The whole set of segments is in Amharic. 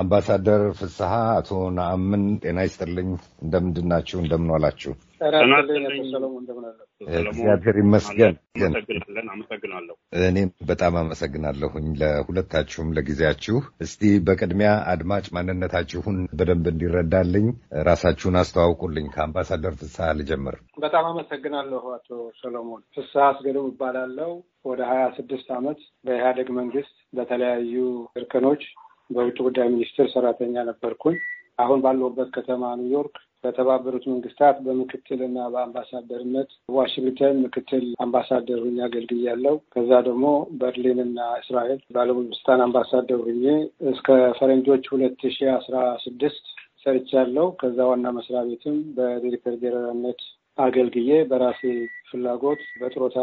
አምባሳደር ፍስሐ አቶ ናአምን ጤና ይስጥልኝ። እንደምንድናችሁ? እንደምን ዋላችሁ? እግዚአብሔር ይመስገን። እኔም በጣም አመሰግናለሁኝ ለሁለታችሁም ለጊዜያችሁ። እስቲ በቅድሚያ አድማጭ ማንነታችሁን በደንብ እንዲረዳልኝ ራሳችሁን አስተዋውቁልኝ። ከአምባሳደር ፍስሐ ልጀምር። በጣም አመሰግናለሁ አቶ ሰሎሞን። ፍስሐ አስገዶም እባላለሁ። ወደ ሀያ ስድስት ዓመት በኢህአዴግ መንግስት በተለያዩ እርከኖች በውጭ ጉዳይ ሚኒስቴር ሰራተኛ ነበርኩኝ። አሁን ባለሁበት ከተማ ኒውዮርክ በተባበሩት መንግስታት በምክትል በአምባሳደርነት ዋሽንግተን ምክትል አምባሳደር ሁኜ አገልግያለሁ። ከዛ ደግሞ በርሊን እና እስራኤል ባለሙልስታን አምባሳደር ሁኜ እስከ ፈረንጆች ሁለት ሺ አስራ ስድስት ሰርቻለሁ። ከዛ ዋና መስሪያ ቤትም በዲሬክተር ጀነራልነት አገልግዬ በራሴ ፍላጎት በጥሮታ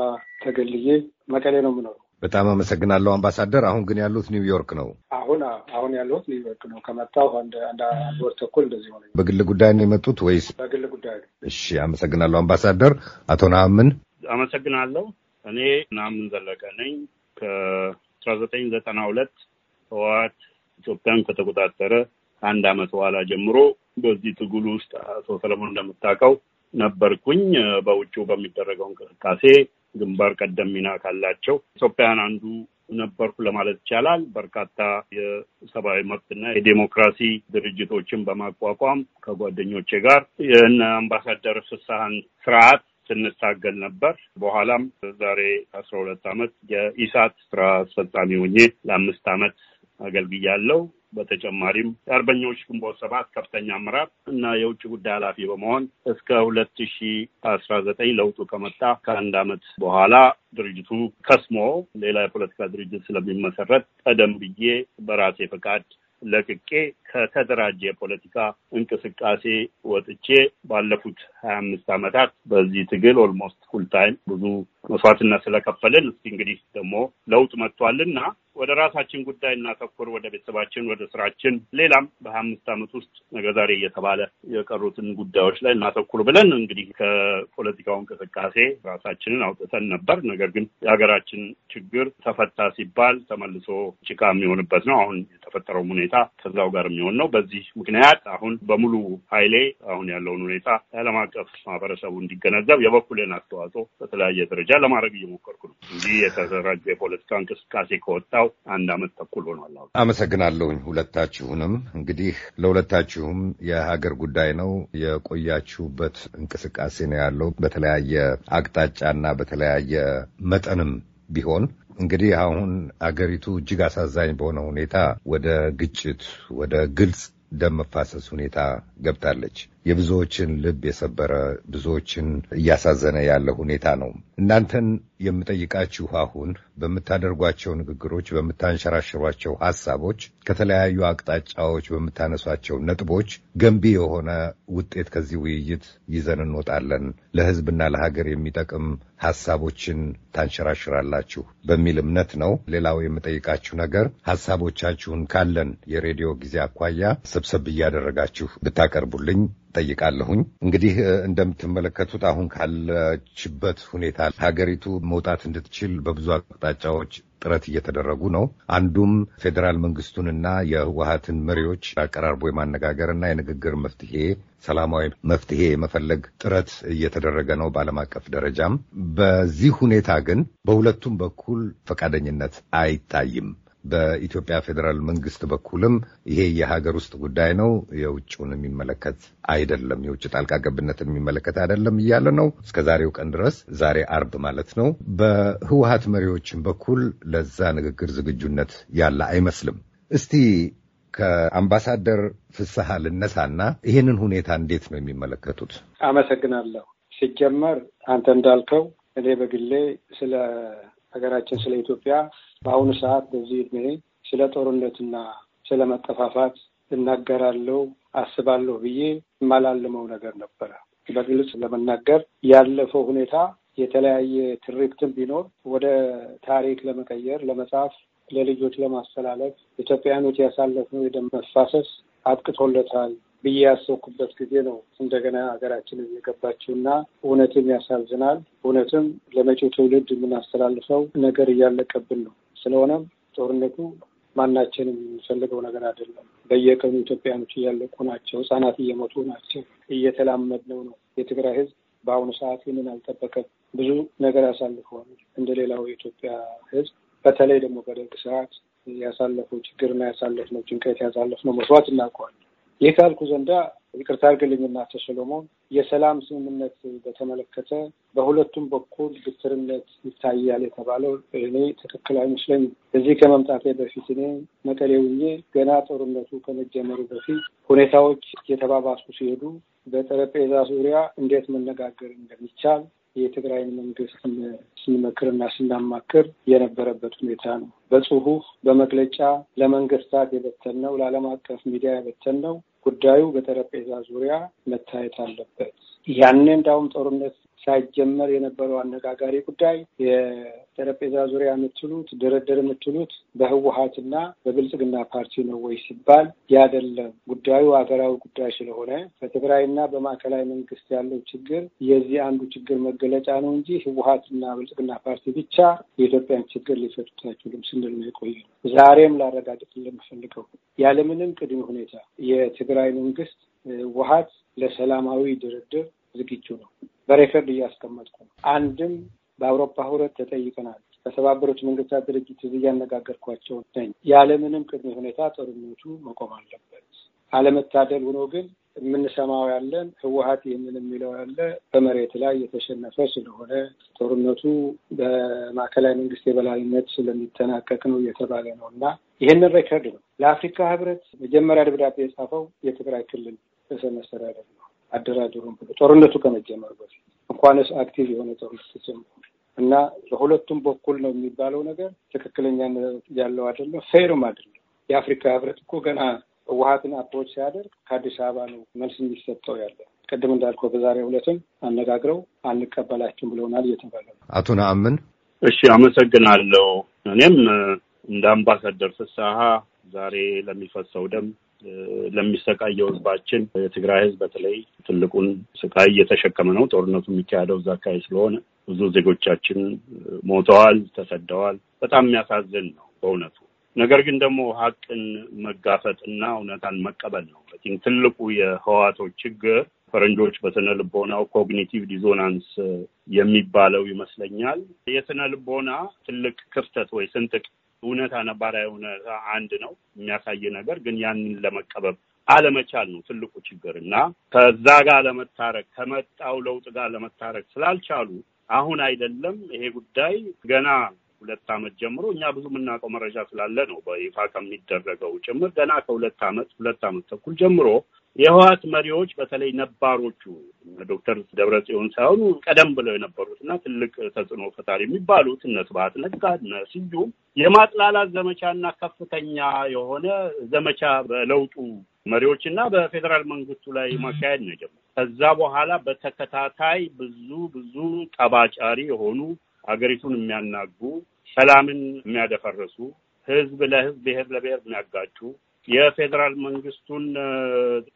ተገልዬ መቀሌ ነው የምኖረው። በጣም አመሰግናለሁ አምባሳደር። አሁን ግን ያሉት ኒውዮርክ ነው። አሁን አሁን ያለሁት ኒውዮርክ ነው። ከመጣሁ አንድ ወር ተኩል እንደዚህ ሆነ። በግል ጉዳይ ነው የመጡት ወይስ? በግል ጉዳይ። እሺ፣ አመሰግናለሁ አምባሳደር። አቶ ናምን አመሰግናለሁ። እኔ ናምን ዘለቀ ነኝ። ከአስራ ዘጠኝ ዘጠና ሁለት ህወሓት ኢትዮጵያን ከተቆጣጠረ አንድ አመት በኋላ ጀምሮ በዚህ ትግል ውስጥ አቶ ሰለሞን እንደምታውቀው ነበርኩኝ። በውጭው በሚደረገው እንቅስቃሴ ግንባር ቀደም ሚና ካላቸው ኢትዮጵያውያን አንዱ ነበርኩ ለማለት ይቻላል። በርካታ የሰብአዊ መብትና የዴሞክራሲ ድርጅቶችን በማቋቋም ከጓደኞቼ ጋር የእነ አምባሳደር ፍስሀን ስርዓት ስንታገል ነበር። በኋላም ዛሬ አስራ ሁለት ዓመት የኢሳት ስራ አስፈጻሚ ሆኜ ለአምስት ዓመት አገልግያለሁ። በተጨማሪም የአርበኞች ግንቦት ሰባት ከፍተኛ አመራር እና የውጭ ጉዳይ ኃላፊ በመሆን እስከ ሁለት ሺ አስራ ዘጠኝ ለውጡ ከመጣ ከአንድ አመት በኋላ ድርጅቱ ከስሞ ሌላ የፖለቲካ ድርጅት ስለሚመሰረት ቀደም ብዬ በራሴ ፈቃድ ለቅቄ ከተደራጀ የፖለቲካ እንቅስቃሴ ወጥቼ ባለፉት ሀያ አምስት አመታት በዚህ ትግል ኦልሞስት ፉል ታይም ብዙ መስዋዕትነት ስለከፈልን እስኪ እንግዲህ ደግሞ ለውጥ መጥቷልና ወደ ራሳችን ጉዳይ እናተኩር፣ ወደ ቤተሰባችን፣ ወደ ስራችን፣ ሌላም በሀያ አምስት ዓመት ውስጥ ነገ ዛሬ እየተባለ የቀሩትን ጉዳዮች ላይ እናተኩር ብለን እንግዲህ ከፖለቲካው እንቅስቃሴ ራሳችንን አውጥተን ነበር። ነገር ግን የሀገራችን ችግር ተፈታ ሲባል ተመልሶ ጭቃ የሚሆንበት ነው። አሁን የተፈጠረውም ሁኔታ ከዛው ጋር የሚሆን ነው። በዚህ ምክንያት አሁን በሙሉ ኃይሌ አሁን ያለውን ሁኔታ የዓለም አቀፍ ማህበረሰቡ እንዲገነዘብ የበኩሌን አስተዋጽኦ በተለያየ ደረጃ ለማድረግ እየሞከርኩ ነው እዚህ የተደራጀ የፖለቲካ እንቅስቃሴ ከወጣ ከወጣው አንድ አመት ተኩል ሆኗል። አሁን አመሰግናለሁኝ ሁለታችሁንም። እንግዲህ ለሁለታችሁም የሀገር ጉዳይ ነው የቆያችሁበት እንቅስቃሴ ነው ያለው በተለያየ አቅጣጫና በተለያየ መጠንም ቢሆን እንግዲህ አሁን አገሪቱ እጅግ አሳዛኝ በሆነ ሁኔታ ወደ ግጭት፣ ወደ ግልጽ ደም መፋሰስ ሁኔታ ገብታለች። የብዙዎችን ልብ የሰበረ ብዙዎችን እያሳዘነ ያለ ሁኔታ ነው። እናንተን የምጠይቃችሁ አሁን በምታደርጓቸው ንግግሮች፣ በምታንሸራሽሯቸው ሀሳቦች፣ ከተለያዩ አቅጣጫዎች በምታነሷቸው ነጥቦች ገንቢ የሆነ ውጤት ከዚህ ውይይት ይዘን እንወጣለን፣ ለሕዝብና ለሀገር የሚጠቅም ሀሳቦችን ታንሸራሽራላችሁ በሚል እምነት ነው። ሌላው የምጠይቃችሁ ነገር ሀሳቦቻችሁን ካለን የሬዲዮ ጊዜ አኳያ ሰብሰብ እያደረጋችሁ ብታቀርቡልኝ ጠይቃለሁኝ። እንግዲህ እንደምትመለከቱት አሁን ካለችበት ሁኔታ ሀገሪቱ መውጣት እንድትችል በብዙ አቅጣጫዎች ጥረት እየተደረጉ ነው። አንዱም ፌዴራል መንግስቱንና የህወሀትን መሪዎች አቀራርቦ የማነጋገርና የንግግር መፍትሄ ሰላማዊ መፍትሄ የመፈለግ ጥረት እየተደረገ ነው በዓለም አቀፍ ደረጃም። በዚህ ሁኔታ ግን በሁለቱም በኩል ፈቃደኝነት አይታይም። በኢትዮጵያ ፌዴራል መንግስት በኩልም ይሄ የሀገር ውስጥ ጉዳይ ነው፣ የውጭውን የሚመለከት አይደለም፣ የውጭ ጣልቃ ገብነት የሚመለከት አይደለም እያለ ነው እስከ ዛሬው ቀን ድረስ። ዛሬ አርብ ማለት ነው። በህወሀት መሪዎችን በኩል ለዛ ንግግር ዝግጁነት ያለ አይመስልም። እስቲ ከአምባሳደር ፍስሐ ልነሳና ይህንን ሁኔታ እንዴት ነው የሚመለከቱት? አመሰግናለሁ። ሲጀመር አንተ እንዳልከው እኔ በግሌ ስለ ሀገራችን ስለ ኢትዮጵያ በአሁኑ ሰዓት በዚህ እድሜ ስለ ጦርነትና ስለ መጠፋፋት እናገራለሁ አስባለሁ ብዬ የማላልመው ነገር ነበረ። በግልጽ ለመናገር ያለፈው ሁኔታ የተለያየ ትርክትም ቢኖር ወደ ታሪክ ለመቀየር ለመጻፍ፣ ለልጆች ለማስተላለፍ ኢትዮጵያኖች ያሳለፍነው የደም መፋሰስ አጥቅቶለታል ብዬ ያሰብኩበት ጊዜ ነው እንደገና ሀገራችን የገባችው እና እውነትም ያሳዝናል። እውነትም ለመጪው ትውልድ የምናስተላልፈው ነገር እያለቀብን ነው። ስለሆነም ጦርነቱ ማናችንም የምንፈልገው ነገር አይደለም። በየቀኑ ኢትዮጵያኖች እያለቁ ናቸው። ህጻናት እየሞቱ ናቸው። እየተላመድነው ነው። የትግራይ ህዝብ በአሁኑ ሰዓት ይህንን አልጠበቀም። ብዙ ነገር ያሳልፈዋል። እንደ ሌላው የኢትዮጵያ ህዝብ በተለይ ደግሞ በደርግ ሰዓት ያሳለፈው ችግርና ያሳለፍነው ጭንቀት ያሳለፍነው መስዋዕት እናውቀዋለን። የካልኩ ዘንዳ ይቅርታ አድርግልኝና አቶ ሰሎሞን የሰላም ስምምነት በተመለከተ በሁለቱም በኩል ግትርነት ይታያል የተባለው እኔ ትክክል አይመስለኝም። እዚህ ከመምጣቴ በፊት እኔ መቀሌ ውኜ ገና ጦርነቱ ከመጀመሩ በፊት ሁኔታዎች እየተባባሱ ሲሄዱ በጠረጴዛ ዙሪያ እንዴት መነጋገር እንደሚቻል የትግራይን መንግስት ስንመክርና ስናማክር የነበረበት ሁኔታ ነው። በጽሁፍ በመግለጫ ለመንግስታት የበተን ነው፣ ለዓለም አቀፍ ሚዲያ የበተን ነው። ጉዳዩ በጠረጴዛ ዙሪያ መታየት አለበት። ያኔ እንዳውም ጦርነት ሳይጀመር የነበረው አነጋጋሪ ጉዳይ የጠረጴዛ ዙሪያ የምትሉት ድርድር የምትሉት በህወሀትና በብልጽግና ፓርቲ ነው ወይ ሲባል ያደለም፣ ጉዳዩ ሀገራዊ ጉዳይ ስለሆነ በትግራይና በማዕከላዊ መንግስት ያለው ችግር የዚህ አንዱ ችግር መገለጫ ነው እንጂ ህወሀትና ብልጽግና ፓርቲ ብቻ የኢትዮጵያን ችግር ሊፈቱት አይችሉም ስንል ነው የቆየ። ዛሬም ላረጋግጥ ለምፈልገው ያለምንም ቅድመ ሁኔታ የትግራይ መንግስት ህወሀት ለሰላማዊ ድርድር ዝግጁ ነው። በሬከርድ እያስቀመጥኩ ነው። አንድም በአውሮፓ ህብረት ተጠይቀናል። በተባበሩት መንግስታት ድርጅት እዚህ እያነጋገርኳቸው ነኝ። ያለምንም ቅድመ ሁኔታ ጦርነቱ መቆም አለበት። አለመታደል ሆኖ ግን የምንሰማው ያለን ህወሀት ይህንን የሚለው ያለ በመሬት ላይ የተሸነፈ ስለሆነ ጦርነቱ በማዕከላዊ መንግስት የበላይነት ስለሚጠናቀቅ ነው እየተባለ ነው እና ይህንን ሬከርድ ነው ለአፍሪካ ህብረት መጀመሪያ ደብዳቤ የጻፈው የትግራይ ክልል ርዕሰ መስተዳድር ነው። አደራደሩን ብሎ ጦርነቱ ከመጀመሩ በፊት እንኳንስ አክቲቭ የሆነ ጦርነት ተጀምሮ እና በሁለቱም በኩል ነው የሚባለው ነገር ትክክለኛ ያለው አይደለም፣ ፌርም አይደለም። የአፍሪካ ህብረት እኮ ገና ህወሀትን አፕሮች ሲያደርግ ከአዲስ አበባ ነው መልስ የሚሰጠው ያለ ቅድም እንዳልከው በዛሬ ሁለትም አነጋግረው አንቀበላችሁም ብለውናል እየተባለ ነው። አቶ ነአምን እሺ፣ አመሰግናለሁ። እኔም እንደ አምባሳደር ፍስሀ ዛሬ ለሚፈሰው ደም ለሚሰቃየው ህዝባችን የትግራይ ህዝብ በተለይ ትልቁን ስቃይ እየተሸከመ ነው። ጦርነቱ የሚካሄደው እዛ አካባቢ ስለሆነ ብዙ ዜጎቻችን ሞተዋል፣ ተሰደዋል። በጣም የሚያሳዝን ነው በእውነቱ። ነገር ግን ደግሞ ሀቅን መጋፈጥ እና እውነታን መቀበል ነው ትልቁ የህዋቶች ችግር። ፈረንጆች በስነ ልቦናው ኮግኒቲቭ ዲዞናንስ የሚባለው ይመስለኛል። የስነ ልቦና ትልቅ ክፍተት ወይ ስንጥቅ እውነታ ነባራዊ እውነታ አንድ ነው የሚያሳይ ነገር ግን ያንን ለመቀበብ አለመቻል ነው ትልቁ ችግር እና ከዛ ጋር ለመታረቅ ከመጣው ለውጥ ጋር ለመታረቅ ስላልቻሉ አሁን አይደለም ይሄ ጉዳይ ገና ሁለት ዓመት ጀምሮ እኛ ብዙ የምናውቀው መረጃ ስላለ ነው በይፋ ከሚደረገው ጭምር ገና ከሁለት ዓመት ሁለት ዓመት ተኩል ጀምሮ የህወሓት መሪዎች በተለይ ነባሮቹ ዶክተር ደብረ ጽዮን ሳይሆኑ ቀደም ብለው የነበሩትና ትልቅ ተጽዕኖ ፈጣሪ የሚባሉት እነ ስብሀት ነጋ እነ ስዩም የማጥላላት ዘመቻና ከፍተኛ የሆነ ዘመቻ በለውጡ መሪዎች እና በፌዴራል መንግስቱ ላይ ማካሄድ ነው የጀመረው። ከዛ በኋላ በተከታታይ ብዙ ብዙ ጠባጫሪ የሆኑ ሀገሪቱን የሚያናጉ ሰላምን የሚያደፈርሱ ህዝብ ለህዝብ ብሄር ለብሔር የሚያጋጩ የፌዴራል መንግስቱን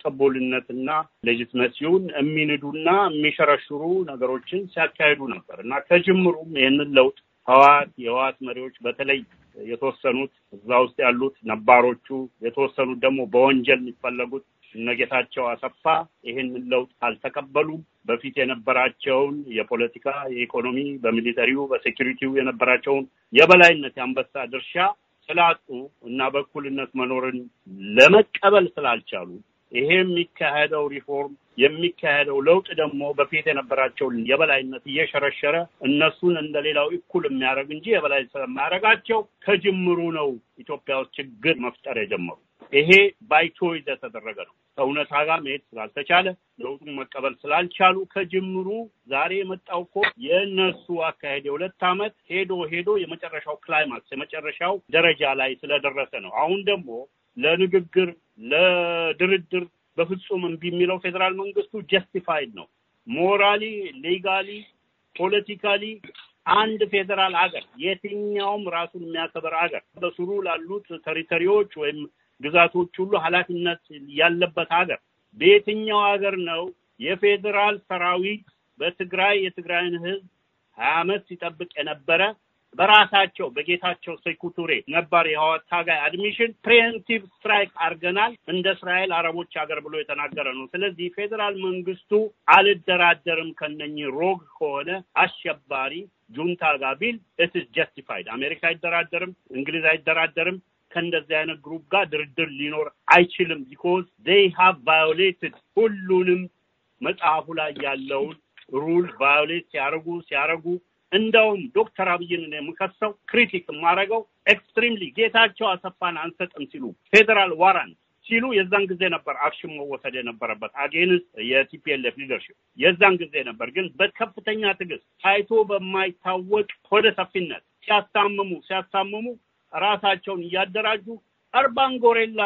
ቅቡልነትና ሌጅትመሲውን የሚንዱና የሚሸረሽሩ ነገሮችን ሲያካሂዱ ነበር እና ከጅምሩም ይህንን ለውጥ ህዋት የህዋት መሪዎች በተለይ የተወሰኑት እዛ ውስጥ ያሉት ነባሮቹ፣ የተወሰኑት ደግሞ በወንጀል የሚፈለጉት እነጌታቸው አሰፋ ይህንን ለውጥ አልተቀበሉም። በፊት የነበራቸውን የፖለቲካ፣ የኢኮኖሚ፣ በሚሊተሪው፣ በሴኪሪቲው የነበራቸውን የበላይነት የአንበሳ ድርሻ ስላጡ እና በእኩልነት መኖርን ለመቀበል ስላልቻሉ ይሄ የሚካሄደው ሪፎርም የሚካሄደው ለውጥ ደግሞ በፊት የነበራቸውን የበላይነት እየሸረሸረ እነሱን እንደ ሌላው እኩል የሚያደርግ እንጂ የበላይ ስለማያደርጋቸው ከጅምሩ ነው ኢትዮጵያ ውስጥ ችግር መፍጠር የጀመሩ። ይሄ ባይቾይዝ የተደረገ ነው። ከእውነታ ጋር መሄድ ስላልተቻለ ለውጡን መቀበል ስላልቻሉ ከጅምሩ ዛሬ የመጣው እኮ የእነሱ አካሄድ የሁለት ዓመት ሄዶ ሄዶ የመጨረሻው ክላይማክስ የመጨረሻው ደረጃ ላይ ስለደረሰ ነው። አሁን ደግሞ ለንግግር ለድርድር በፍጹም እምቢ የሚለው ፌዴራል መንግስቱ ጀስቲፋይድ ነው። ሞራሊ፣ ሌጋሊ፣ ፖለቲካሊ አንድ ፌዴራል አገር የትኛውም ራሱን የሚያከበር አገር በስሩ ላሉት ተሪተሪዎች ወይም ግዛቶች ሁሉ ኃላፊነት ያለበት ሀገር በየትኛው ሀገር ነው የፌዴራል ሰራዊት በትግራይ የትግራይን ህዝብ ሀያ አመት ሲጠብቅ የነበረ በራሳቸው በጌታቸው ሴኩቱሬ ነባር የህወሓት ታጋይ አድሚሽን ፕሪኤምፕቲቭ ስትራይክ አድርገናል እንደ እስራኤል አረቦች ሀገር ብሎ የተናገረ ነው። ስለዚህ ፌዴራል መንግስቱ አልደራደርም ከነኝ ሮግ ከሆነ አሸባሪ ጁንታ ጋቢል ቢል ኢትስ ጀስቲፋይድ። አሜሪካ አይደራደርም፣ እንግሊዝ አይደራደርም፣ ከእንደዚህ አይነት ግሩፕ ጋር ድርድር ሊኖር አይችልም። ቢኮዝ ዴይ ሃቭ ቫዮሌትድ ሁሉንም መጽሐፉ ላይ ያለውን ሩል ቫዮሌት ሲያደርጉ ሲያደርጉ እንደውም ዶክተር አብይን የምከሰው ክሪቲክ የማደርገው ኤክስትሪምሊ ጌታቸው አሰፋን አንሰጥም ሲሉ ፌዴራል ዋራንት ሲሉ የዛን ጊዜ ነበር አክሽን መወሰድ የነበረበት አጌንስ የቲፒኤልኤፍ ሊደርሽፕ የዛን ጊዜ ነበር። ግን በከፍተኛ ትዕግስት ታይቶ በማይታወቅ ሆደ ሰፊነት ሲያሳምሙ ሲያሳምሙ ራሳቸውን እያደራጁ አርባን ጎሬላ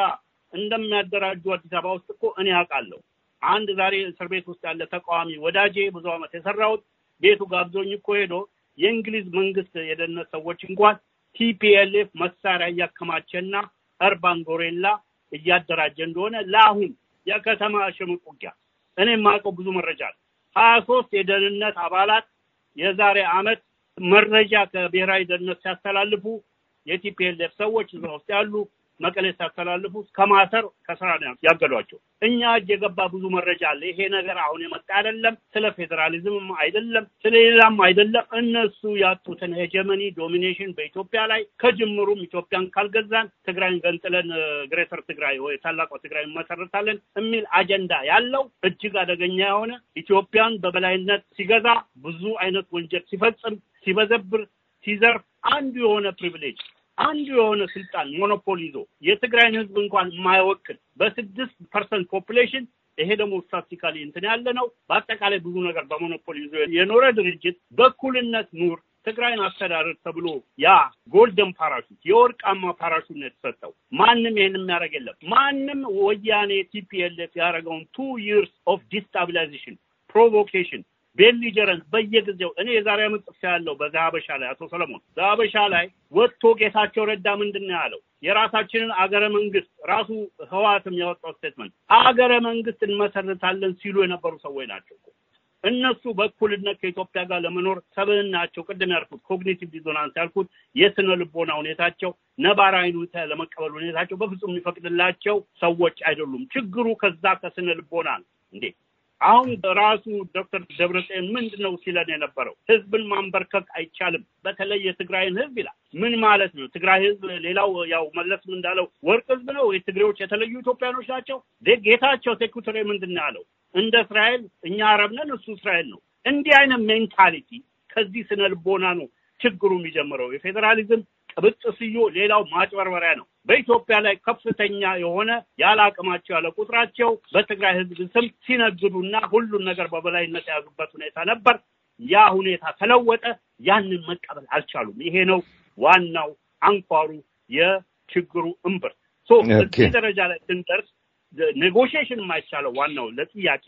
እንደሚያደራጁ አዲስ አበባ ውስጥ እኮ እኔ አውቃለሁ። አንድ ዛሬ እስር ቤት ውስጥ ያለ ተቃዋሚ ወዳጄ ብዙ ዓመት የሰራሁት ቤቱ ጋብዞኝ እኮ ሄዶ የእንግሊዝ መንግስት የደህንነት ሰዎች እንኳን ቲፒኤልኤፍ መሳሪያ እያከማቸና እርባን ጎሬላ እያደራጀ እንደሆነ ለአሁን የከተማ ሽምቅ ውጊያ እኔ የማውቀው ብዙ መረጃ አለ። ሀያ ሶስት የደህንነት አባላት የዛሬ አመት መረጃ ከብሔራዊ ደህንነት ሲያስተላልፉ የቲፒኤልኤፍ ሰዎች እዛ ውስጥ ያሉ መቀሌ ሲያስተላልፉ ከማሰር ከስራ ያገዷቸው። እኛ እጅ የገባ ብዙ መረጃ አለ። ይሄ ነገር አሁን የመጣ አይደለም። ስለ ፌዴራሊዝምም አይደለም፣ ስለሌላም አይደለም። እነሱ ያጡትን ሄጀመኒ ዶሚኔሽን በኢትዮጵያ ላይ ከጅምሩም ኢትዮጵያን ካልገዛን ትግራይን ገንጥለን ግሬተር ትግራይ ወይ ታላቋ ትግራይ እንመሰርታለን የሚል አጀንዳ ያለው እጅግ አደገኛ የሆነ ኢትዮጵያን በበላይነት ሲገዛ ብዙ አይነት ወንጀል ሲፈጽም፣ ሲበዘብር፣ ሲዘርፍ አንዱ የሆነ ፕሪቪሌጅ አንዱ የሆነ ስልጣን ሞኖፖል ይዞ የትግራይን ህዝብ እንኳን የማይወክል በስድስት ፐርሰንት ፖፕሌሽን ይሄ ደግሞ ስታቲካሊ እንትን ያለ ነው። በአጠቃላይ ብዙ ነገር በሞኖፖል ይዞ የኖረ ድርጅት በእኩልነት ኑር ትግራይን አስተዳደር ተብሎ ያ ጎልደን ፓራሹት የወርቃማ ፓራሹት ነው የተሰጠው። ማንም ይህን የሚያደርግ የለም። ማንም ወያኔ ቲፒኤልኤፍ ያደረገውን ቱ ይርስ ኦፍ ዲስታቢላይዜሽን ፕሮቮኬሽን ቤሊጀረንት በየጊዜው እኔ የዛሬ ዓመት ጽፌ ያለው በዛበሻ ላይ አቶ ሰለሞን ዛበሻ ላይ ወጥቶ ጌታቸው ረዳ ምንድን ነው ያለው? የራሳችንን አገረ መንግስት ራሱ ህወሓትም ያወጣው ስቴትመንት አገረ መንግስት እንመሰርታለን ሲሉ የነበሩ ሰዎች ናቸው። እነሱ በእኩልነት ከኢትዮጵያ ጋር ለመኖር ሰብዕናቸው ቅድም ያልኩት ኮግኒቲቭ ዲዞናንስ ያልኩት የስነ ልቦና ሁኔታቸው ነባራዊ ሁኔታ ለመቀበል ሁኔታቸው በፍጹም የሚፈቅድላቸው ሰዎች አይደሉም። ችግሩ ከዛ ከስነ ልቦና ነው እንዴ አሁን ራሱ ዶክተር ደብረጽዮን ምንድን ነው ሲለን የነበረው ህዝብን ማንበርከክ አይቻልም፣ በተለይ የትግራይን ህዝብ ይላል። ምን ማለት ነው? ትግራይ ህዝብ ሌላው ያው መለስም እንዳለው ወርቅ ህዝብ ነው። የትግሬዎች የተለዩ ኢትዮጵያኖች ናቸው። ጌታቸው ሴኩትሬ ምንድን ነው ያለው? እንደ እስራኤል እኛ አረብ ነን፣ እሱ እስራኤል ነው። እንዲህ አይነት ሜንታሊቲ ከዚህ ስነ ልቦና ነው ችግሩ የሚጀምረው። የፌዴራሊዝም ቅብጥ ስዮ ሌላው ማጭበርበሪያ ነው። በኢትዮጵያ ላይ ከፍተኛ የሆነ ያለ አቅማቸው ያለ ቁጥራቸው በትግራይ ህዝብ ስም ሲነግዱና ሁሉን ነገር በበላይነት የያዙበት ሁኔታ ነበር። ያ ሁኔታ ተለወጠ። ያንን መቀበል አልቻሉም። ይሄ ነው ዋናው አንኳሩ የችግሩ እንብር እዚህ ደረጃ ላይ ስንደርስ ኔጎሽሽን የማይቻለው ዋናው ለጥያቄ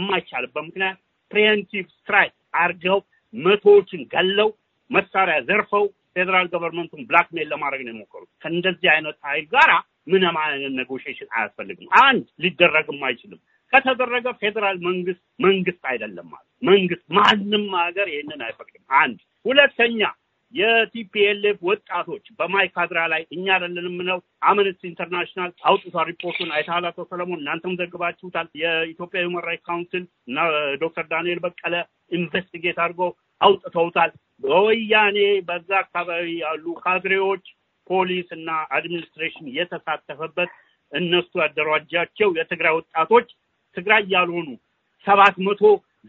የማይቻልበት ምክንያት ፕሪኤምፕቲቭ ስትራይክ አርገው መቶዎችን ገለው መሳሪያ ዘርፈው ፌዴራል ገቨርንመንቱን ብላክሜል ለማድረግ ነው የሞከሩት። ከእንደዚህ አይነት ኃይል ጋራ ምንም አይነት ኔጎሽሽን አያስፈልግም። አንድ ሊደረግም አይችልም። ከተደረገ ፌዴራል መንግስት መንግስት አይደለም ማለት መንግስት ማንም ሀገር ይህንን አይፈቅድም። አንድ ሁለተኛ የቲፒኤልኤፍ ወጣቶች በማይካድራ ላይ እኛ አይደለንም ነው። አምነስቲ ኢንተርናሽናል አውጥቷል ሪፖርቱን አይተሃል አቶ ሰለሞን፣ እናንተም ዘግባችሁታል። የኢትዮጵያ ሁመን ራይት ካውንስል እና ዶክተር ዳንኤል በቀለ ኢንቨስቲጌት አድርጎ አውጥተውታል። በወያኔ በዛ አካባቢ ያሉ ካድሬዎች፣ ፖሊስ እና አድሚኒስትሬሽን የተሳተፈበት እነሱ ያደራጃቸው የትግራይ ወጣቶች ትግራይ ያልሆኑ ሰባት መቶ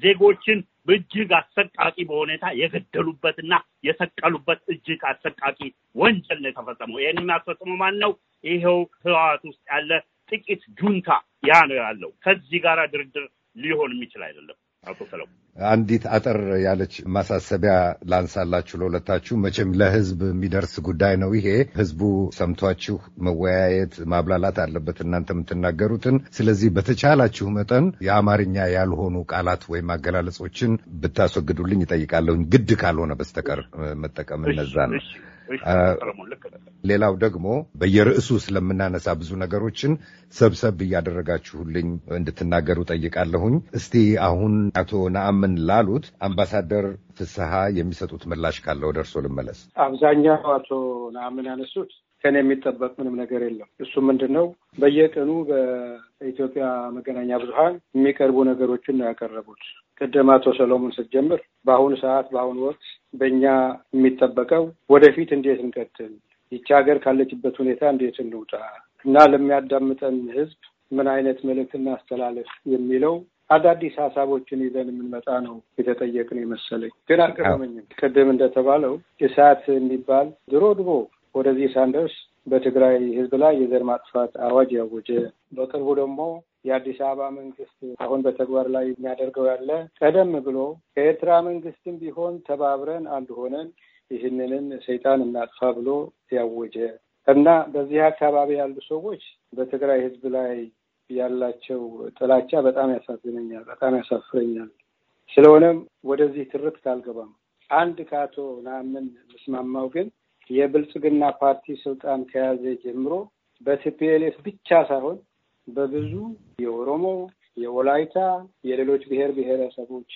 ዜጎችን እጅግ አሰቃቂ በሁኔታ የገደሉበትና የሰቀሉበት እጅግ አሰቃቂ ወንጀል ነው የተፈጸመው። ይህን የሚያስፈጽመው ማን ነው? ይኸው ህወሓት ውስጥ ያለ ጥቂት ጁንታ ያ ነው ያለው። ከዚህ ጋር ድርድር ሊሆን የሚችል አይደለም። አቶ ሰለሞን አንዲት አጠር ያለች ማሳሰቢያ ላንሳላችሁ ለሁለታችሁ። መቼም ለህዝብ የሚደርስ ጉዳይ ነው ይሄ። ህዝቡ ሰምቷችሁ መወያየት፣ ማብላላት አለበት እናንተ የምትናገሩትን። ስለዚህ በተቻላችሁ መጠን የአማርኛ ያልሆኑ ቃላት ወይም አገላለጾችን ብታስወግዱልኝ ይጠይቃለሁ ግድ ካልሆነ በስተቀር መጠቀም እነዛ ነው። ሌላው ደግሞ በየርዕሱ ስለምናነሳ ብዙ ነገሮችን ሰብሰብ እያደረጋችሁልኝ እንድትናገሩ ጠይቃለሁኝ። እስቲ አሁን አቶ ነአምን ላሉት አምባሳደር ፍስሐ የሚሰጡት ምላሽ ካለው ደርሶ ልመለስ። አብዛኛው አቶ ነአምን ያነሱት ከኔ የሚጠበቅ ምንም ነገር የለም። እሱ ምንድን ነው በየቀኑ በኢትዮጵያ መገናኛ ብዙኃን የሚቀርቡ ነገሮችን ነው ያቀረቡት። ቅድም አቶ ሰሎሞን ስትጀምር በአሁኑ ሰዓት በአሁኑ ወቅት በእኛ የሚጠበቀው ወደፊት እንዴት እንቀጥል፣ ይቺ ሀገር ካለችበት ሁኔታ እንዴት እንውጣ እና ለሚያዳምጠን ህዝብ ምን አይነት መልእክት እናስተላለፍ የሚለው አዳዲስ ሀሳቦችን ይዘን የምንመጣ ነው የተጠየቅን የመሰለኝ። ግን አልቀረመኝም። ቅድም እንደተባለው እሳት የሚባል ድሮ ድሮ ወደዚህ ሳንደርስ በትግራይ ህዝብ ላይ የዘር ማጥፋት አዋጅ ያወጀ በቅርቡ ደግሞ የአዲስ አበባ መንግስት አሁን በተግባር ላይ የሚያደርገው ያለ ቀደም ብሎ ከኤርትራ መንግስትም ቢሆን ተባብረን አንድ ሆነን ሰይጣን እናጥፋ ብሎ ያወጀ እና በዚህ አካባቢ ያሉ ሰዎች በትግራይ ህዝብ ላይ ያላቸው ጥላቻ በጣም ያሳዝነኛል፣ በጣም ያሳፍረኛል። ስለሆነም ወደዚህ ትርክት አልገባም። አንድ ከአቶ ናምን ምስማማው ግን የብልጽግና ፓርቲ ስልጣን ከያዘ ጀምሮ በቲፒኤልኤፍ ብቻ ሳይሆን በብዙ የኦሮሞ፣ የወላይታ፣ የሌሎች ብሔር ብሔረሰቦች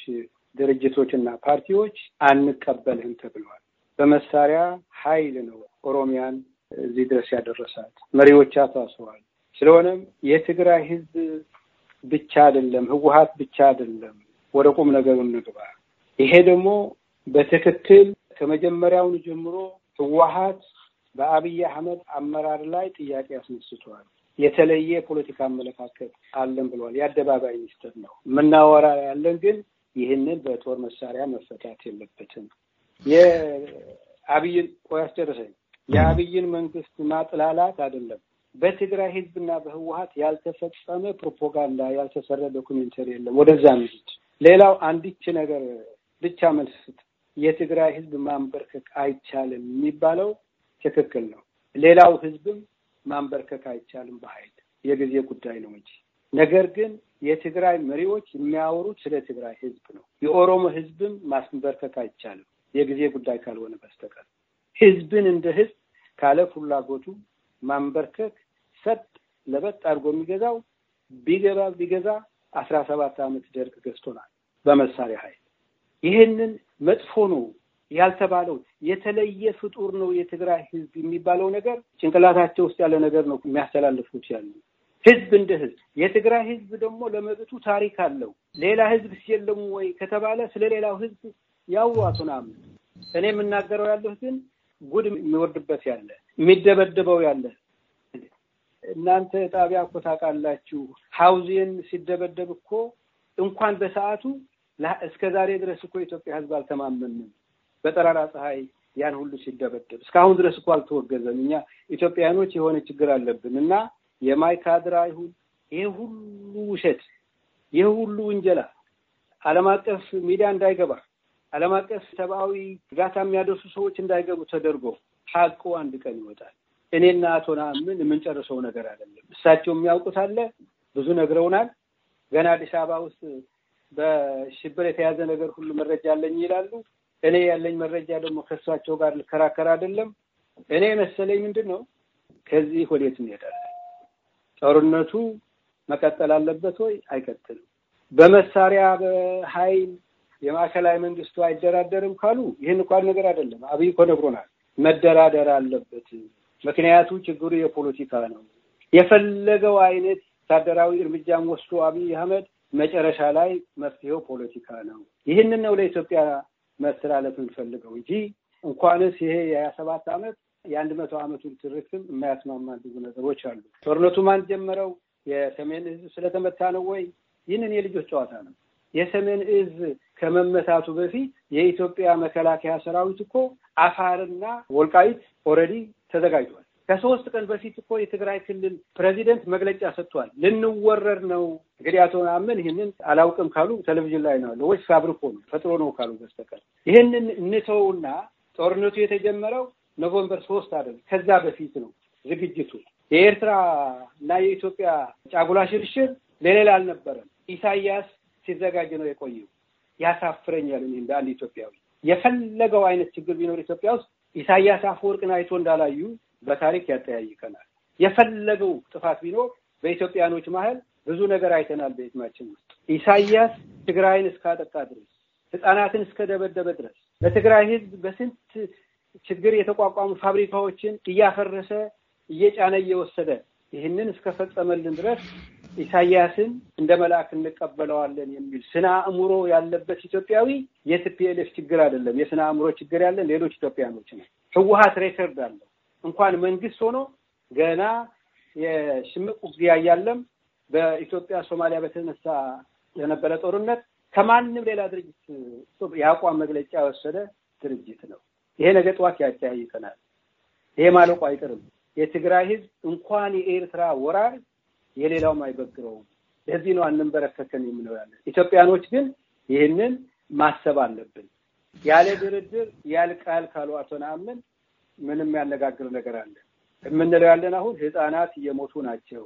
ድርጅቶች እና ፓርቲዎች አንቀበልህም ተብሏል። በመሳሪያ ኃይል ነው ኦሮሚያን እዚህ ድረስ ያደረሳት። መሪዎቿ ታስረዋል። ስለሆነም የትግራይ ህዝብ ብቻ አይደለም፣ ህወሀት ብቻ አይደለም። ወደ ቁም ነገሩ እንግባ። ይሄ ደግሞ በትክክል ከመጀመሪያውን ጀምሮ ህወሀት በአብይ አህመድ አመራር ላይ ጥያቄ አስነስተዋል። የተለየ የፖለቲካ አመለካከት አለን ብለዋል። የአደባባይ ሚኒስትር ነው የምናወራ ያለን ግን ይህንን በጦር መሳሪያ መፈታት የለበትም። የአብይን ቆይ አስጨርሰኝ። የአብይን መንግስት ማጥላላት አይደለም። በትግራይ ህዝብና በህወሀት ያልተፈጸመ ፕሮፓጋንዳ፣ ያልተሰራ ዶኩሜንተሪ የለም። ወደዛ ሚሄድ ሌላው አንዲች ነገር ብቻ መልስት የትግራይ ህዝብ ማንበርከክ አይቻልም የሚባለው ትክክል ነው። ሌላው ህዝብም ማንበርከክ አይቻልም በኃይል የጊዜ ጉዳይ ነው እንጂ ነገር ግን የትግራይ መሪዎች የሚያወሩት ስለ ትግራይ ህዝብ ነው። የኦሮሞ ህዝብም ማስንበርከክ አይቻልም የጊዜ ጉዳይ ካልሆነ በስተቀር ህዝብን እንደ ህዝብ ካለ ፍላጎቱ ማንበርከክ ሰጥ ለበጥ አድርጎ የሚገዛው ቢገባ ቢገዛ አስራ ሰባት አመት ደርግ ገዝቶናል በመሳሪያ ኃይል ይህንን መጥፎ ነው ያልተባለው የተለየ ፍጡር ነው የትግራይ ህዝብ የሚባለው ነገር ጭንቅላታቸው ውስጥ ያለ ነገር ነው የሚያስተላልፉት ያሉ ህዝብ እንደ ህዝብ የትግራይ ህዝብ ደግሞ ለመብቱ ታሪክ አለው። ሌላ ህዝብ ሲየለሙ ወይ ከተባለ ስለ ሌላው ህዝብ ያዋቱን አምን እኔ የምናገረው ያለሁ ግን ጉድ የሚወርድበት ያለ የሚደበደበው ያለ እናንተ ጣቢያ እኮ ታውቃላችሁ፣ ሀውዜን ሲደበደብ እኮ እንኳን በሰዓቱ እስከ ዛሬ ድረስ እኮ የኢትዮጵያ ህዝብ አልተማመንም። በጠራራ ፀሐይ ያን ሁሉ ሲደበደብ እስካሁን ድረስ እኮ አልተወገዘም። እኛ ኢትዮጵያኖች የሆነ ችግር አለብን እና የማይካድራ ይሁን ይህ ሁሉ ውሸት፣ ይህ ሁሉ ውንጀላ ዓለም አቀፍ ሚዲያ እንዳይገባ ዓለም አቀፍ ሰብአዊ እርዳታ የሚያደርሱ ሰዎች እንዳይገቡ ተደርጎ ሀቁ አንድ ቀን ይወጣል። እኔና አቶ ናምን የምንጨርሰው ነገር አይደለም። እሳቸው የሚያውቁት አለ ብዙ ነግረውናል። ገና አዲስ አበባ ውስጥ በሽብር የተያዘ ነገር ሁሉ መረጃ አለኝ ይላሉ። እኔ ያለኝ መረጃ ደግሞ ከእሷቸው ጋር ልከራከር አይደለም። እኔ መሰለኝ ምንድን ነው ከዚህ ወዴት እንሄዳለን? ጦርነቱ መቀጠል አለበት ወይ አይቀጥልም? በመሳሪያ በኃይል የማዕከላዊ መንግስቱ አይደራደርም ካሉ ይህን እንኳን ነገር አይደለም። አብይ እኮ ነግሮናል፣ መደራደር አለበት። ምክንያቱ ችግሩ የፖለቲካ ነው። የፈለገው አይነት ወታደራዊ እርምጃም ወስዶ አብይ አህመድ መጨረሻ ላይ መፍትሄው ፖለቲካ ነው። ይህንን ነው ለኢትዮጵያ መስተላለፍ የምንፈልገው እንጂ እንኳንስ ይሄ የሀያ ሰባት ዓመት የአንድ መቶ ዓመቱን ትርክትም የማያስማማ ብዙ ነገሮች አሉ። ጦርነቱ ማን ጀመረው? የሰሜን እዝ ስለተመታ ነው ወይ? ይህንን የልጆች ጨዋታ ነው። የሰሜን እዝ ከመመታቱ በፊት የኢትዮጵያ መከላከያ ሰራዊት እኮ አፋርና ወልቃይት ኦልሬዲ ተዘጋጅቷል። ከሶስት ቀን በፊት እኮ የትግራይ ክልል ፕሬዚደንት መግለጫ ሰጥቷል። ልንወረር ነው። እንግዲህ አቶ አመን ይህንን አላውቅም ካሉ ቴሌቪዥን ላይ ነው ወይስ ፋብሪኮ ነው ፈጥሮ ነው ካሉ በስተቀር ይህንን እንተውና ጦርነቱ የተጀመረው ኖቨምበር ሶስት አይደለም ከዛ በፊት ነው ዝግጅቱ። የኤርትራ እና የኢትዮጵያ ጫጉላ ሽርሽር ለሌላ አልነበረም። ኢሳያስ ሲዘጋጅ ነው የቆየው። ያሳፍረኛል እንደ አንድ ኢትዮጵያዊ የፈለገው አይነት ችግር ቢኖር ኢትዮጵያ ውስጥ ኢሳያስ አፈወርቅን አይቶ እንዳላዩ በታሪክ ያጠያይቀናል። የፈለገው ጥፋት ቢኖር በኢትዮጵያኖች መሀል ብዙ ነገር አይተናል። በየትማችን ውስጥ ኢሳያስ ትግራይን እስካጠቃ ድረስ፣ ህጻናትን እስከደበደበ ድረስ ለትግራይ ህዝብ በስንት ችግር የተቋቋሙ ፋብሪካዎችን እያፈረሰ እየጫነ እየወሰደ ይህንን እስከፈጸመልን ድረስ ኢሳያስን እንደ መልአክ እንቀበለዋለን የሚል ስነ አእምሮ ያለበት ኢትዮጵያዊ የቲፒኤልኤፍ ችግር አይደለም። የስነ አእምሮ ችግር ያለን ሌሎች ኢትዮጵያኖች ነው። ህወሀት ሬከርድ አለው። እንኳን መንግስት ሆኖ ገና የሽምቅ ውጊያ እያለም በኢትዮጵያ ሶማሊያ በተነሳ የነበረ ጦርነት ከማንም ሌላ ድርጅት የአቋም መግለጫ የወሰደ ድርጅት ነው። ይሄ ነገ ጠዋት ያጠያይቀናል። ይሄ ማለቁ አይቀርም። የትግራይ ህዝብ እንኳን የኤርትራ ወራር የሌላውም አይበግረውም። ለዚህ ነው አንንበረከከን የምንለው ያለ። ኢትዮጵያኖች ግን ይህንን ማሰብ አለብን። ያለ ድርድር ያልቃል ካሉ አቶ ነአምን ምንም ያነጋግር ነገር አለ የምንለው ያለን አሁን ህጻናት እየሞቱ ናቸው።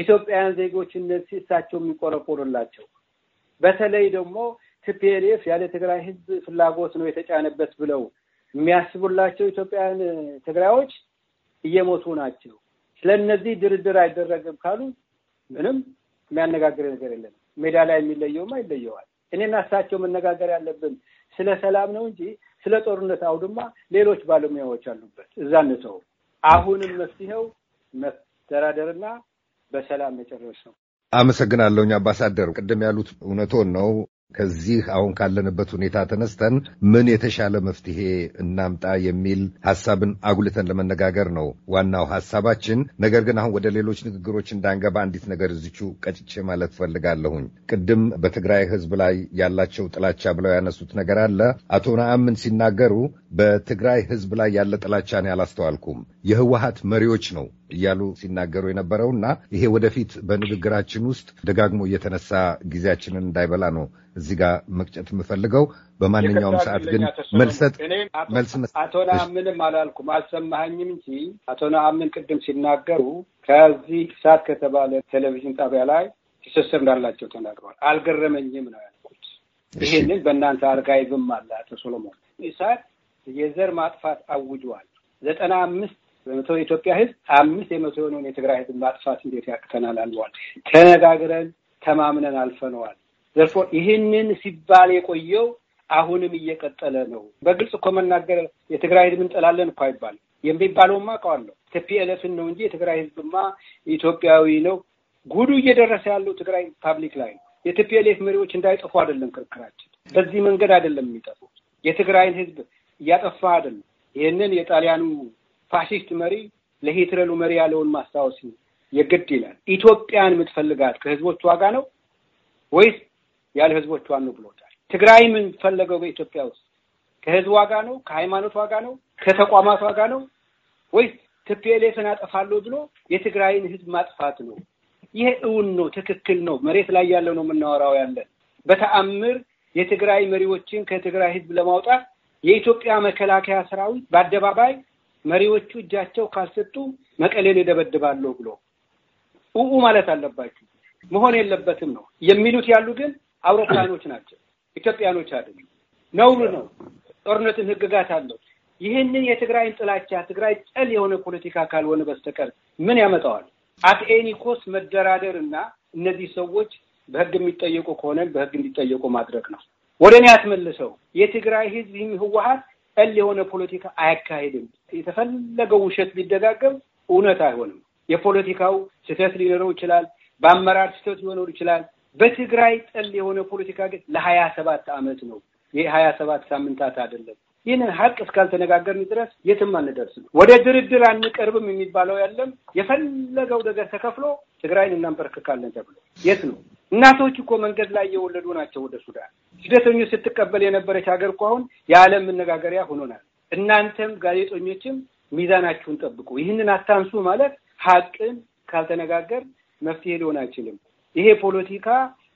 ኢትዮጵያውያን ዜጎች እነዚህ እሳቸው የሚቆረቆሩላቸው በተለይ ደግሞ ቲፒኤልኤፍ ያለ ትግራይ ህዝብ ፍላጎት ነው የተጫነበት ብለው የሚያስቡላቸው ኢትዮጵያውያን ትግራዮች እየሞቱ ናቸው። ስለ እነዚህ ድርድር አይደረግም ካሉ ምንም የሚያነጋግር ነገር የለም። ሜዳ ላይ የሚለየውማ ይለየዋል። እኔና እሳቸው መነጋገር ያለብን ስለ ሰላም ነው እንጂ ስለ ጦርነት አውድማ ሌሎች ባለሙያዎች አሉበት እዛ ንሰው አሁንም መፍትሄው መደራደርና በሰላም መጨረስ ነው። አመሰግናለሁኝ አምባሳደር፣ ቅድም ያሉት እውነቶን ነው። ከዚህ አሁን ካለንበት ሁኔታ ተነስተን ምን የተሻለ መፍትሄ እናምጣ የሚል ሀሳብን አጉልተን ለመነጋገር ነው ዋናው ሀሳባችን። ነገር ግን አሁን ወደ ሌሎች ንግግሮች እንዳንገባ አንዲት ነገር እዚቹ ቀጭቼ ማለት ፈልጋለሁኝ። ቅድም በትግራይ ሕዝብ ላይ ያላቸው ጥላቻ ብለው ያነሱት ነገር አለ። አቶ ነአምን ሲናገሩ በትግራይ ሕዝብ ላይ ያለ ጥላቻ ነው ያላስተዋልኩም፣ የህወሀት መሪዎች ነው እያሉ ሲናገሩ የነበረው እና ይሄ ወደፊት በንግግራችን ውስጥ ደጋግሞ እየተነሳ ጊዜያችንን እንዳይበላ ነው እዚህ ጋር መቅጨት የምፈልገው። በማንኛውም ሰዓት ግን መልሰጥ መልስ አቶ ነአምንም አላልኩም አልሰማኸኝም እንጂ አቶ ነአምን ቅድም ሲናገሩ ከዚህ ሳት ከተባለ ቴሌቪዥን ጣቢያ ላይ ትስስር እንዳላቸው ተናግረዋል። አልገረመኝም ነው ያልኩት። ይህንን በእናንተ አርጋይብም አለ አቶ ሶሎሞን። ሳት የዘር ማጥፋት አውጇል። ዘጠና አምስት በመቶ የኢትዮጵያ ህዝብ አምስት የመቶ የሆነውን የትግራይ ህዝብ ማጥፋት እንዴት ያቅተናል አልዋል። ተነጋግረን ተማምነን አልፈነዋል። ዘርፎ ይህንን ሲባል የቆየው አሁንም እየቀጠለ ነው። በግልጽ እኮ መናገር የትግራይ ህዝብ እንጠላለን እኮ አይባልም። የሚባለውማ አውቀዋለሁ ቲፒኤልኤፍን ነው እንጂ የትግራይ ህዝብማ ኢትዮጵያዊ ነው። ጉዱ እየደረሰ ያለው ትግራይ ፓብሊክ ላይ ነው። የቲፒኤልኤፍ መሪዎች እንዳይጠፉ አይደለም ክርክራችን፣ በዚህ መንገድ አይደለም የሚጠፉ የትግራይን ህዝብ እያጠፋ አይደለም። ይህንን የጣሊያኑ ፋሲስት መሪ ለሂትለሉ መሪ ያለውን ማስታወስ የግድ ይላል። ኢትዮጵያን የምትፈልጋት ከህዝቦቿ ጋር ነው ወይስ ያለ ህዝቦቿ ነው ብሎታል። ትግራይ የምንፈለገው በኢትዮጵያ ውስጥ ከህዝቧ ጋር ነው ከሃይማኖቷ ጋር ነው ከተቋማቷ ጋር ነው ወይስ ትፔሌፍን አጠፋለሁ ብሎ የትግራይን ህዝብ ማጥፋት ነው? ይሄ እውን ነው፣ ትክክል ነው። መሬት ላይ ያለው ነው የምናወራው ያለን በተአምር የትግራይ መሪዎችን ከትግራይ ህዝብ ለማውጣት የኢትዮጵያ መከላከያ ሰራዊት በአደባባይ መሪዎቹ እጃቸው ካልሰጡ መቀሌን ይደበድባሉ ብሎ ኡኡ ማለት አለባችሁ። መሆን የለበትም ነው የሚሉት ያሉ ግን አውሮፓኖች ናቸው፣ ኢትዮጵያኖች አይደሉ ነውር ነው። ጦርነትን ህግጋት አለው። ይህንን የትግራይን ጥላቻ ትግራይ ጨል የሆነ ፖለቲካ ካልሆነ በስተቀር ምን ያመጣዋል? አትኤኒኮስ መደራደር እና እነዚህ ሰዎች በህግ የሚጠየቁ ከሆነ በህግ እንዲጠየቁ ማድረግ ነው። ወደ እኔ አትመልሰው። የትግራይ ህዝብ ህወሀት ጠል የሆነ ፖለቲካ አያካሄድም የተፈለገው ውሸት ቢደጋገም እውነት አይሆንም። የፖለቲካው ስህተት ሊኖረው ይችላል። በአመራር ስህተት ሊኖር ይችላል። በትግራይ ጠል የሆነ ፖለቲካ ግን ለሀያ ሰባት አመት ነው። የሀያ ሰባት ሳምንታት አይደለም። ይህንን ሀቅ እስካልተነጋገርን ድረስ የትም አንደርስም። ወደ ድርድር አንቀርብም የሚባለው ያለም የፈለገው ነገር ተከፍሎ ትግራይን እናንበረክካለን ተብሎ የት ነው? እናቶች እኮ መንገድ ላይ እየወለዱ ናቸው። ወደ ሱዳን ስደተኞች ስትቀበል የነበረች ሀገር እኮ አሁን የዓለም መነጋገሪያ ሆኖናል። እናንተም ጋዜጠኞችም ሚዛናችሁን ጠብቁ። ይህንን አታንሱ ማለት ሀቅን ካልተነጋገር መፍትሄ ሊሆን አይችልም። ይሄ ፖለቲካ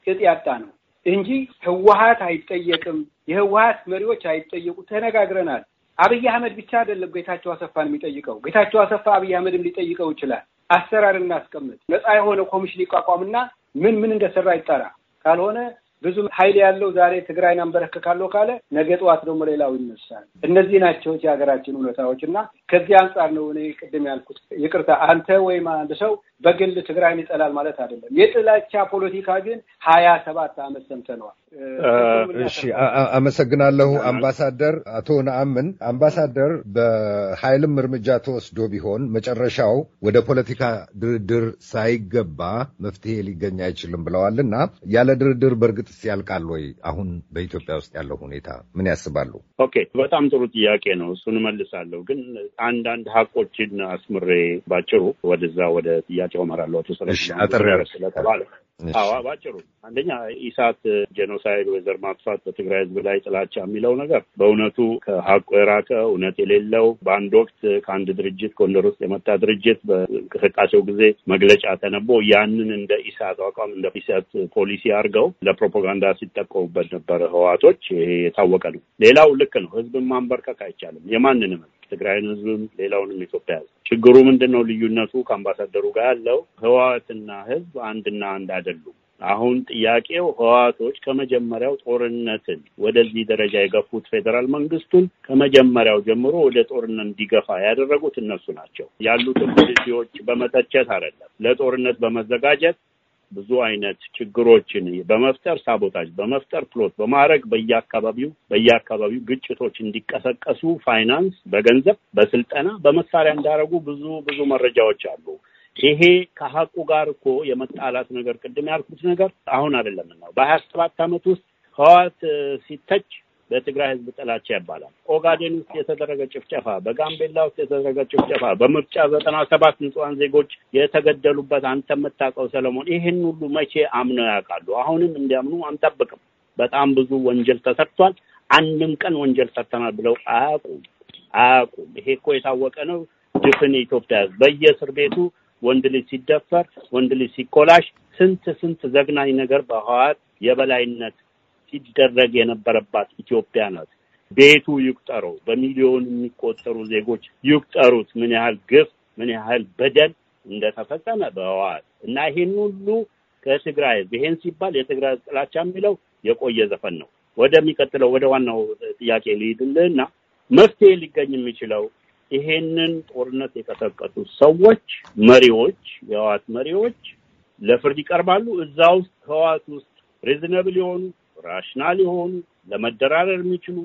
ቅጥ ያጣ ነው እንጂ ህወሀት አይጠየቅም። የህወሀት መሪዎች አይጠየቁ። ተነጋግረናል። አብይ አህመድ ብቻ አይደለም ጌታቸው አሰፋን የሚጠይቀው። ጌታቸው አሰፋ አብይ አህመድም ሊጠይቀው ይችላል። አሰራር እናስቀምጥ። ነፃ የሆነ ኮሚሽን ይቋቋምና ምን ምን እንደሰራ ይጠራ ካልሆነ ብዙ ኃይል ያለው ዛሬ ትግራይን አንበረክካለሁ ካለ ነገ ጠዋት ደግሞ ሌላው ይነሳል። እነዚህ ናቸው የሀገራችን እውነታዎች እና ከዚህ አንጻር ነው እኔ ቅድም ያልኩት። ይቅርታ አንተ ወይም አንድ ሰው በግል ትግራይን ይጠላል ማለት አይደለም። የጥላቻ ፖለቲካ ግን ሀያ ሰባት አመት ሰምተነዋል። እሺ፣ አመሰግናለሁ አምባሳደር አቶ ነአምን። አምባሳደር በኃይልም እርምጃ ተወስዶ ቢሆን መጨረሻው ወደ ፖለቲካ ድርድር ሳይገባ መፍትሄ ሊገኝ አይችልም ብለዋልና ያለ ድርድር በእርግጥ በግጭት ያልቃል ወይ? አሁን በኢትዮጵያ ውስጥ ያለው ሁኔታ ምን ያስባሉ? ኦኬ፣ በጣም ጥሩ ጥያቄ ነው። እሱን እመልሳለሁ፣ ግን አንዳንድ ሀቆችን አስምሬ ባጭሩ ወደዛ ወደ ጥያቄው እመራለሁ። ስለተባለ አዎ፣ ባጭሩ አንደኛ ኢሳት ጄኖሳይድ ወይ ማጥፋት በትግራይ ህዝብ ላይ ጥላቻ የሚለው ነገር በእውነቱ ከሀቁ የራቀ እውነት የሌለው በአንድ ወቅት ከአንድ ድርጅት ጎንደር ውስጥ የመጣ ድርጅት በእንቅስቃሴው ጊዜ መግለጫ ተነቦ ያንን እንደ ኢሳት አቋም እንደ ኢሳት ፖሊሲ አድርገው ለፕሮፖ ፕሮፓጋንዳ ሲጠቀሙበት ነበረ ህዋቶች። ይሄ የታወቀ ነው። ሌላው ልክ ነው። ህዝብን ማንበርከክ አይቻልም። የማንንም ትግራይን ህዝብም ሌላውንም ኢትዮጵያ ህዝብ ችግሩ ምንድን ነው? ልዩነቱ ከአምባሳደሩ ጋር ያለው ህዋትና ህዝብ አንድና አንድ አይደሉም። አሁን ጥያቄው ህዋቶች ከመጀመሪያው ጦርነትን ወደዚህ ደረጃ የገፉት ፌዴራል መንግስቱን ከመጀመሪያው ጀምሮ ወደ ጦርነት እንዲገፋ ያደረጉት እነሱ ናቸው። ያሉትን ፖሊሲዎች በመተቸት አይደለም፣ ለጦርነት በመዘጋጀት ብዙ አይነት ችግሮችን በመፍጠር ሳቦታጅ በመፍጠር ፕሎት በማድረግ በየአካባቢው በየአካባቢው ግጭቶች እንዲቀሰቀሱ ፋይናንስ በገንዘብ በስልጠና በመሳሪያ እንዳደረጉ ብዙ ብዙ መረጃዎች አሉ። ይሄ ከሀቁ ጋር እኮ የመጣላት ነገር ቅድም ያልኩት ነገር አሁን አይደለም ነው በሀያ ሰባት አመት ውስጥ ህዋት ሲተች በትግራይ ህዝብ ጥላቻ ይባላል። ኦጋዴን ውስጥ የተደረገ ጭፍጨፋ፣ በጋምቤላ ውስጥ የተደረገ ጭፍጨፋ፣ በምርጫ ዘጠና ሰባት ዜጎች የተገደሉበት አንተ የምታውቀው ሰለሞን፣ ይህን ሁሉ መቼ አምነው ያውቃሉ? አሁንም እንዲያምኑ አንጠብቅም። በጣም ብዙ ወንጀል ተሰርቷል። አንድም ቀን ወንጀል ሰርተናል ብለው አያውቁም አያውቁም። ይሄ እኮ የታወቀ ነው። ድፍን ኢትዮጵያ በየስር በየእስር ቤቱ ወንድ ልጅ ሲደፈር፣ ወንድ ልጅ ሲኮላሽ፣ ስንት ስንት ዘግናኝ ነገር በህወሓት የበላይነት ሲደረግ የነበረባት ኢትዮጵያ ናት። ቤቱ ይቁጠረው። በሚሊዮን የሚቆጠሩ ዜጎች ይቁጠሩት፣ ምን ያህል ግፍ፣ ምን ያህል በደል እንደተፈጸመ በህወሓት እና ይህን ሁሉ ከትግራይ ይሄን ሲባል የትግራይ ጥላቻ የሚለው የቆየ ዘፈን ነው። ወደሚቀጥለው ወደ ዋናው ጥያቄ ልሂድልህና መፍትሄ ሊገኝ የሚችለው ይሄንን ጦርነት የቀሰቀሱ ሰዎች መሪዎች፣ የህወሓት መሪዎች ለፍርድ ይቀርባሉ። እዛ ውስጥ ህወሓት ውስጥ ሪዝነብል የሆኑ ራሽናል የሆኑ ለመደራደር የሚችሉ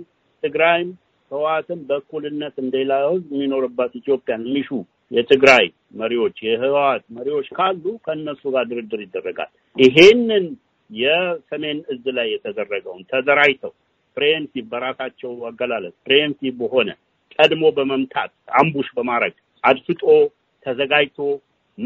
ትግራይም ህወሓትም በእኩልነት እንደሌላው ህዝብ የሚኖርባት ኢትዮጵያን የሚሹ የትግራይ መሪዎች የህወሓት መሪዎች ካሉ ከእነሱ ጋር ድርድር ይደረጋል። ይሄንን የሰሜን እዝ ላይ የተደረገውን ተደራጅተው ፕሬምቲቭ በራሳቸው አገላለጽ ፕሬምቲቭ በሆነ ቀድሞ በመምታት አምቡሽ በማድረግ አድፍጦ ተዘጋጅቶ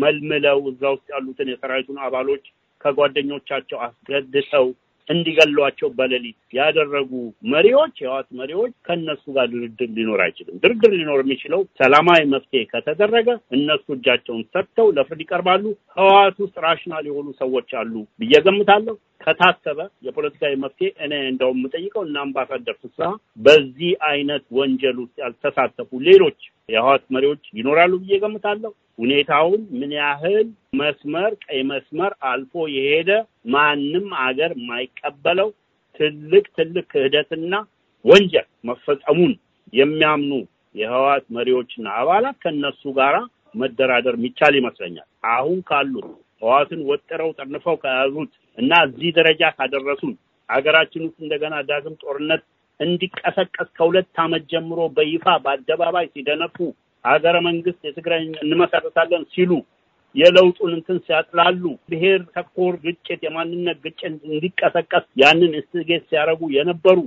መልምለው እዛ ውስጥ ያሉትን የሰራዊቱን አባሎች ከጓደኞቻቸው አስገድተው እንዲገሏቸው በሌሊት ያደረጉ መሪዎች የህዋት መሪዎች ከእነሱ ጋር ድርድር ሊኖር አይችልም። ድርድር ሊኖር የሚችለው ሰላማዊ መፍትሄ ከተደረገ እነሱ እጃቸውን ሰጥተው ለፍርድ ይቀርባሉ። ህዋት ውስጥ ራሽናል የሆኑ ሰዎች አሉ ብዬ ገምታለሁ። ከታሰበ የፖለቲካዊ መፍትሄ እኔ እንደውም የምጠይቀው እና አምባሳደር ፍስሐ በዚህ አይነት ወንጀል ውስጥ ያልተሳተፉ ሌሎች የህዋት መሪዎች ይኖራሉ ብዬ ገምታለሁ። ሁኔታውን ምን ያህል መስመር ቀይ መስመር አልፎ የሄደ ማንም አገር የማይቀበለው ትልቅ ትልቅ ክህደትና ወንጀል መፈጸሙን የሚያምኑ የህወሓት መሪዎችና አባላት ከነሱ ጋራ መደራደር የሚቻል ይመስለኛል። አሁን ካሉት ህወሓትን ወጥረው ጠንፈው ከያዙት እና እዚህ ደረጃ ካደረሱን ሀገራችን ውስጥ እንደገና ዳግም ጦርነት እንዲቀሰቀስ ከሁለት ዓመት ጀምሮ በይፋ በአደባባይ ሲደነፉ ሀገረ መንግስት የትግራይ እንመሰረታለን ሲሉ የለውጡን እንትን ሲያጥላሉ ብሔር ተኮር ግጭት፣ የማንነት ግጭት እንዲቀሰቀስ ያንን እስትጌት ሲያደርጉ የነበሩ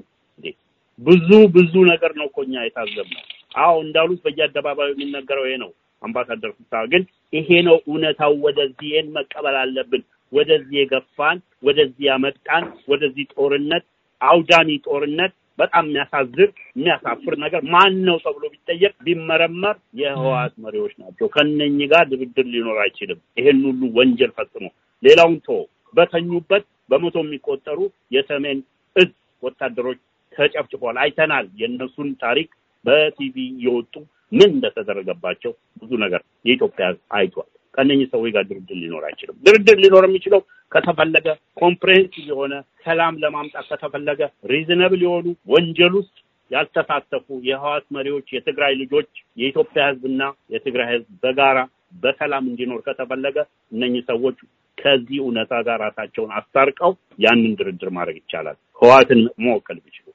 ብዙ ብዙ ነገር ነው እኮ እኛ የታዘብነው። አዎ እንዳሉት በየአደባባዩ የሚነገረው ይሄ ነው። አምባሳደር ፍስሐ ግን ይሄ ነው እውነታው። ወደዚህ ይሄን መቀበል አለብን። ወደዚህ የገፋን፣ ወደዚህ ያመጣን፣ ወደዚህ ጦርነት አውዳሚ ጦርነት በጣም የሚያሳዝን የሚያሳፍር ነገር ማን ነው ተብሎ ቢጠየቅ ቢመረመር የህወሓት መሪዎች ናቸው። ከነኝ ጋር ድብድር ሊኖር አይችልም። ይሄን ሁሉ ወንጀል ፈጽሞ ሌላውን ቶ በተኙበት በመቶ የሚቆጠሩ የሰሜን እዝ ወታደሮች ተጨፍጭፏል። አይተናል። የእነሱን ታሪክ በቲቪ እየወጡ ምን እንደተደረገባቸው ብዙ ነገር የኢትዮጵያ አይቷል። ከእነኝህ ሰዎች ጋር ድርድር ሊኖር አይችልም። ድርድር ሊኖር የሚችለው ከተፈለገ ኮምፕሬሄንሲቭ የሆነ ሰላም ለማምጣት ከተፈለገ ሪዝነብል የሆኑ ወንጀል ውስጥ ያልተሳተፉ የህዋት መሪዎች፣ የትግራይ ልጆች፣ የኢትዮጵያ ህዝብና የትግራይ ህዝብ በጋራ በሰላም እንዲኖር ከተፈለገ እነኚህ ሰዎች ከዚህ እውነታ ጋር ራሳቸውን አስታርቀው ያንን ድርድር ማድረግ ይቻላል። ህዋትን መወከል ቢችሉ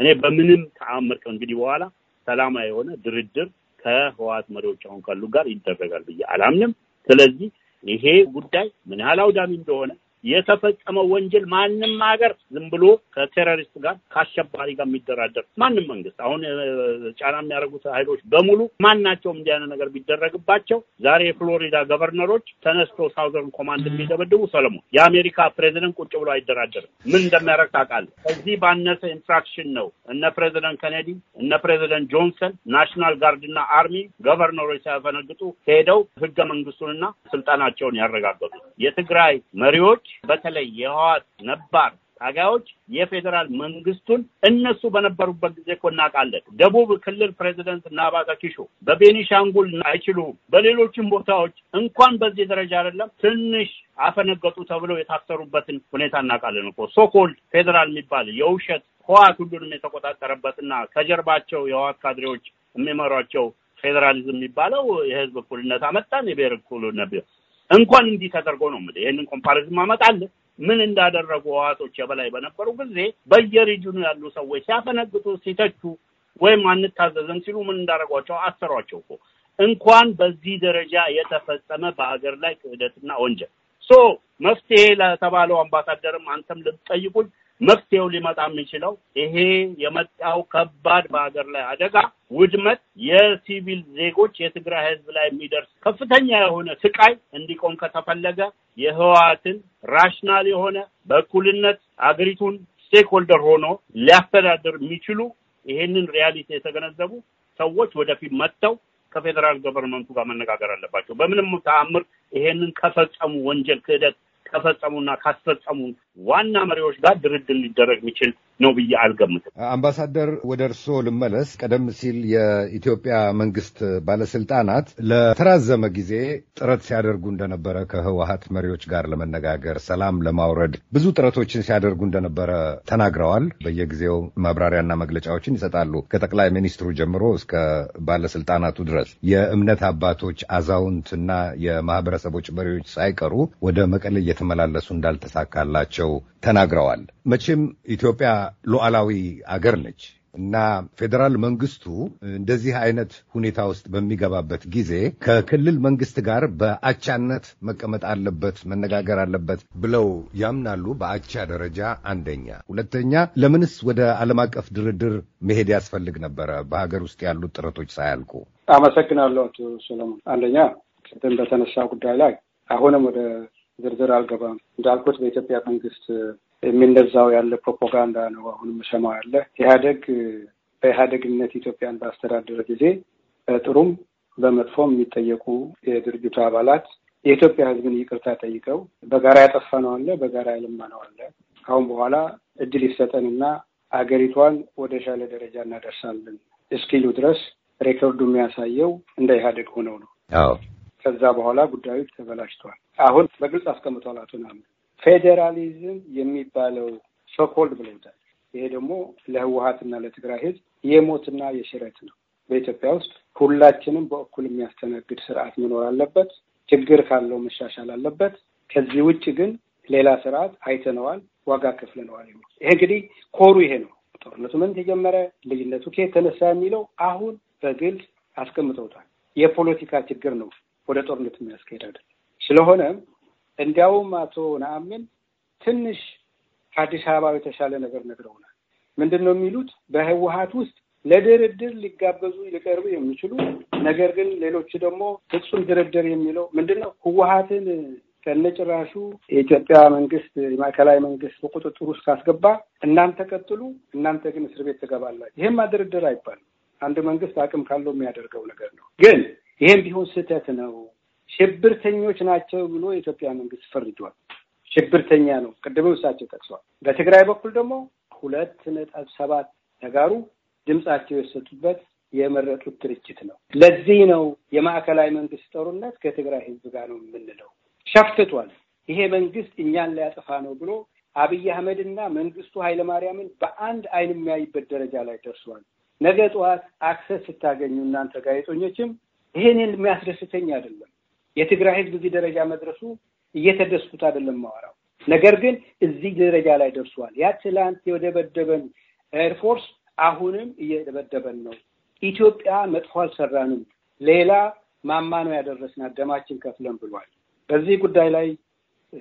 እኔ በምንም ተአምር እንግዲህ በኋላ ሰላማዊ የሆነ ድርድር ከህዋት መሪዎች አሁን ካሉ ጋር ይደረጋል ብዬ አላምንም። ስለዚህ ይሄ ጉዳይ ምን ያህል አውዳሚ እንደሆነ የተፈጸመው ወንጀል ማንም ሀገር ዝም ብሎ ከቴሮሪስት ጋር ከአሸባሪ ጋር የሚደራደር ማንም መንግስት አሁን ጫና የሚያደርጉት ሀይሎች በሙሉ ማናቸውም እንዲህ ነገር ቢደረግባቸው ዛሬ የፍሎሪዳ ገቨርነሮች ተነስቶ ሳውዘርን ኮማንድ የሚደበድቡ ሰለሞን የአሜሪካ ፕሬዚደንት ቁጭ ብሎ አይደራደርም። ምን እንደሚያደርግ ታውቃለህ? ከዚህ ባነሰ ኢንትራክሽን ነው እነ ፕሬዚደንት ከኔዲ እነ ፕሬዚደንት ጆንሰን ናሽናል ጋርድና አርሚ ገቨርነሮች ሳያፈነግጡ ሄደው ህገ መንግስቱንና ስልጣናቸውን ያረጋገጡ የትግራይ መሪዎች በተለይ የህዋት ነባር ታጋዮች የፌዴራል መንግስቱን እነሱ በነበሩበት ጊዜ እኮ እናውቃለን። ደቡብ ክልል ፕሬዚደንት ናባታ ኪሾ በቤኒሻንጉል አይችሉም፣ በሌሎችም ቦታዎች እንኳን በዚህ ደረጃ አይደለም ትንሽ አፈነገጡ ተብለው የታሰሩበትን ሁኔታ እናውቃለን እኮ ሶኮልድ ፌዴራል የሚባል የውሸት ህዋት ሁሉንም የተቆጣጠረበትና ከጀርባቸው የህዋት ካድሬዎች የሚመሯቸው ፌዴራሊዝም የሚባለው የህዝብ እኩልነት አመጣን፣ የብሔር እኩልነት እንኳን እንዲህ ተደርጎ ነው የምልህ። ይህንን ኮምፓሪዝም አመጣልህ። ምን እንዳደረጉ ህዋቶች የበላይ በነበሩ ጊዜ በየሪጅኑ ያሉ ሰዎች ሲያፈነግጡ፣ ሲተቹ ወይም አንታዘዘም ሲሉ ምን እንዳደረጓቸው አሰሯቸው እኮ እንኳን በዚህ ደረጃ የተፈጸመ በሀገር ላይ ክህደትና ወንጀል ሶ መፍትሄ ለተባለው አምባሳደርም አንተም ልትጠይቁኝ መፍትሄው ሊመጣ የሚችለው ይሄ የመጣው ከባድ በሀገር ላይ አደጋ ውድመት፣ የሲቪል ዜጎች የትግራይ ህዝብ ላይ የሚደርስ ከፍተኛ የሆነ ስቃይ እንዲቆም ከተፈለገ የህወሓትን ራሽናል የሆነ በእኩልነት አገሪቱን ስቴክሆልደር ሆኖ ሊያስተዳድር የሚችሉ ይሄንን ሪያሊቲ የተገነዘቡ ሰዎች ወደፊት መጥተው ከፌዴራል ገቨርንመንቱ ጋር መነጋገር አለባቸው። በምንም ተአምር ይሄንን ከፈጸሙ ወንጀል ክህደት ከፈጸሙና ካስፈጸሙን ዋና መሪዎች ጋር ድርድር ሊደረግ የሚችል ነው ብዬ አልገምትም። አምባሳደር ወደ እርስዎ ልመለስ። ቀደም ሲል የኢትዮጵያ መንግስት ባለስልጣናት ለተራዘመ ጊዜ ጥረት ሲያደርጉ እንደነበረ ከህወሀት መሪዎች ጋር ለመነጋገር ሰላም ለማውረድ ብዙ ጥረቶችን ሲያደርጉ እንደነበረ ተናግረዋል። በየጊዜው ማብራሪያና መግለጫዎችን ይሰጣሉ፣ ከጠቅላይ ሚኒስትሩ ጀምሮ እስከ ባለስልጣናቱ ድረስ። የእምነት አባቶች አዛውንትና የማህበረሰቦች መሪዎች ሳይቀሩ ወደ መቀሌ እየተመላለሱ እንዳልተሳካላቸው መሆናቸው ተናግረዋል። መቼም ኢትዮጵያ ሉዓላዊ አገር ነች እና ፌዴራል መንግስቱ እንደዚህ አይነት ሁኔታ ውስጥ በሚገባበት ጊዜ ከክልል መንግስት ጋር በአቻነት መቀመጥ አለበት፣ መነጋገር አለበት ብለው ያምናሉ። በአቻ ደረጃ አንደኛ። ሁለተኛ ለምንስ ወደ ዓለም አቀፍ ድርድር መሄድ ያስፈልግ ነበረ? በሀገር ውስጥ ያሉት ጥረቶች ሳያልቁ። አመሰግናለሁ አቶ ሰለሞን። አንደኛ ቅድም በተነሳ ጉዳይ ላይ አሁንም ወደ ዝርዝር አልገባም። እንዳልኩት በኢትዮጵያ መንግስት የሚነዛው ያለ ፕሮፓጋንዳ ነው። አሁንም ሰማው ያለ ኢህአደግ በኢህአደግነት ኢትዮጵያን ባስተዳደረ ጊዜ በጥሩም በመጥፎም የሚጠየቁ የድርጅቱ አባላት የኢትዮጵያ ሕዝብን ይቅርታ ጠይቀው በጋራ ነው አለ፣ በጋራ ነው አለ። ካሁን በኋላ እድል ይሰጠንና አገሪቷን ወደ ሻለ ደረጃ እናደርሳለን እስኪሉ ድረስ ሬኮርዱ የሚያሳየው እንደ ኢህአደግ ሆነው ነው። ከዛ በኋላ ጉዳዩ ተበላሽቷል። አሁን በግልጽ አስቀምጠዋል አቶ ናምን ፌዴራሊዝም የሚባለው ሶኮልድ ብለውታል። ይሄ ደግሞ ለህወሀትና ለትግራይ ህዝብ የሞትና የሽረት ነው። በኢትዮጵያ ውስጥ ሁላችንም በእኩል የሚያስተናግድ ስርዓት መኖር አለበት። ችግር ካለው መሻሻል አለበት። ከዚህ ውጭ ግን ሌላ ስርዓት አይተነዋል፣ ዋጋ ከፍለነዋል። ይሄ እንግዲህ ኮሩ ይሄ ነው። ጦርነቱ ምን ተጀመረ፣ ልዩነቱ ከየት ተነሳ የሚለው አሁን በግልጽ አስቀምጠውታል። የፖለቲካ ችግር ነው ወደ ጦርነት የሚያስኬድ አይደለም። ስለሆነም እንዲያውም አቶ ነአምን ትንሽ ከአዲስ አበባ የተሻለ ነገር ነግረውናል። ምንድን ነው የሚሉት? በህወሀት ውስጥ ለድርድር ሊጋበዙ ሊቀርቡ የሚችሉ ነገር ግን ሌሎቹ ደግሞ ፍጹም ድርድር የሚለው ምንድን ነው ህወሀትን ከነጭራሹ የኢትዮጵያ መንግስት የማዕከላዊ መንግስት በቁጥጥር ውስጥ ካስገባ እናንተ ቀጥሉ፣ እናንተ ግን እስር ቤት ትገባላችሁ። ይህም ድርድር አይባልም። አንድ መንግስት አቅም ካለው የሚያደርገው ነገር ነው። ግን ይህም ቢሆን ስህተት ነው፣ ሽብርተኞች ናቸው ብሎ የኢትዮጵያ መንግስት ፈርጇል። ሽብርተኛ ነው፣ ቅድም እሳቸው ጠቅሷል። በትግራይ በኩል ደግሞ ሁለት ነጥብ ሰባት ተጋሩ ድምጻቸው የሰጡበት የመረጡት ድርጅት ነው። ለዚህ ነው የማዕከላዊ መንግስት ጦርነት ከትግራይ ህዝብ ጋር ነው የምንለው። ሸፍትቷል። ይሄ መንግስት እኛን ሊያጠፋ ነው ብሎ አብይ አህመድና መንግስቱ ኃይለማርያምን በአንድ አይን የሚያይበት ደረጃ ላይ ደርሷል። ነገ ጠዋት አክሰስ ስታገኙ እናንተ ጋዜጠኞችም ይሄ እኔን የሚያስደስተኝ አይደለም። የትግራይ ህዝብ እዚህ ደረጃ መድረሱ እየተደስኩት አይደለም ማወራው። ነገር ግን እዚህ ደረጃ ላይ ደርሷል። ያ ትላንት የደበደበን ኤርፎርስ አሁንም እየደበደበን ነው። ኢትዮጵያ መጥፎ አልሰራንም፣ ሌላ ማማ ነው ያደረስን፣ ደማችን ከፍለን ብሏል። በዚህ ጉዳይ ላይ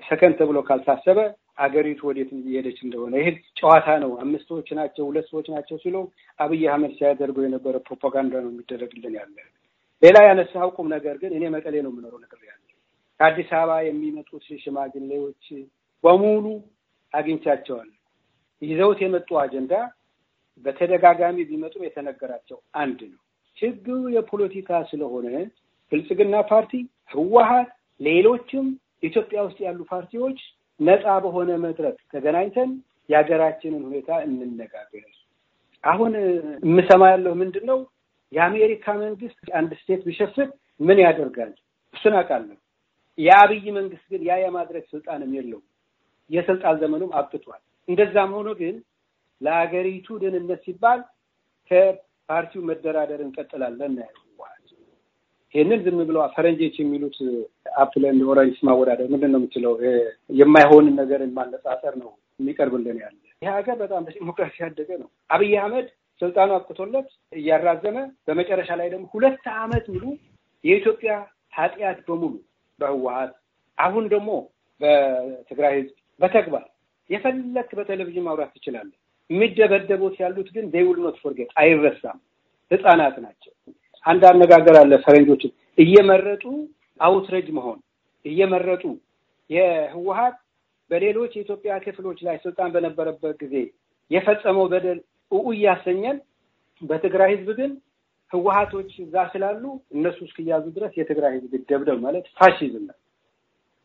ሰከን ተብሎ ካልታሰበ አገሪቱ ወዴት እየሄደች እንደሆነ ይህ ጨዋታ ነው። አምስት ሰዎች ናቸው፣ ሁለት ሰዎች ናቸው ሲሉ አብይ አህመድ ሲያደርገው የነበረ ፕሮፓጋንዳ ነው የሚደረግልን ያለ ሌላ ያነሳው ቁም ነገር ግን እኔ መቀሌ ነው የምኖረው። ነገር ያለ ከአዲስ አበባ የሚመጡት ሽማግሌዎች በሙሉ አግኝቻቸዋል። ይዘውት የመጡ አጀንዳ በተደጋጋሚ ቢመጡም የተነገራቸው አንድ ነው። ችግሩ የፖለቲካ ስለሆነ ብልጽግና ፓርቲ፣ ህወሀት፣ ሌሎችም ኢትዮጵያ ውስጥ ያሉ ፓርቲዎች ነፃ በሆነ መድረክ ተገናኝተን የሀገራችንን ሁኔታ እንነጋገር። አሁን የምሰማ ያለው ምንድን ነው የአሜሪካ መንግስት አንድ ስቴት ቢሸፍን ምን ያደርጋል? እሱን አውቃለሁ። የአብይ መንግስት ግን ያ የማድረግ ስልጣንም የለውም። የስልጣን ዘመኑም አብቅቷል። እንደዛም ሆኖ ግን ለሀገሪቱ ደህንነት ሲባል ከፓርቲው መደራደር እንቀጥላለን ያለ ይህንን ዝም ብለው ፈረንጆች የሚሉት አፕል ኤንድ ኦረንጅስ ማወዳደር ምንድን ነው የምችለው የማይሆን ነገርን ማነጻጸር ነው የሚቀርብልን ያለ። ይህ ሀገር በጣም በዲሞክራሲ ያደገ ነው። አብይ አህመድ ስልጣኑ አብቅቶለት እያራዘመ በመጨረሻ ላይ ደግሞ ሁለት ዓመት ሙሉ የኢትዮጵያ ኃጢአት በሙሉ በህወሀት አሁን ደግሞ በትግራይ ህዝብ በተግባር የፈለክ በቴሌቪዥን ማውራት ትችላለህ። የሚደበደቡት ያሉት ግን ዴውል ኖት ፎርጌት አይረሳም። ህጻናት ናቸው። አንድ አነጋገር አለ ፈረንጆችን እየመረጡ አውትረጅ መሆን እየመረጡ የህወሀት በሌሎች የኢትዮጵያ ክፍሎች ላይ ስልጣን በነበረበት ጊዜ የፈጸመው በደል ኡኡ እያሰኘን በትግራይ ህዝብ ግን ህወሀቶች እዛ ስላሉ እነሱ እስክያዙ ድረስ የትግራይ ህዝብ ደብደብ ማለት ፋሽዝም ነው።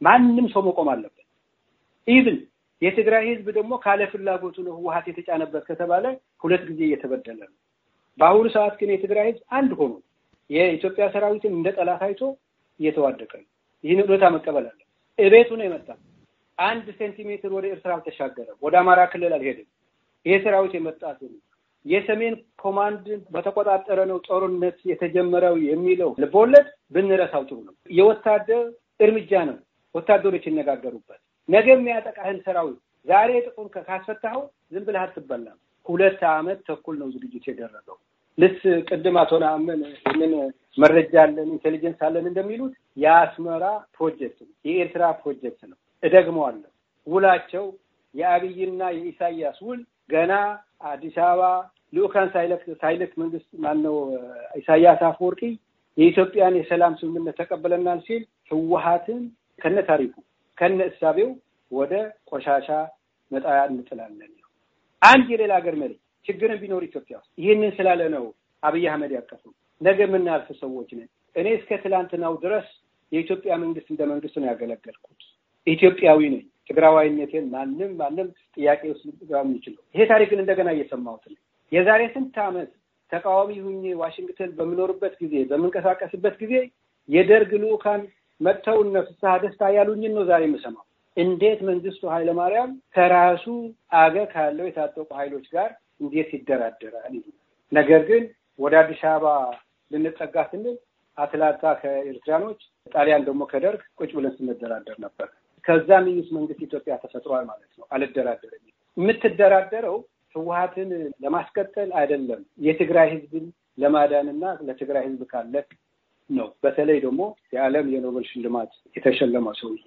ማንም ሰው መቆም አለበት። ኢቭን የትግራይ ህዝብ ደግሞ ካለ ፍላጎቱ ነው ህወሀት የተጫነበት ከተባለ ሁለት ጊዜ እየተበደለ ነው። በአሁኑ ሰዓት ግን የትግራይ ህዝብ አንድ ሆኖ የኢትዮጵያ ሰራዊትን እንደ ጠላት አይቶ እየተዋደቀ ነው። ይህን እውነታ መቀበል አለ። እቤቱ ነው የመጣ አንድ ሴንቲሜትር ወደ ኤርትራ አልተሻገረም። ወደ አማራ ክልል አልሄደም። ይሄ ሰራዊት የመጣት ነው የሰሜን ኮማንድ በተቆጣጠረ ነው ጦርነት የተጀመረው የሚለው ልቦለድ ብንረሳው ጥሩ ነው። የወታደር እርምጃ ነው። ወታደሮች ይነጋገሩበት። ነገ የሚያጠቃህን ሰራዊት ዛሬ ጥቁን ካስፈታኸው ዝም ብለህ አትበላም። ሁለት ዓመት ተኩል ነው ዝግጅት የደረገው ልስ ቅድም አቶ ነአምን ይህንን መረጃ አለን ኢንቴሊጀንስ አለን እንደሚሉት የአስመራ ፕሮጀክት ነው፣ የኤርትራ ፕሮጀክት ነው። እደግመዋለሁ ውላቸው የአብይና የኢሳያስ ውል ገና አዲስ አበባ ልኡካን ሳይለክ መንግስት ማነው ኢሳያስ አፈወርቂ የኢትዮጵያን የሰላም ስምምነት ተቀብለናል ሲል ህወሀትን ከነ ታሪኩ ከነ እሳቤው ወደ ቆሻሻ መጣያ እንጥላለን። አንድ የሌላ ሀገር መሪ ችግርን ቢኖር ኢትዮጵያ ውስጥ ይህንን ስላለ ነው አብይ አህመድ ያቀፉ ነገ የምናልፍ ሰዎች ነን። እኔ እስከ ትላንትናው ድረስ የኢትዮጵያ መንግስት እንደ መንግስት ነው ያገለገልኩት። ኢትዮጵያዊ ነኝ። ትግራዋይነቴን ማንም ማንም ጥያቄ ውስጥ ልጥገባ የሚችለው ይሄ ታሪክን እንደገና እየሰማሁት ነው። የዛሬ ስንት ዓመት ተቃዋሚ ሁኜ ዋሽንግተን በምኖርበት ጊዜ በምንቀሳቀስበት ጊዜ የደርግ ልኡካን መጥተው እነ ፍስሐ ደስታ ያሉኝን ነው ዛሬ የምሰማው። እንዴት መንግስቱ ኃይለማርያም ከራሱ አገ ካለው የታጠቁ ኃይሎች ጋር እንዴት ይደራደራል? ነገር ግን ወደ አዲስ አበባ ልንጠጋ ስንል አትላንታ ከኤርትራኖች፣ ጣሊያን ደግሞ ከደርግ ቁጭ ብለን ስንደራደር ነበር። ከዛ ሚኒስ መንግስት ኢትዮጵያ ተፈጥሯል ማለት ነው። አልደራደር የምትደራደረው ህወሀትን ለማስቀጠል አይደለም፣ የትግራይ ህዝብን ለማዳንና ለትግራይ ህዝብ ካለቅ ነው። በተለይ ደግሞ የዓለም የኖበል ሽልማት የተሸለመ ሰውዬ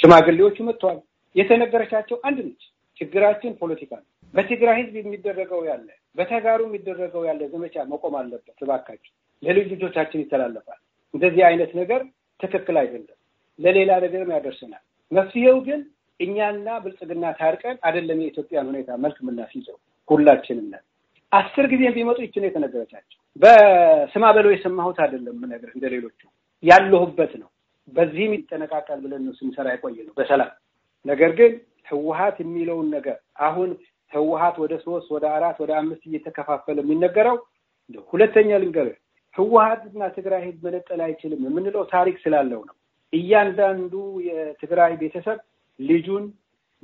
ሽማግሌዎቹ መጥተዋል። የተነገረቻቸው አንድ ነች። ችግራችን ፖለቲካ ነው። በትግራይ ህዝብ የሚደረገው ያለ በተጋሩ የሚደረገው ያለ ዘመቻ መቆም አለበት። እባካችሁ ለልጅ ልጆቻችን ይተላለፋል። እንደዚህ አይነት ነገር ትክክል አይደለም። ለሌላ ነገርም ያደርሰናል። መፍትሄው ግን እኛና ብልጽግና ታርቀን አይደለም የኢትዮጵያን ሁኔታ መልክ የምናስይዘው ሁላችንም ነን። አስር ጊዜ ቢመጡ ይችን የተነገረቻቸው በስማ በለው የሰማሁት አይደለም ነገር እንደ ሌሎቹ ያለሁበት ነው። በዚህም ይጠነቃቃል ብለን ነው ስንሰራ የቆየ ነው በሰላም ነገር ግን ህወሀት የሚለውን ነገር አሁን ህወሀት ወደ ሶስት ወደ አራት ወደ አምስት እየተከፋፈለ የሚነገረው ሁለተኛ ልንገር ህወሀትና ትግራይ ህዝብ መነጠል አይችልም የምንለው ታሪክ ስላለው ነው። እያንዳንዱ የትግራይ ቤተሰብ ልጁን፣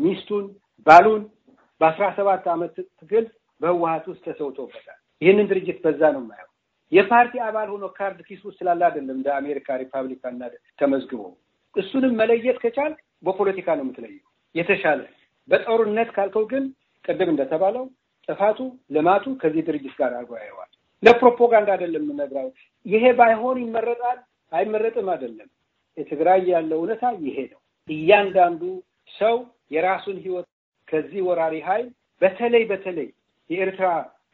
ሚስቱን፣ ባሉን በአስራ ሰባት ዓመት ትግል በህወሀት ውስጥ ተሰውቶበታል። ይህንን ድርጅት በዛ ነው የማየው። የፓርቲ አባል ሆኖ ካርድ ኪስ ውስጥ ስላለ አይደለም እንደ አሜሪካ ሪፐብሊካና ተመዝግቦ እሱንም መለየት ከቻል በፖለቲካ ነው የምትለየው የተሻለ በጦርነት ካልከው ግን ቅድም እንደተባለው ጥፋቱ ልማቱ ከዚህ ድርጅት ጋር አርጎ ለፕሮፓጋንዳ አይደለም ይሄ ባይሆን ይመረጣል አይመረጥም አይደለም የትግራይ ያለው እውነታ ይሄ ነው። እያንዳንዱ ሰው የራሱን ህይወት ከዚህ ወራሪ ኃይል በተለይ በተለይ የኤርትራ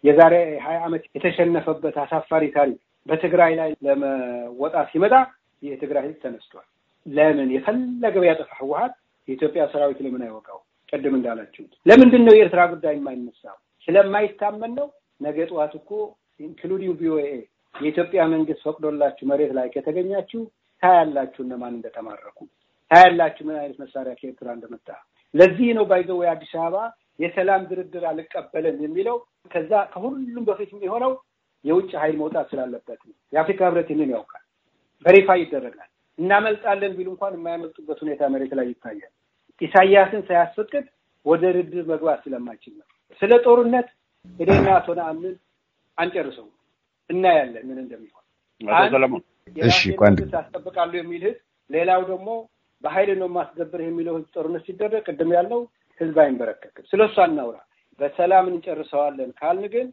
የዛሬ ሀያ ዓመት የተሸነፈበት አሳፋሪ ታሪክ በትግራይ ላይ ለመወጣት ሲመጣ የትግራይ ህዝብ ተነስቷል። ለምን የፈለገ ያጠፋ ህወሀት የኢትዮጵያ ሰራዊት ለምን አይወቃው? ቅድም እንዳላችሁት ለምንድን ነው የኤርትራ ጉዳይ የማይነሳው? ስለማይታመን ነው። ነገ ጠዋት እኮ ኢንክሉዲንግ ቪኦኤ የኢትዮጵያ መንግስት ፈቅዶላችሁ መሬት ላይ ከተገኛችሁ ታያላችሁ እነማን እንደተማረኩ፣ ታያላችሁ ምን አይነት መሳሪያ ከኤርትራ እንደመጣ። ለዚህ ነው ባይዘው አዲስ አበባ የሰላም ድርድር አልቀበልም የሚለው ከዛ ከሁሉም በፊት የሚሆነው የውጭ ኃይል መውጣት ስላለበት ነው። የአፍሪካ ህብረት ይህንን ያውቃል። በሪፋ ይደረጋል። እናመልጣለን ቢሉ እንኳን የማያመልጡበት ሁኔታ መሬት ላይ ይታያል። ኢሳያስን ሳያስፈቅድ ወደ ድርድር መግባት ስለማይችል ነው። ስለ ጦርነት እኔና አቶ ነአምን አንጨርሰው እናያለን ምን እንደሚሆን የራሴን ሕዝብ ያስጠብቃሉ የሚል ህዝብ፣ ሌላው ደግሞ በሀይል ነው የማስገብር የሚለው ህዝብ ጦርነት ሲደረግ ቅድም ያለው ህዝብ አይንበረከክም። ስለ እሱ አናውራ፣ በሰላም እንጨርሰዋለን ካልን ግን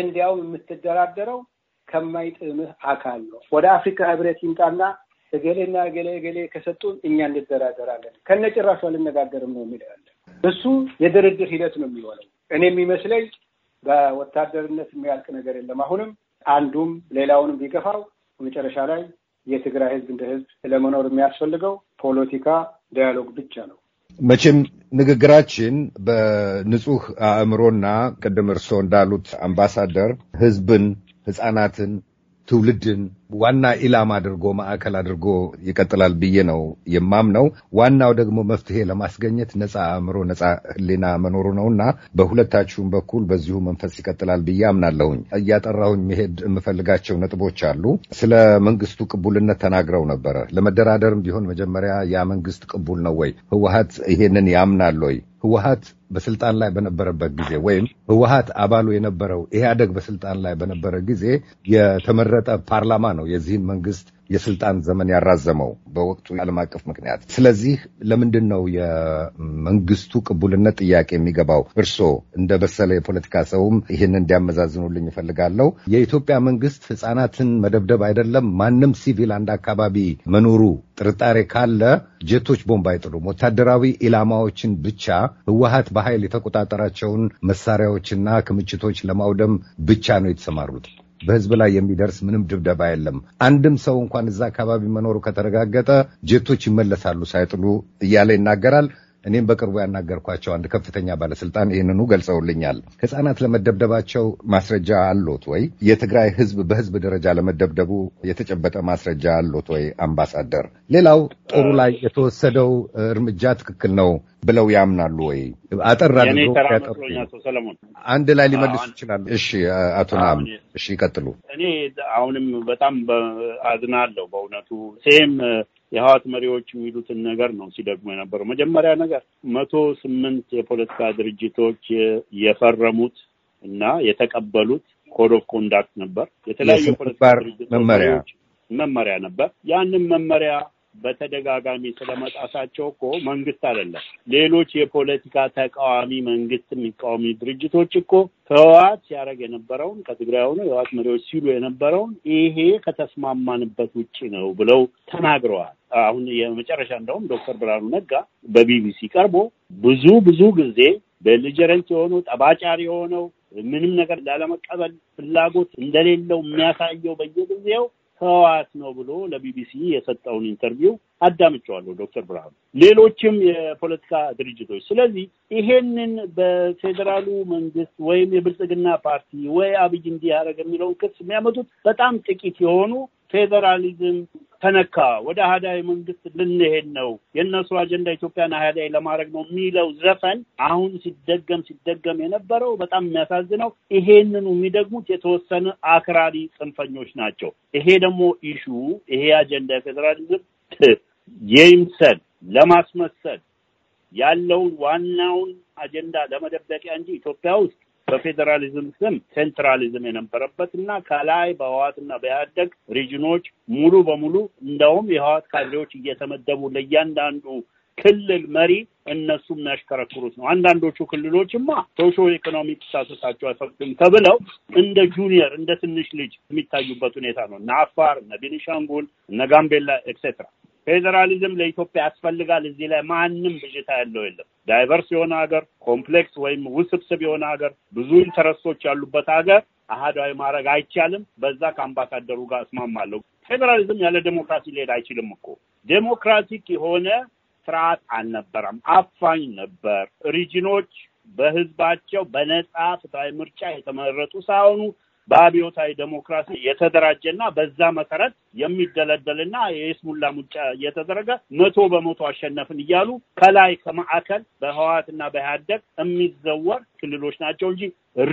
እንዲያውም የምትደራደረው ከማይጥምህ አካል ነው። ወደ አፍሪካ ህብረት ይምጣና እገሌና እገሌ እገሌ ከሰጡን እኛ እንደራደራለን፣ ጭራሹ አልነጋገርም ነው የሚል ያለ እሱ የድርድር ሂደት ነው የሚሆነው። እኔ የሚመስለኝ በወታደርነት የሚያልቅ ነገር የለም። አሁንም አንዱም ሌላውንም ቢገፋው መጨረሻ ላይ የትግራይ ህዝብ እንደ ህዝብ ለመኖር የሚያስፈልገው ፖለቲካ ዳያሎግ ብቻ ነው። መቼም ንግግራችን በንጹህ አእምሮና ቅድም እርስዎ እንዳሉት አምባሳደር ህዝብን፣ ህጻናትን፣ ትውልድን ዋና ኢላማ አድርጎ ማዕከል አድርጎ ይቀጥላል ብዬ ነው የማምነው። ዋናው ደግሞ መፍትሄ ለማስገኘት ነፃ አእምሮ፣ ነፃ ህሊና መኖሩ እና በሁለታችሁም በኩል በዚሁ መንፈስ ይቀጥላል ብዬ አምናለሁኝ። እያጠራሁኝ መሄድ የምፈልጋቸው ነጥቦች አሉ። ስለ መንግስቱ ቅቡልነት ተናግረው ነበረ። ለመደራደርም ቢሆን መጀመሪያ ያ መንግስት ቅቡል ነው ወይ? ህወሀት ይሄንን ያምናል ወይ? ህወሀት በስልጣን ላይ በነበረበት ጊዜ ወይም ህወሀት አባሉ የነበረው ኢህአደግ በስልጣን ላይ በነበረ ጊዜ የተመረጠ ፓርላማ ነው የዚህን መንግስት የስልጣን ዘመን ያራዘመው በወቅቱ የዓለም አቀፍ ምክንያት። ስለዚህ ለምንድን ነው የመንግስቱ ቅቡልነት ጥያቄ የሚገባው? እርስዎ እንደ በሰለ የፖለቲካ ሰውም ይህን እንዲያመዛዝኑልኝ እፈልጋለሁ የኢትዮጵያ መንግስት ህጻናትን መደብደብ አይደለም ማንም ሲቪል አንድ አካባቢ መኖሩ ጥርጣሬ ካለ ጀቶች ቦምብ አይጥሉም። ወታደራዊ ኢላማዎችን ብቻ ህወሀት በኃይል የተቆጣጠራቸውን መሳሪያዎችና ክምችቶች ለማውደም ብቻ ነው የተሰማሩት። በህዝብ ላይ የሚደርስ ምንም ድብደባ የለም። አንድም ሰው እንኳን እዛ አካባቢ መኖሩ ከተረጋገጠ ጀቶች ይመለሳሉ ሳይጥሉ እያለ ይናገራል። እኔም በቅርቡ ያናገርኳቸው አንድ ከፍተኛ ባለስልጣን ይህንኑ ገልጸውልኛል። ህጻናት ለመደብደባቸው ማስረጃ አሎት ወይ? የትግራይ ህዝብ በህዝብ ደረጃ ለመደብደቡ የተጨበጠ ማስረጃ አሎት ወይ? አምባሳደር፣ ሌላው ጦሩ ላይ የተወሰደው እርምጃ ትክክል ነው ብለው ያምናሉ ወይ? አጠራ ሰለሞን አንድ ላይ ሊመልሱ ይችላሉ። እሺ አቶ ናም እሺ ይቀጥሉ። እኔ አሁንም በጣም አዝናለሁ በእውነቱ ሴም የህዋት መሪዎች የሚሉትን ነገር ነው ሲደግሙ የነበረው። መጀመሪያ ነገር መቶ ስምንት የፖለቲካ ድርጅቶች የፈረሙት እና የተቀበሉት ኮድ ኦፍ ኮንዳክት ነበር። የተለያዩ የፖለቲካ ድርጅቶች መመሪያ ነበር። ያንን መመሪያ በተደጋጋሚ ስለመጣሳቸው እኮ መንግስት አይደለም ሌሎች የፖለቲካ ተቃዋሚ መንግስት የሚቃወሚ ድርጅቶች እኮ ህወሓት ሲያደርግ የነበረውን ከትግራይ ሆነ የህወሓት መሪዎች ሲሉ የነበረውን ይሄ ከተስማማንበት ውጭ ነው ብለው ተናግረዋል። አሁን የመጨረሻ እንደውም ዶክተር ብርሃኑ ነጋ በቢቢሲ ቀርቦ ብዙ ብዙ ጊዜ በልጀረንት የሆነው ጠባጫሪ የሆነው ምንም ነገር ላለመቀበል ፍላጎት እንደሌለው የሚያሳየው በየጊዜው ህዋስ ነው ብሎ ለቢቢሲ የሰጠውን ኢንተርቪው አዳምጨዋለሁ ዶክተር ብርሃኑ ሌሎችም የፖለቲካ ድርጅቶች። ስለዚህ ይሄንን በፌዴራሉ መንግስት ወይም የብልጽግና ፓርቲ ወይ አብይ እንዲህ ያደረገ የሚለውን ክስ የሚያመጡት በጣም ጥቂት የሆኑ ፌዴራሊዝም ተነካ፣ ወደ አህዳዊ መንግስት ልንሄድ ነው፣ የእነሱ አጀንዳ ኢትዮጵያን አህዳዊ ለማድረግ ነው የሚለው ዘፈን አሁን ሲደገም ሲደገም የነበረው በጣም የሚያሳዝነው ይሄንኑ የሚደግሙት የተወሰነ አክራሪ ጽንፈኞች ናቸው። ይሄ ደግሞ ኢሹ ይሄ አጀንዳ የፌዴራሊዝም የይምሰል ለማስመሰል ያለውን ዋናውን አጀንዳ ለመደበቂያ እንጂ ኢትዮጵያ ውስጥ በፌዴራሊዝም ስም ሴንትራሊዝም የነበረበት እና ከላይ በህዋትና በኢህአደግ ሪጅኖች ሙሉ በሙሉ እንደውም የህዋት ካድሬዎች እየተመደቡ ለእያንዳንዱ ክልል መሪ እነሱ የሚያሽከረክሩት ነው። አንዳንዶቹ ክልሎችማ ሶሾ ኢኮኖሚ ተሳሰሳቸው አይፈቅድም ተብለው እንደ ጁኒየር እንደ ትንሽ ልጅ የሚታዩበት ሁኔታ ነው። እነ አፋር፣ እነ ቤኒሻንጉል፣ እነ ጋምቤላ ኤክሴትራ ፌዴራሊዝም ለኢትዮጵያ ያስፈልጋል። እዚህ ላይ ማንም ብዥታ ያለው የለም። ዳይቨርስ የሆነ ሀገር፣ ኮምፕሌክስ ወይም ውስብስብ የሆነ ሀገር፣ ብዙ ኢንተረስቶች ያሉበት ሀገር አህዳዊ ማድረግ አይቻልም። በዛ ከአምባሳደሩ ጋር እስማማለሁ። ፌዴራሊዝም ያለ ዴሞክራሲ ሊሄድ አይችልም እኮ ዴሞክራቲክ የሆነ ስርዓት አልነበረም። አፋኝ ነበር። ሪጅኖች በህዝባቸው በነጻ ፍትሃዊ ምርጫ የተመረጡ ሳይሆኑ በአብዮታዊ ዴሞክራሲ የተደራጀና በዛ መሰረት የሚደለደልና የስሙላ ሙጫ እየተደረገ መቶ በመቶ አሸነፍን እያሉ ከላይ ከማዕከል በህወሓትና በኢህአዴግ የሚዘወር ክልሎች ናቸው እንጂ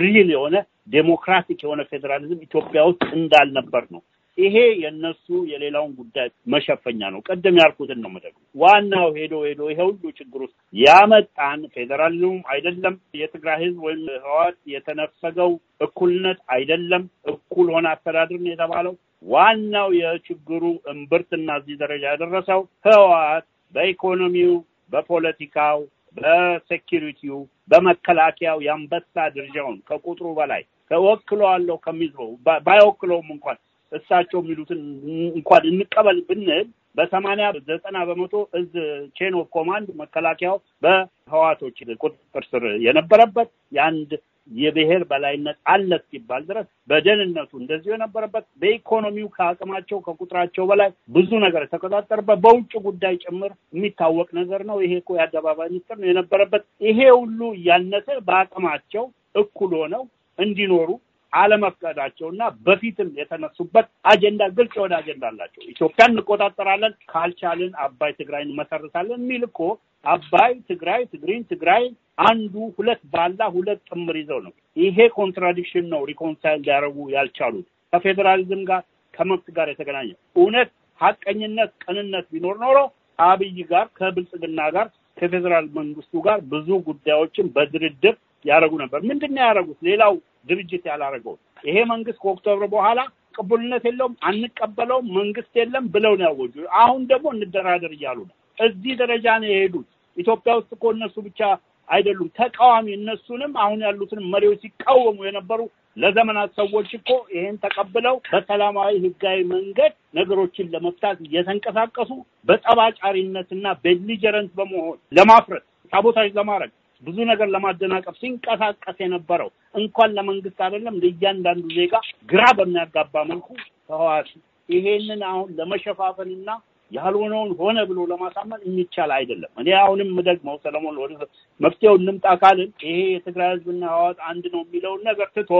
ሪል የሆነ ዴሞክራቲክ የሆነ ፌዴራሊዝም ኢትዮጵያ ውስጥ እንዳልነበር ነው ይሄ የእነሱ የሌላውን ጉዳይ መሸፈኛ ነው። ቀደም ያልኩትን ነው መደግ ዋናው ሄዶ ሄዶ ይሄ ሁሉ ችግር ውስጥ ያመጣን ፌዴራልም አይደለም፣ የትግራይ ህዝብ ወይም ህዋት የተነፈገው እኩልነት አይደለም። እኩል ሆነ አስተዳድር ነው የተባለው። ዋናው የችግሩ እምብርትና እዚህ ደረጃ ያደረሰው ህዋት በኢኮኖሚው፣ በፖለቲካው፣ በሴኪሪቲው፣ በመከላከያው የአንበሳ ድርሻውን ከቁጥሩ በላይ አለው ከሚዝበው ባይወክለውም እንኳን እሳቸው የሚሉትን እንኳን እንቀበል ብንል በሰማንያ ዘጠና በመቶ እዝ ቼን ኦፍ ኮማንድ መከላከያው በህዋቶች ቁጥጥር ስር የነበረበት የአንድ የብሔር በላይነት አለ ሲባል ድረስ በደህንነቱ እንደዚሁ የነበረበት በኢኮኖሚው ከአቅማቸው ከቁጥራቸው በላይ ብዙ ነገር የተቆጣጠረበት በውጭ ጉዳይ ጭምር የሚታወቅ ነገር ነው። ይሄ እኮ የአደባባይ ሚስጥር ነው የነበረበት። ይሄ ሁሉ እያነሰ በአቅማቸው እኩል ሆነው እንዲኖሩ አለመፍቀዳቸውና በፊትም የተነሱበት አጀንዳ ግልጽ የሆነ አጀንዳ አላቸው። ኢትዮጵያን እንቆጣጠራለን፣ ካልቻልን አባይ ትግራይ እንመሰርታለን የሚል እኮ አባይ ትግራይ ትግሪን ትግራይ አንዱ ሁለት ባላ ሁለት ጥምር ይዘው ነው። ይሄ ኮንትራዲክሽን ነው ሪኮንሳይል ሊያደርጉ ያልቻሉት ከፌዴራሊዝም ጋር ከመብት ጋር የተገናኘ እውነት፣ ሀቀኝነት፣ ቅንነት ቢኖር ኖሮ አብይ ጋር ከብልጽግና ጋር ከፌዴራል መንግስቱ ጋር ብዙ ጉዳዮችን በድርድር ያደረጉ ነበር። ምንድን ነው ያደረጉት? ሌላው ድርጅት ያላረገው ይሄ መንግስት ከኦክቶብር በኋላ ቅቡልነት የለውም፣ አንቀበለውም፣ መንግስት የለም ብለው ነው ያወጁ። አሁን ደግሞ እንደራደር እያሉ ነው። እዚህ ደረጃ ነው የሄዱት። ኢትዮጵያ ውስጥ እኮ እነሱ ብቻ አይደሉም ተቃዋሚ እነሱንም አሁን ያሉትን መሪዎች ሲቃወሙ የነበሩ ለዘመናት ሰዎች እኮ ይሄን ተቀብለው በሰላማዊ ህጋዊ መንገድ ነገሮችን ለመፍታት እየተንቀሳቀሱ በጠባጫሪነትና በሊጀረንት በመሆን ለማፍረት ሳቦታጅ ለማድረግ ብዙ ነገር ለማደናቀፍ ሲንቀሳቀስ የነበረው እንኳን ለመንግስት አይደለም ለእያንዳንዱ ዜጋ ግራ በሚያጋባ መልኩ ህወሓት ይሄንን አሁን ለመሸፋፈንና ያልሆነውን ሆነ ብሎ ለማሳመን የሚቻል አይደለም። እኔ አሁንም የምደግመው ሰለሞን፣ ወደ መፍትሄው እንምጣ ካልን ይሄ የትግራይ ህዝብና ህዋት አንድ ነው የሚለውን ነገር ትቶ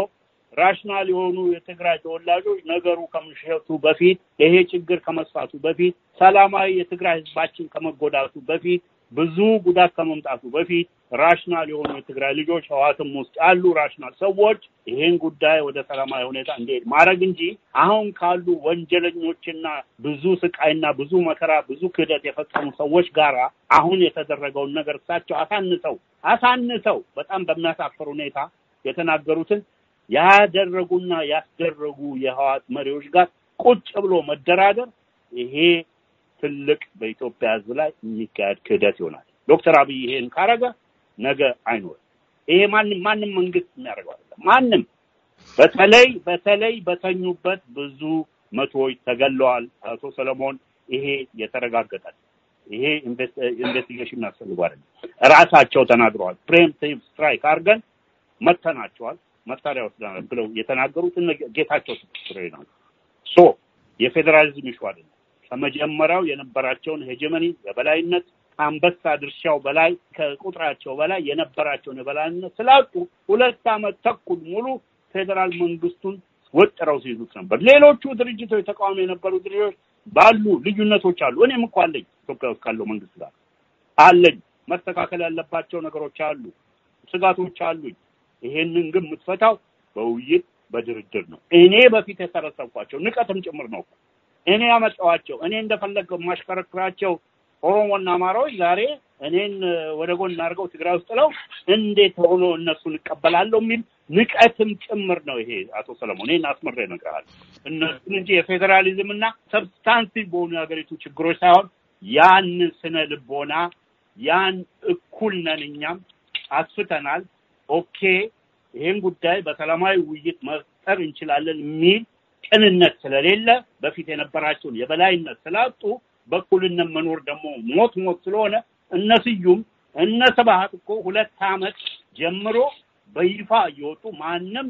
ራሽናል የሆኑ የትግራይ ተወላጆች ነገሩ ከመሸቱ በፊት ይሄ ችግር ከመስፋቱ በፊት ሰላማዊ የትግራይ ህዝባችን ከመጎዳቱ በፊት ብዙ ጉዳት ከመምጣቱ በፊት ራሽናል የሆኑ የትግራይ ልጆች ህዋትም ውስጥ ያሉ ራሽናል ሰዎች ይህን ጉዳይ ወደ ሰላማዊ ሁኔታ እንዲሄድ ማድረግ እንጂ አሁን ካሉ ወንጀለኞችና ብዙ ስቃይና ብዙ መከራ ብዙ ክህደት የፈጸሙ ሰዎች ጋራ አሁን የተደረገውን ነገር እሳቸው አሳንሰው አሳንሰው በጣም በሚያሳፍር ሁኔታ የተናገሩትን ያደረጉና ያስደረጉ የህዋት መሪዎች ጋር ቁጭ ብሎ መደራደር ይሄ ትልቅ በኢትዮጵያ ሕዝብ ላይ የሚካሄድ ክህደት ይሆናል። ዶክተር አብይ ይሄን ካረገ ነገ አይኖርም። ይሄ ማንም ማንም መንግስት የሚያደርገው አይደለም። ማንም በተለይ በተለይ በተኙበት ብዙ መቶዎች ተገለዋል። አቶ ሰለሞን ይሄ የተረጋገጠ ይሄ ኢንቨስቲጌሽን ያስፈልጓል። ራሳቸው ተናግረዋል። ፕሬምቲቭ ስትራይክ አድርገን መተናቸዋል፣ መሳሪያ ወስደናል ብለው የተናገሩት ጌታቸው ስሬ ነው። ሶ የፌዴራሊዝም ይሹ አይደለም። ከመጀመሪያው የነበራቸውን ሄጀመኒ የበላይነት አንበሳ ድርሻው በላይ ከቁጥራቸው በላይ የነበራቸውን የበላይነት ስላጡ ሁለት አመት ተኩል ሙሉ ፌዴራል መንግስቱን ወጥረው ሲይዙት ነበር። ሌሎቹ ድርጅቶች ተቃዋሚ የነበሩ ድርጅቶች ባሉ ልዩነቶች አሉ። እኔም እኮ አለኝ ኢትዮጵያ ውስጥ ካለው መንግስት ጋር አለኝ። መስተካከል ያለባቸው ነገሮች አሉ፣ ስጋቶች አሉኝ። ይሄንን ግን የምትፈታው በውይይት በድርድር ነው። እኔ በፊት የሰረሰብኳቸው ንቀትም ጭምር ነው። እኔ ያመጣኋቸው እኔ እንደፈለገው የማሽከረክራቸው ኦሮሞና አማራዎች ዛሬ እኔን ወደ ጎን አድርገው ትግራይ ውስጥ ነው እንዴት ሆኖ እነሱን እቀበላለሁ የሚል ንቀትም ጭምር ነው ይሄ። አቶ ሰለሞን ይህን አስመራ ይነገራል። እነሱን እንጂ የፌዴራሊዝም እና ሰብስታንቲቭ በሆኑ የሀገሪቱ ችግሮች ሳይሆን ያን ስነ ልቦና ያን እኩል ነን እኛም አስፍተናል። ኦኬ ይህን ጉዳይ በሰላማዊ ውይይት መፍጠር እንችላለን የሚል ቅንነት ስለሌለ በፊት የነበራቸውን የበላይነት ስላጡ በኩልነት መኖር ደግሞ ሞት ሞት ስለሆነ እነ ስዩም እነ ስብሀት እኮ ሁለት አመት ጀምሮ በይፋ እየወጡ ማንም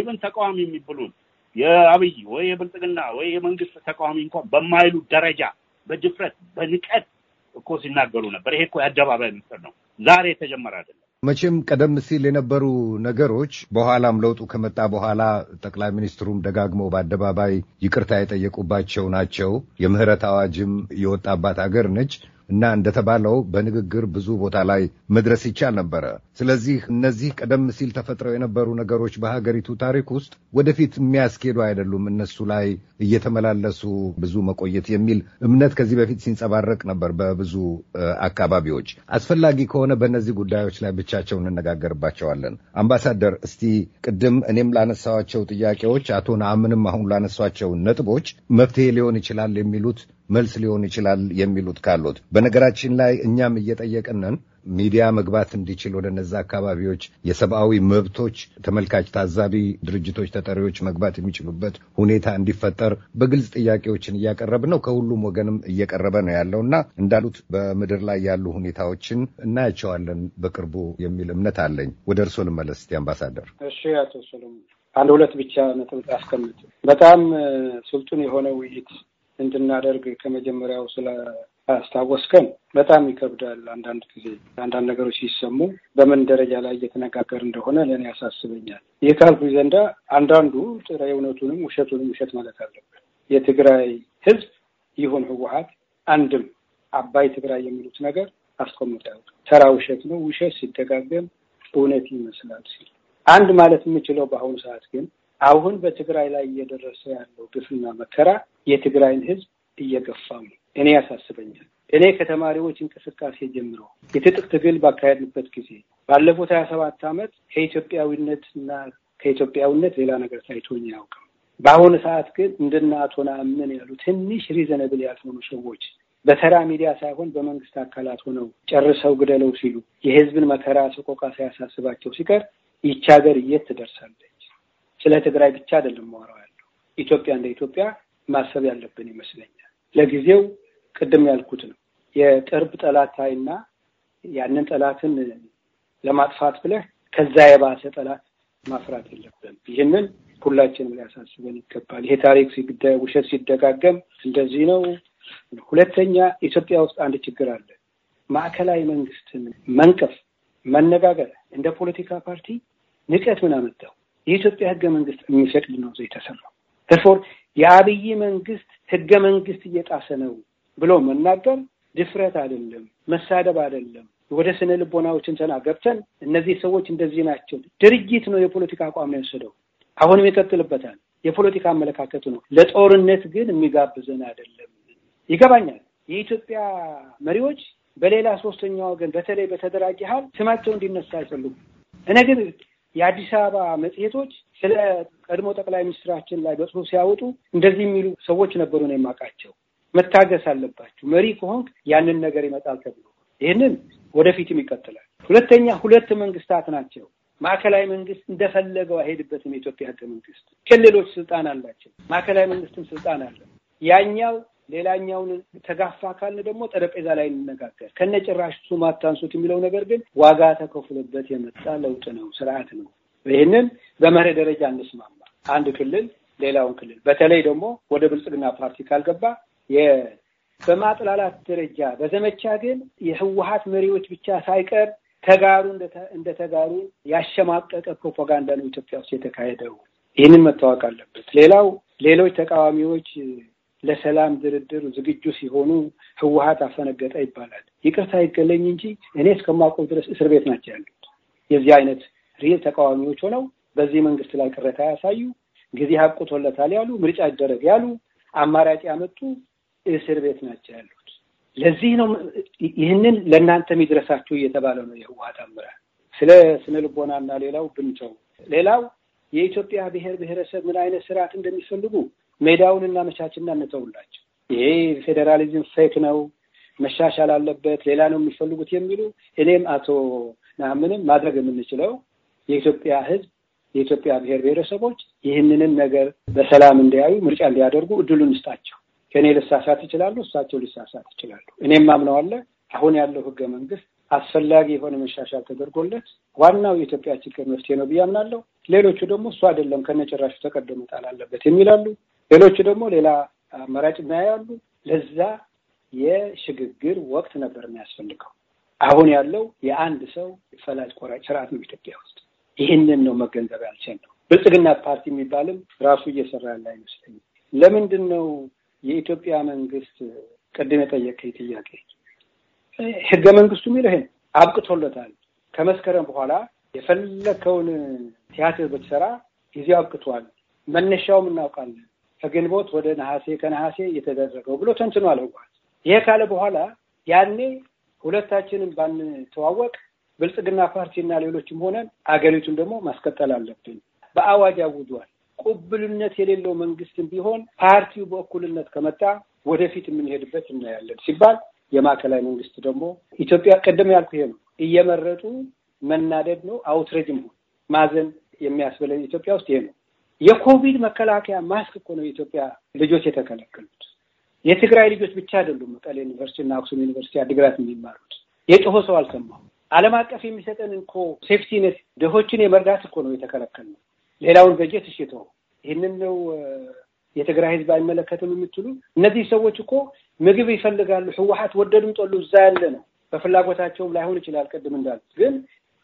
ኢቭን ተቃዋሚ የሚብሉት የአብይ ወይ የብልጽግና ወይ የመንግስት ተቃዋሚ እንኳን በማይሉ ደረጃ በድፍረት በንቀት እኮ ሲናገሩ ነበር። ይሄ እኮ የአደባባይ ምስጢር ነው። ዛሬ የተጀመረ አይደለም። መቼም ቀደም ሲል የነበሩ ነገሮች በኋላም ለውጡ ከመጣ በኋላ ጠቅላይ ሚኒስትሩም ደጋግሞ በአደባባይ ይቅርታ የጠየቁባቸው ናቸው። የምህረት አዋጅም የወጣባት አገር ነች። እና እንደተባለው በንግግር ብዙ ቦታ ላይ መድረስ ይቻል ነበረ። ስለዚህ እነዚህ ቀደም ሲል ተፈጥረው የነበሩ ነገሮች በሀገሪቱ ታሪክ ውስጥ ወደፊት የሚያስኬዱ አይደሉም፣ እነሱ ላይ እየተመላለሱ ብዙ መቆየት የሚል እምነት ከዚህ በፊት ሲንጸባረቅ ነበር በብዙ አካባቢዎች። አስፈላጊ ከሆነ በእነዚህ ጉዳዮች ላይ ብቻቸው እንነጋገርባቸዋለን። አምባሳደር፣ እስቲ ቅድም እኔም ላነሳዋቸው ጥያቄዎች አቶ ነአምንም አሁን ላነሷቸው ነጥቦች መፍትሄ ሊሆን ይችላል የሚሉት መልስ ሊሆን ይችላል የሚሉት ካሉት። በነገራችን ላይ እኛም እየጠየቅንን ሚዲያ መግባት እንዲችል ወደ እነዛ አካባቢዎች የሰብአዊ መብቶች ተመልካች ታዛቢ ድርጅቶች ተጠሪዎች መግባት የሚችሉበት ሁኔታ እንዲፈጠር በግልጽ ጥያቄዎችን እያቀረብን ነው። ከሁሉም ወገንም እየቀረበ ነው ያለው እና እንዳሉት በምድር ላይ ያሉ ሁኔታዎችን እናያቸዋለን በቅርቡ የሚል እምነት አለኝ። ወደ እርስዎ ልመለስ እስቲ አምባሳደር። እሺ አቶ ሰሎሞን አንድ ሁለት ብቻ ነጥብ አስቀምጥ። በጣም ስልጡን የሆነ ውይይት እንድናደርግ ከመጀመሪያው ስለ አስታወስከን በጣም ይከብዳል። አንዳንድ ጊዜ አንዳንድ ነገሮች ሲሰሙ በምን ደረጃ ላይ እየተነጋገር እንደሆነ ለእኔ ያሳስበኛል። ይህ ካልኩ ዘንዳ አንዳንዱ ጥሬ እውነቱንም ውሸቱንም ውሸት ማለት አለበት። የትግራይ ህዝብ ይሁን ህወሀት አንድም አባይ ትግራይ የሚሉት ነገር አስቆምጠው ተራ ውሸት ነው። ውሸት ሲደጋገም እውነት ይመስላል ሲል አንድ ማለት የምችለው በአሁኑ ሰዓት ግን አሁን በትግራይ ላይ እየደረሰ ያለው ግፍና መከራ የትግራይን ህዝብ እየገፋው ነው። እኔ ያሳስበኛል። እኔ ከተማሪዎች እንቅስቃሴ ጀምሮ የትጥቅ ትግል ባካሄድንበት ጊዜ ባለፉት ሀያ ሰባት አመት ከኢትዮጵያዊነት እና ከኢትዮጵያዊነት ሌላ ነገር ታይቶኝ አያውቅም። በአሁኑ ሰዓት ግን እንደና አቶ ናምን ያሉ ትንሽ ሪዘነብል ያልሆኑ ሰዎች በተራ ሚዲያ ሳይሆን በመንግስት አካላት ሆነው ጨርሰው ግደለው ሲሉ የህዝብን መከራ ሰቆቃ ሳያሳስባቸው ሲቀር ይቻገር የት ትደርሳለች? ስለ ትግራይ ብቻ አይደለም ማወራው ያለው ኢትዮጵያ እንደ ኢትዮጵያ ማሰብ ያለብን ይመስለኛል። ለጊዜው ቅድም ያልኩት ነው የቅርብ ጠላት እና ያንን ጠላትን ለማጥፋት ብለህ ከዛ የባሰ ጠላት ማፍራት የለብን። ይህንን ሁላችንም ሊያሳስበን ይገባል። ይሄ ታሪክ ውሸት ሲደጋገም እንደዚህ ነው። ሁለተኛ ኢትዮጵያ ውስጥ አንድ ችግር አለ። ማዕከላዊ መንግስትን መንቀፍ፣ መነጋገር እንደ ፖለቲካ ፓርቲ ንቀት ምን አመጣው? የኢትዮጵያ ህገ መንግስት የሚፈቅድ ነው የተሰራው። ተርፎር የአብይ መንግስት ህገ መንግስት እየጣሰ ነው ብሎ መናገር ድፍረት አይደለም፣ መሳደብ አይደለም። ወደ ስነ ልቦናዎችን ተና ገብተን እነዚህ ሰዎች እንደዚህ ናቸው። ድርጅት ነው የፖለቲካ አቋም ነው የወሰደው። አሁንም ይቀጥልበታል። የፖለቲካ አመለካከቱ ነው። ለጦርነት ግን የሚጋብዘን አይደለም። ይገባኛል። የኢትዮጵያ መሪዎች በሌላ ሶስተኛ ወገን በተለይ በተደራጀ ሀል ስማቸው እንዲነሳ አይፈልጉም። እኔ ግን የአዲስ አበባ መጽሔቶች ስለ ቀድሞ ጠቅላይ ሚኒስትራችን ላይ በጽሁፍ ሲያወጡ እንደዚህ የሚሉ ሰዎች ነበሩ ነው የማውቃቸው። መታገስ አለባችሁ፣ መሪ ከሆንክ ያንን ነገር ይመጣል ተብሎ ይህንን ወደፊትም ይቀጥላል። ሁለተኛ ሁለት መንግስታት ናቸው። ማዕከላዊ መንግስት እንደፈለገው አይሄድበትም። የኢትዮጵያ ህገ መንግስት ክልሎች ስልጣን አላቸው። ማዕከላዊ መንግስትም ስልጣን አለ። ያኛው ሌላኛውን ተጋፋ ካልን ደግሞ ጠረጴዛ ላይ እንነጋገር፣ ከነ ጭራሽ ሱም አታንሱት የሚለው ነገር ግን ዋጋ ተከፍሎበት የመጣ ለውጥ ነው፣ ስርዓት ነው። ይህንን በመርህ ደረጃ እንስማማ። አንድ ክልል ሌላውን ክልል በተለይ ደግሞ ወደ ብልጽግና ፓርቲ ካልገባ በማጥላላት ደረጃ በዘመቻ ግን የህወሀት መሪዎች ብቻ ሳይቀር ተጋሩ እንደ ተጋሩ ያሸማቀቀ ፕሮፓጋንዳ ነው ኢትዮጵያ ውስጥ የተካሄደው። ይህንን መታወቅ አለበት። ሌላው ሌሎች ተቃዋሚዎች ለሰላም ድርድር ዝግጁ ሲሆኑ ህወሀት አፈነገጠ ይባላል። ይቅርታ ይገለኝ እንጂ እኔ እስከማውቀው ድረስ እስር ቤት ናቸው ያሉት። የዚህ አይነት ሪል ተቃዋሚዎች ሆነው በዚህ መንግስት ላይ ቅሬታ ያሳዩ፣ ጊዜ አብቅቶለታል ያሉ፣ ምርጫ ይደረግ ያሉ፣ አማራጭ ያመጡ እስር ቤት ናቸው ያሉት። ለዚህ ነው ይህንን ለእናንተ የሚድረሳችሁ እየተባለ ነው የህወሀት አምራ ስለ ስነ እና ሌላው ብንተው፣ ሌላው የኢትዮጵያ ብሔር ብሔረሰብ ምን አይነት ስርዓት እንደሚፈልጉ ሜዳውን እናመቻችና እንተውላቸው። ይሄ ፌዴራሊዝም ፌክ ነው፣ መሻሻል አለበት፣ ሌላ ነው የሚፈልጉት የሚሉ እኔም አቶ ናምንም ማድረግ የምንችለው የኢትዮጵያ ሕዝብ የኢትዮጵያ ብሔር ብሔረሰቦች ይህንንም ነገር በሰላም እንዲያዩ ምርጫ እንዲያደርጉ እድሉን እንስጣቸው። ከእኔ ልሳሳት ይችላሉ፣ እሳቸው ልሳሳት ይችላሉ። እኔም አምነዋለሁ። አሁን ያለው ህገ መንግስት አስፈላጊ የሆነ መሻሻል ተደርጎለት ዋናው የኢትዮጵያ ችግር መፍትሄ ነው ብዬ አምናለሁ። ሌሎቹ ደግሞ እሱ አይደለም ከነጭራሹ ተቀዶ መጣል አለበት የሚላሉ ሌሎቹ ደግሞ ሌላ አማራጭ እናያሉ። ለዛ የሽግግር ወቅት ነበር የሚያስፈልገው። አሁን ያለው የአንድ ሰው ፈላጭ ቆራጭ ስርዓት ነው ኢትዮጵያ ውስጥ። ይህንን ነው መገንዘብ ያልቻልነው። ብልጽግና ፓርቲ የሚባልም ራሱ እየሰራ ያለ አይመስለኝም። ለምንድን ነው የኢትዮጵያ መንግስት ቅድም የጠየቀኝ ጥያቄ ህገ መንግስቱ የሚለው ይሄን አብቅቶለታል። ከመስከረም በኋላ የፈለከውን ቲያትር ብትሰራ ጊዜው አብቅቷል። መነሻውም እናውቃለን። ከግንቦት ወደ ነሐሴ ከነሐሴ የተደረገው ብሎ ተንትኖ አለዋል። ይሄ ካለ በኋላ ያኔ ሁለታችንም ባንተዋወቅ ብልጽግና ፓርቲና ሌሎችም ሆነን አገሪቱን ደግሞ ማስቀጠል አለብን። በአዋጅ አውጇል። ቁብልነት የሌለው መንግስትም ቢሆን ፓርቲው በእኩልነት ከመጣ ወደፊት የምንሄድበት እናያለን ሲባል የማዕከላዊ መንግስት ደግሞ ኢትዮጵያ ቅድም ያልኩ ይሄ ነው እየመረጡ መናደድ ነው አውትሬጅም ማዘን የሚያስበለን ኢትዮጵያ ውስጥ ይሄ ነው። የኮቪድ መከላከያ ማስክ እኮ ነው የኢትዮጵያ ልጆች የተከለከሉት። የትግራይ ልጆች ብቻ አይደሉም። መቀሌ ዩኒቨርሲቲ እና አክሱም ዩኒቨርሲቲ አድግራት የሚማሩት የጮሆ ሰው አልሰማሁም። ዓለም አቀፍ የሚሰጠን እኮ ሴፍቲነት ድሆችን የመርዳት እኮ ነው የተከለከልነው። ሌላውን በጀት እሽቶ ይህንን ነው የትግራይ ህዝብ አይመለከትም የምትሉ እነዚህ ሰዎች እኮ ምግብ ይፈልጋሉ። ህወሀት ወደዱም ጠሉ እዛ ያለ ነው። በፍላጎታቸውም ላይሆን ይችላል። ቅድም እንዳሉት ግን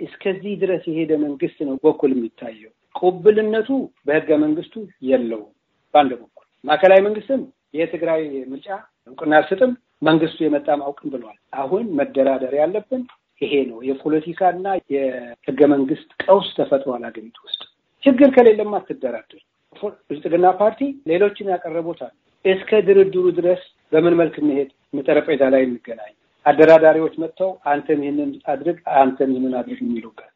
እስከዚህ ድረስ የሄደ መንግስት ነው በኩል የሚታየው። ቁብልነቱ በህገ መንግስቱ የለውም። በአንድ በኩል ማዕከላዊ መንግስትም የትግራይ ምርጫ እውቅና ስጥም መንግስቱ የመጣም አውቅም ብሏል። አሁን መደራደር ያለብን ይሄ ነው። የፖለቲካና የህገ መንግስት ቀውስ ተፈጥሯል አገሪቱ ውስጥ። ችግር ከሌለም አትደራደር። ብልጽግና ፓርቲ ሌሎችን ያቀረቡታል። እስከ ድርድሩ ድረስ በምን መልክ እንሄድ፣ ጠረጴዛ ላይ እንገናኝ አደራዳሪዎች መጥተው አንተም ይህንን አድርግ፣ አንተም ይህንን አድርግ የሚሉበት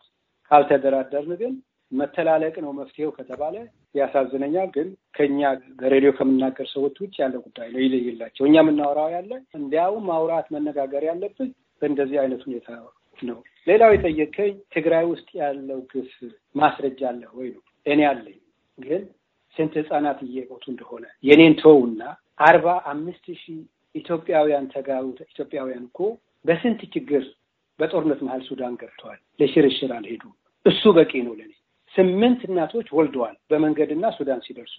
ካልተደራደርን ግን መተላለቅ ነው መፍትሄው ከተባለ ያሳዝነኛል። ግን ከኛ በሬዲዮ ከምናገር ሰዎች ውጭ ያለ ጉዳይ ነው፣ ይለይላቸው። እኛ የምናወራው ያለ እንዲያውም ማውራት መነጋገር ያለብን በእንደዚህ አይነት ሁኔታ ነው። ሌላው የጠየቀኝ ትግራይ ውስጥ ያለው ግፍ ማስረጃ አለ ወይ ነው። እኔ አለኝ፣ ግን ስንት ህጻናት እየሞቱ እንደሆነ የኔን እና አርባ አምስት ሺህ ኢትዮጵያውያን ተጋሩ ኢትዮጵያውያን እኮ በስንት ችግር በጦርነት መሀል ሱዳን ገብተዋል። ለሽርሽር አልሄዱም። እሱ በቂ ነው ለኔ። ስምንት እናቶች ወልደዋል በመንገድና ሱዳን ሲደርሱ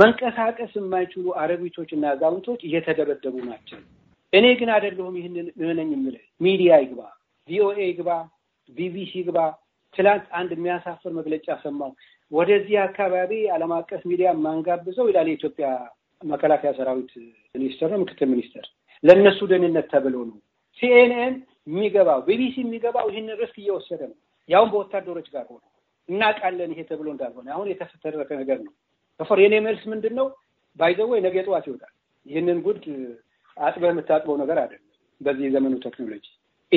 መንቀሳቀስ የማይችሉ አረቢቶች እና አዛውንቶች እየተደበደቡ ናቸው። እኔ ግን አይደለሁም ይህንን እመነኝ የምልህ። ሚዲያ ይግባ፣ ቪኦኤ ይግባ፣ ቢቢሲ ይግባ። ትላንት አንድ የሚያሳፍር መግለጫ ሰማሁ። ወደዚህ አካባቢ ዓለም አቀፍ ሚዲያ ማንጋብዘው ይላል የኢትዮጵያ መከላከያ ሰራዊት ሚኒስትር ነው፣ ምክትል ሚኒስትር ለእነሱ ደህንነት ተብሎ ነው። ሲኤንኤን የሚገባው ቢቢሲ የሚገባው ይህንን ሪስክ እየወሰደ ነው። ያሁን በወታደሮች ጋር ሆነ እናውቃለን ይሄ ተብሎ እንዳልሆነ አሁን የተተረከ ነገር ነው። በፎር የኔ መልስ ምንድን ነው? ወይ ነገ ጠዋት ይወጣል። ይህንን ጉድ አጥበህ የምታጥበው ነገር አይደለም። በዚህ የዘመኑ ቴክኖሎጂ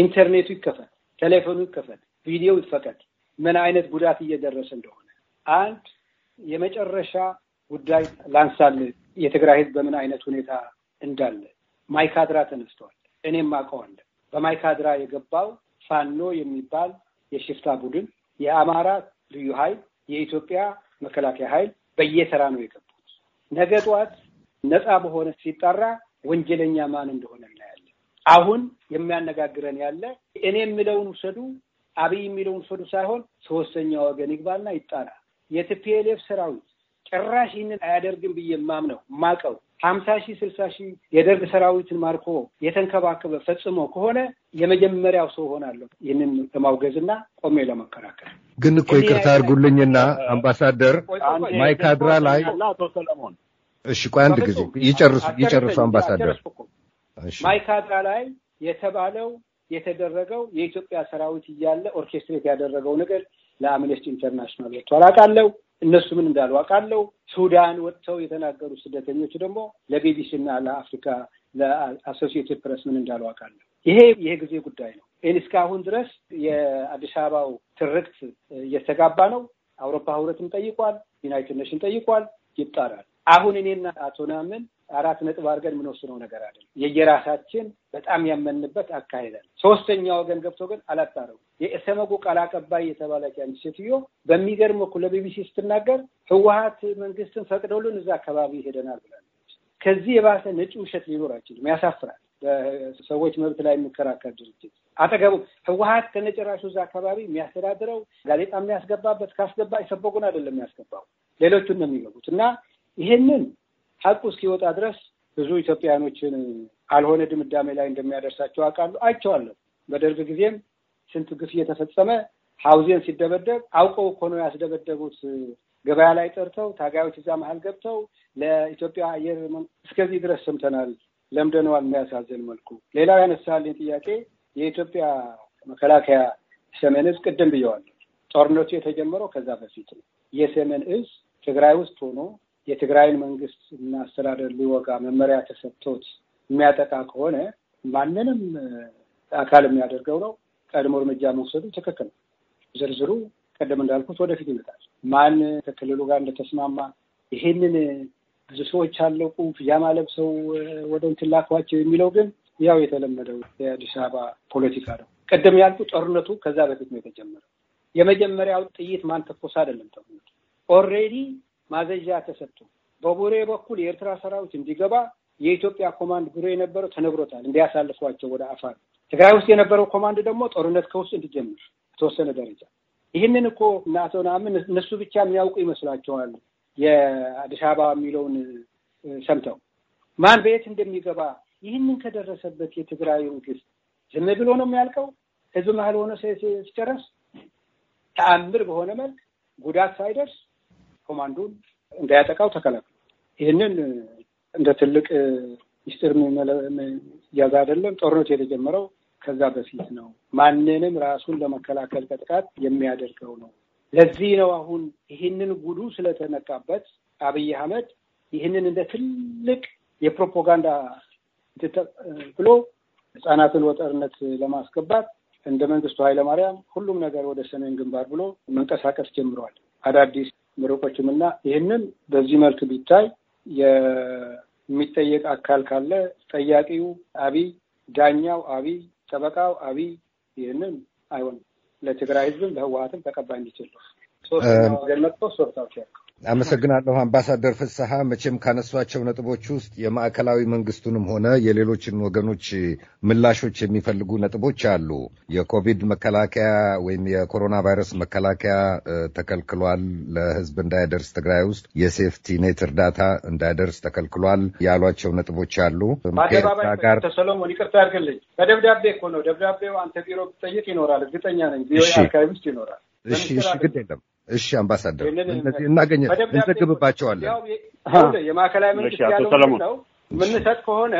ኢንተርኔቱ ይከፈት፣ ቴሌፎኑ ይከፈት፣ ቪዲዮ ይፈቀድ፣ ምን አይነት ጉዳት እየደረሰ እንደሆነ አንድ የመጨረሻ ጉዳይ ላንሳልህ። የትግራይ ህዝብ በምን አይነት ሁኔታ እንዳለ ማይካድራ ተነስተዋል። እኔም አውቀዋለሁ። በማይካድራ የገባው ፋኖ የሚባል የሽፍታ ቡድን የአማራ ልዩ ኃይል የኢትዮጵያ መከላከያ ኃይል በየተራ ነው የገቡት። ነገ ጠዋት ነፃ በሆነ ሲጠራ ወንጀለኛ ማን እንደሆነ እናያለን። አሁን የሚያነጋግረን ያለ እኔ የሚለውን ውሰዱ፣ አብይ የሚለውን ውሰዱ ሳይሆን ሶስተኛ ወገን ይግባና ይጣራ። የቲፒኤልኤፍ ሰራዊት ጭራሽ ይህንን አያደርግም ብዬ ማምነው ማቀው ሀምሳ ሺህ ስልሳ ሺህ የደርግ ሰራዊትን ማርኮ የተንከባከበ ፈጽሞ ከሆነ የመጀመሪያው ሰው ሆናለሁ ይህንን ለማውገዝና ቆሜ ለመከራከር። ግን እኮ ይቅርታ አድርጉልኝና አምባሳደር ማይካድራ ላይ አቶ ሰለሞን እሺ፣ ቆይ አንድ ጊዜ ይጨርሱ ይጨርሱ አምባሳደር ማይካድራ ላይ የተባለው የተደረገው የኢትዮጵያ ሰራዊት እያለ ኦርኬስትሬት ያደረገው ነገር ለአምነስቲ ኢንተርናሽናል ወጥቶ አላውቃለሁ። እነሱ ምን እንዳሉ አውቃለሁ። ሱዳን ወጥተው የተናገሩ ስደተኞች ደግሞ ለቢቢሲ እና ለአፍሪካ ለአሶሲየትድ ፕሬስ ምን እንዳሉ አውቃለሁ። ይሄ ይሄ ጊዜ ጉዳይ ነው። ይህን እስካሁን ድረስ የአዲስ አበባው ትርክት እየተጋባ ነው። አውሮፓ ህብረትም ጠይቋል፣ ዩናይትድ ኔሽን ጠይቋል፣ ይጣራል። አሁን እኔና አቶ ናምን አራት ነጥብ አድርገን የምንወስነው ነገር አይደለም። የየራሳችን በጣም ያመንበት አካሄዳል። ሶስተኛ ወገን ገብቶ ግን አላጣረው። የኢሰመጉ ቃል አቀባይ የተባለች አንድ ሴትዮ በሚገርም እኮ ለቢቢሲ ስትናገር ህወሀት መንግስትን ፈቅደውልን እዛ አካባቢ ሄደናል ብላለች። ከዚህ የባሰ ነጭ ውሸት ሊኖር አይችልም። ያሳፍራል። በሰዎች መብት ላይ የሚከራከር ድርጅት አጠገቡ ህወሀት ከነጭራሹ እዛ አካባቢ የሚያስተዳድረው ጋዜጣ የሚያስገባበት ካስገባ የሰበጉን አይደለም የሚያስገባው ሌሎቹን ነው የሚገቡት እና ይሄንን ሀቁ እስኪወጣ ድረስ ብዙ ኢትዮጵያውያኖችን አልሆነ ድምዳሜ ላይ እንደሚያደርሳቸው አውቃለሁ፣ አይቼዋለሁ። በደርግ ጊዜም ስንት ግፍ እየተፈጸመ ሀውዜን ሲደበደብ አውቀው እኮ ነው ያስደበደቡት። ገበያ ላይ ጠርተው ታጋዮች እዛ መሀል ገብተው ለኢትዮጵያ አየር እስከዚህ ድረስ ሰምተናል፣ ለምደነዋል። የሚያሳዝን መልኩ ሌላው ያነሳልኝ ጥያቄ የኢትዮጵያ መከላከያ ሰሜን እዝ ቅድም ብየዋለሁ። ጦርነቱ የተጀመረው ከዛ በፊት ነው። የሰሜን እዝ ትግራይ ውስጥ ሆኖ የትግራይን መንግስት እና አስተዳደር ሊወጋ መመሪያ ተሰጥቶት የሚያጠቃ ከሆነ ማንንም አካል የሚያደርገው ነው። ቀድሞ እርምጃ መውሰዱ ትክክል ነው። ዝርዝሩ ቀደም እንዳልኩት ወደፊት ይመጣል። ማን ከክልሉ ጋር እንደተስማማ ይሄንን ብዙ ሰዎች አለቁ ፒጃማ ለብሰው ወደ እንትን ላኳቸው የሚለው ግን ያው የተለመደው የአዲስ አበባ ፖለቲካ ነው። ቀደም ያልኩ ጦርነቱ ከዛ በፊት ነው የተጀመረው። የመጀመሪያው ጥይት ማን ተኮስ አይደለም ተብሎ ኦልሬዲ ማዘዣ ተሰጥቶ በቡሬ በኩል የኤርትራ ሰራዊት እንዲገባ የኢትዮጵያ ኮማንድ ቢሮ የነበረው ተነግሮታል፣ እንዲያሳልፏቸው ወደ አፋር። ትግራይ ውስጥ የነበረው ኮማንድ ደግሞ ጦርነት ከውስጥ እንዲጀምር የተወሰነ ደረጃ። ይህንን እኮ እና አቶ እነሱ ብቻ የሚያውቁ ይመስላቸዋል። የአዲስ አበባ የሚለውን ሰምተው ማን በየት እንደሚገባ ይህንን ከደረሰበት የትግራይ መንግስት ዝም ብሎ ነው የሚያልቀው። ህዝብ መሀል ሆነ ሲጨረስ ተአምር በሆነ መልክ ጉዳት ሳይደርስ ኮማንዶን እንዳያጠቃው ተከላክሏል። ይህንን እንደ ትልቅ ሚስጥር ያዝ አይደለም። ጦርነት የተጀመረው ከዛ በፊት ነው። ማንንም ራሱን ለመከላከል ከጥቃት የሚያደርገው ነው። ለዚህ ነው አሁን ይህንን ጉዱ ስለተነቃበት አብይ አህመድ ይህንን እንደ ትልቅ የፕሮፓጋንዳ ብሎ ህጻናትን ወጠርነት ለማስገባት እንደ መንግስቱ ኃይለማርያም ሁሉም ነገር ወደ ሰሜን ግንባር ብሎ መንቀሳቀስ ጀምረዋል። አዳዲስ ምሩቆችም እና ይህንን በዚህ መልክ ቢታይ የሚጠየቅ አካል ካለ ጠያቂው አብይ፣ ዳኛው አብይ፣ ጠበቃው አብይ፣ ይህንን አይሆንም። ለትግራይ ህዝብም ለህወሀትም ተቀባይ እንዲችል ሶስት ወገን መጥቶ ሶስታዎች ያልከው አመሰግናለሁ አምባሳደር ፍስሐ። መቼም ካነሷቸው ነጥቦች ውስጥ የማዕከላዊ መንግስቱንም ሆነ የሌሎችን ወገኖች ምላሾች የሚፈልጉ ነጥቦች አሉ። የኮቪድ መከላከያ ወይም የኮሮና ቫይረስ መከላከያ ተከልክሏል፣ ለህዝብ እንዳይደርስ ትግራይ ውስጥ የሴፍቲ ኔት እርዳታ እንዳይደርስ ተከልክሏል ያሏቸው ነጥቦች አሉ። ጋር ሰሎሞን፣ ይቅርታ በደብዳቤ እኮ ነው። ደብዳቤው አንተ ቢሮ ብትጠይቅ ይኖራል፣ እርግጠኛ ነኝ ቢሮ አካባቢ ውስጥ ይኖራል። እሺ፣ እሺ፣ ግድ የለም እሺ አምባሳደር እነዚህ እናገኘ እንዘግብባቸዋለን። የማዕከላዊ መንግስት ያለው ነው የምንሰጥ ከሆነ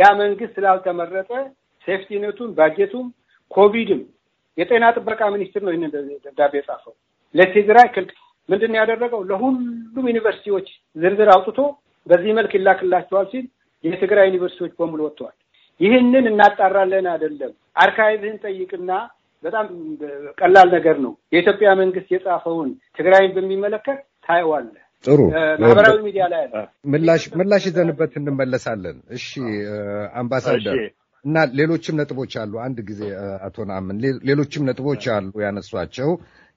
ያ መንግስት ስላልተመረጠ ሴፍቲነቱን ባጀቱም ኮቪድም የጤና ጥበቃ ሚኒስትር ነው ይህንን ደብዳቤ የጻፈው ለትግራይ ክልል ምንድን ነው ያደረገው? ለሁሉም ዩኒቨርሲቲዎች ዝርዝር አውጥቶ በዚህ መልክ ይላክላቸዋል ሲል የትግራይ ዩኒቨርሲቲዎች በሙሉ ወጥተዋል። ይህንን እናጣራለን አይደለም አርካይቭህን ጠይቅና በጣም ቀላል ነገር ነው። የኢትዮጵያ መንግስት የጻፈውን ትግራይን በሚመለከት ታየዋለ። ጥሩ ማህበራዊ ሚዲያ ላይ ያለ ምላሽ ምላሽ ይዘንበት እንመለሳለን። እሺ አምባሳደር እና ሌሎችም ነጥቦች አሉ። አንድ ጊዜ አቶ ናምን ሌሎችም ነጥቦች አሉ ያነሷቸው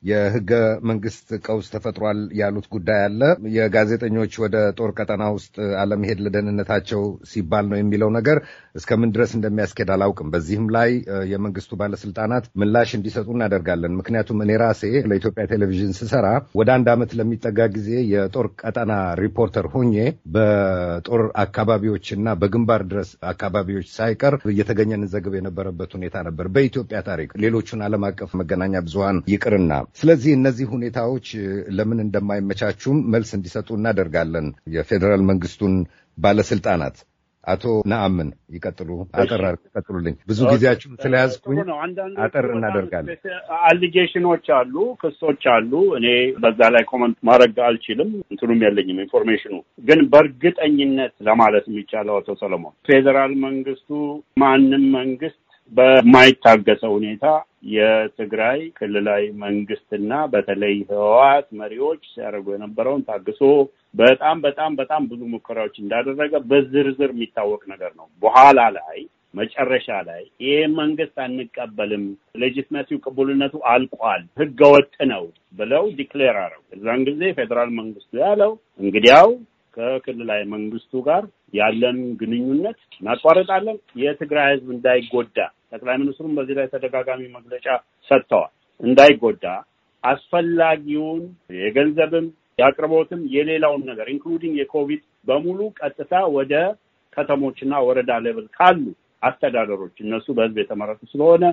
የህገ መንግስት ቀውስ ተፈጥሯል ያሉት ጉዳይ አለ። የጋዜጠኞች ወደ ጦር ቀጠና ውስጥ አለመሄድ ለደህንነታቸው ሲባል ነው የሚለው ነገር እስከምን ድረስ እንደሚያስኬድ አላውቅም። በዚህም ላይ የመንግስቱ ባለስልጣናት ምላሽ እንዲሰጡ እናደርጋለን። ምክንያቱም እኔ ራሴ ለኢትዮጵያ ቴሌቪዥን ስሰራ ወደ አንድ ዓመት ለሚጠጋ ጊዜ የጦር ቀጠና ሪፖርተር ሆኜ በጦር አካባቢዎች እና በግንባር ድረስ አካባቢዎች ሳይቀር እየተገኘን ዘግብ የነበረበት ሁኔታ ነበር በኢትዮጵያ ታሪክ ሌሎቹን ዓለም አቀፍ መገናኛ ብዙሃን ይቅርና ስለዚህ እነዚህ ሁኔታዎች ለምን እንደማይመቻቹም መልስ እንዲሰጡ እናደርጋለን የፌዴራል መንግስቱን ባለስልጣናት። አቶ ነአምን ይቀጥሉ፣ አጠር ይቀጥሉልኝ። ብዙ ጊዜያችሁ ስለያዝኩኝ አጠር እናደርጋለን። አሊጌሽኖች አሉ፣ ክሶች አሉ። እኔ በዛ ላይ ኮመንት ማድረግ አልችልም፣ እንትኑም የለኝም ኢንፎርሜሽኑ። ግን በእርግጠኝነት ለማለት የሚቻለው አቶ ሰለሞን ፌዴራል መንግስቱ ማንም መንግስት በማይታገሰ ሁኔታ የትግራይ ክልላዊ መንግስትና በተለይ ህወሓት መሪዎች ሲያደርጉ የነበረውን ታግሶ በጣም በጣም በጣም ብዙ ሙከራዎች እንዳደረገ በዝርዝር የሚታወቅ ነገር ነው። በኋላ ላይ መጨረሻ ላይ ይህ መንግስት አንቀበልም፣ ሌጂትመሲው ቅቡልነቱ አልቋል፣ ህገ ወጥ ነው ብለው ዲክሌር አረጉ። እዛን ጊዜ ፌዴራል መንግስቱ ያለው እንግዲያው ከክልላዊ መንግስቱ ጋር ያለን ግንኙነት እናቋረጣለን፣ የትግራይ ህዝብ እንዳይጎዳ ጠቅላይ ሚኒስትሩም በዚህ ላይ ተደጋጋሚ መግለጫ ሰጥተዋል። እንዳይጎዳ አስፈላጊውን የገንዘብም የአቅርቦትም የሌላውን ነገር ኢንክሉዲንግ የኮቪድ በሙሉ ቀጥታ ወደ ከተሞችና ወረዳ ሌቭል ካሉ አስተዳደሮች እነሱ በህዝብ የተመረጡ ስለሆነ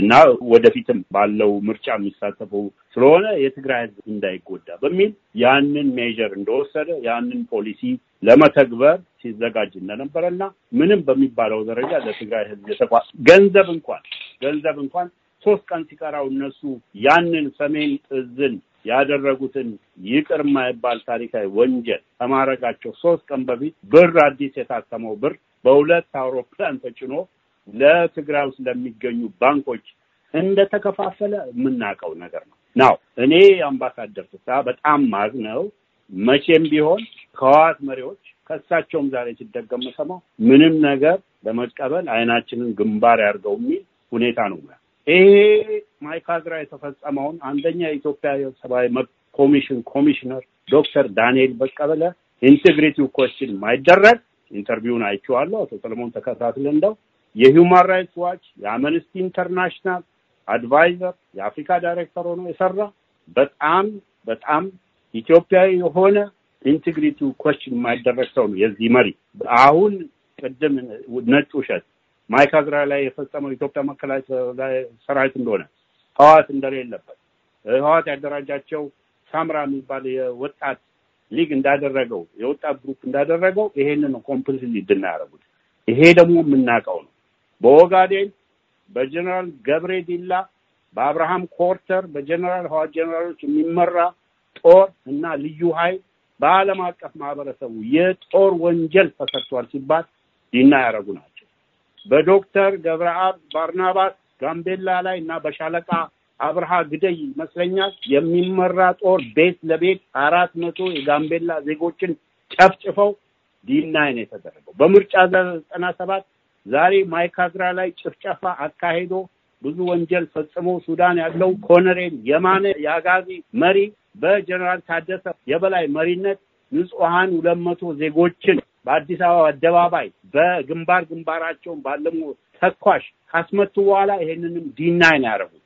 እና ወደፊትም ባለው ምርጫ የሚሳተፉ ስለሆነ የትግራይ ህዝብ እንዳይጎዳ በሚል ያንን ሜዥር እንደወሰደ ያንን ፖሊሲ ለመተግበር ሲዘጋጅ እና ምንም በሚባለው ደረጃ ለትግራይ ህዝብ የተቋ ገንዘብ እንኳን ገንዘብ እንኳን ሶስት ቀን ሲቀራው እነሱ ያንን ሰሜን እዝን ያደረጉትን ይቅር የማይባል ታሪካዊ ወንጀል ከማድረጋቸው ሶስት ቀን በፊት ብር አዲስ የታተመው ብር በሁለት አውሮፕላን ተጭኖ ለትግራይ ውስጥ ለሚገኙ ባንኮች እንደተከፋፈለ የምናውቀው ነገር ነው። ናው እኔ የአምባሳደር ፍስሐ በጣም ማዝነው መቼም ቢሆን ከህወሓት መሪዎች ከእሳቸውም ዛሬ ሲደገም የምሰማው ምንም ነገር ለመቀበል አይናችንን ግንባር ያርገው የሚል ሁኔታ ነው። ይሄ ማይካድራ የተፈጸመውን አንደኛ የኢትዮጵያ ሰብአዊ መብት ኮሚሽን ኮሚሽነር ዶክተር ዳንኤል በቀለ ኢንቴግሪቲቭ ኮስችን ማይደረግ ኢንተርቪውን አይቼዋለሁ። አቶ ሰለሞን ተከታትለ እንደው የሂውማን ራይትስ ዋች የአምነስቲ ኢንተርናሽናል አድቫይዘር የአፍሪካ ዳይሬክተር ሆኖ የሰራ በጣም በጣም ኢትዮጵያዊ የሆነ ኢንቴግሪቲ ኮስችን የማይደረግ ሰው ነው የዚህ መሪ። አሁን ቅድም ነጭ ውሸት ማይካድራ ላይ የፈጸመው ኢትዮጵያ መከላከያ ሰራዊት እንደሆነ ህዋት እንደሌለበት ህዋት ያደራጃቸው ሳምራ የሚባል የወጣት ሊግ እንዳደረገው የወጣት ግሩፕ እንዳደረገው ይሄንን ነው ኮምፕሊትሊ እንድናያረጉት። ይሄ ደግሞ የምናውቀው ነው። በኦጋዴን በጀኔራል ገብሬ ዲላ፣ በአብርሃም ኮርተር፣ በጀኔራል ህዋት ጀኔራሎች የሚመራ ጦር እና ልዩ ኃይል በዓለም አቀፍ ማህበረሰቡ የጦር ወንጀል ተሰርቷል ሲባል ዲና ያደረጉ ናቸው። በዶክተር ገብረአብ ባርናባስ ጋምቤላ ላይ እና በሻለቃ አብርሃ ግደይ ይመስለኛል የሚመራ ጦር ቤት ለቤት አራት መቶ የጋምቤላ ዜጎችን ጨፍጭፈው ዲናይን የተደረገው በምርጫ ዘጠና ሰባት ዛሬ ማይካድራ ላይ ጭፍጨፋ አካሄዶ ብዙ ወንጀል ፈጽሞ ሱዳን ያለው ኮነሬል የማነ የአጋዚ መሪ በጀነራል ታደሰ የበላይ መሪነት ንጹሐን ሁለት መቶ ዜጎችን በአዲስ አበባ አደባባይ በግንባር ግንባራቸውን ባለሙ ተኳሽ ካስመቱ በኋላ ይሄንንም ዲናይ ነው ያደረጉት።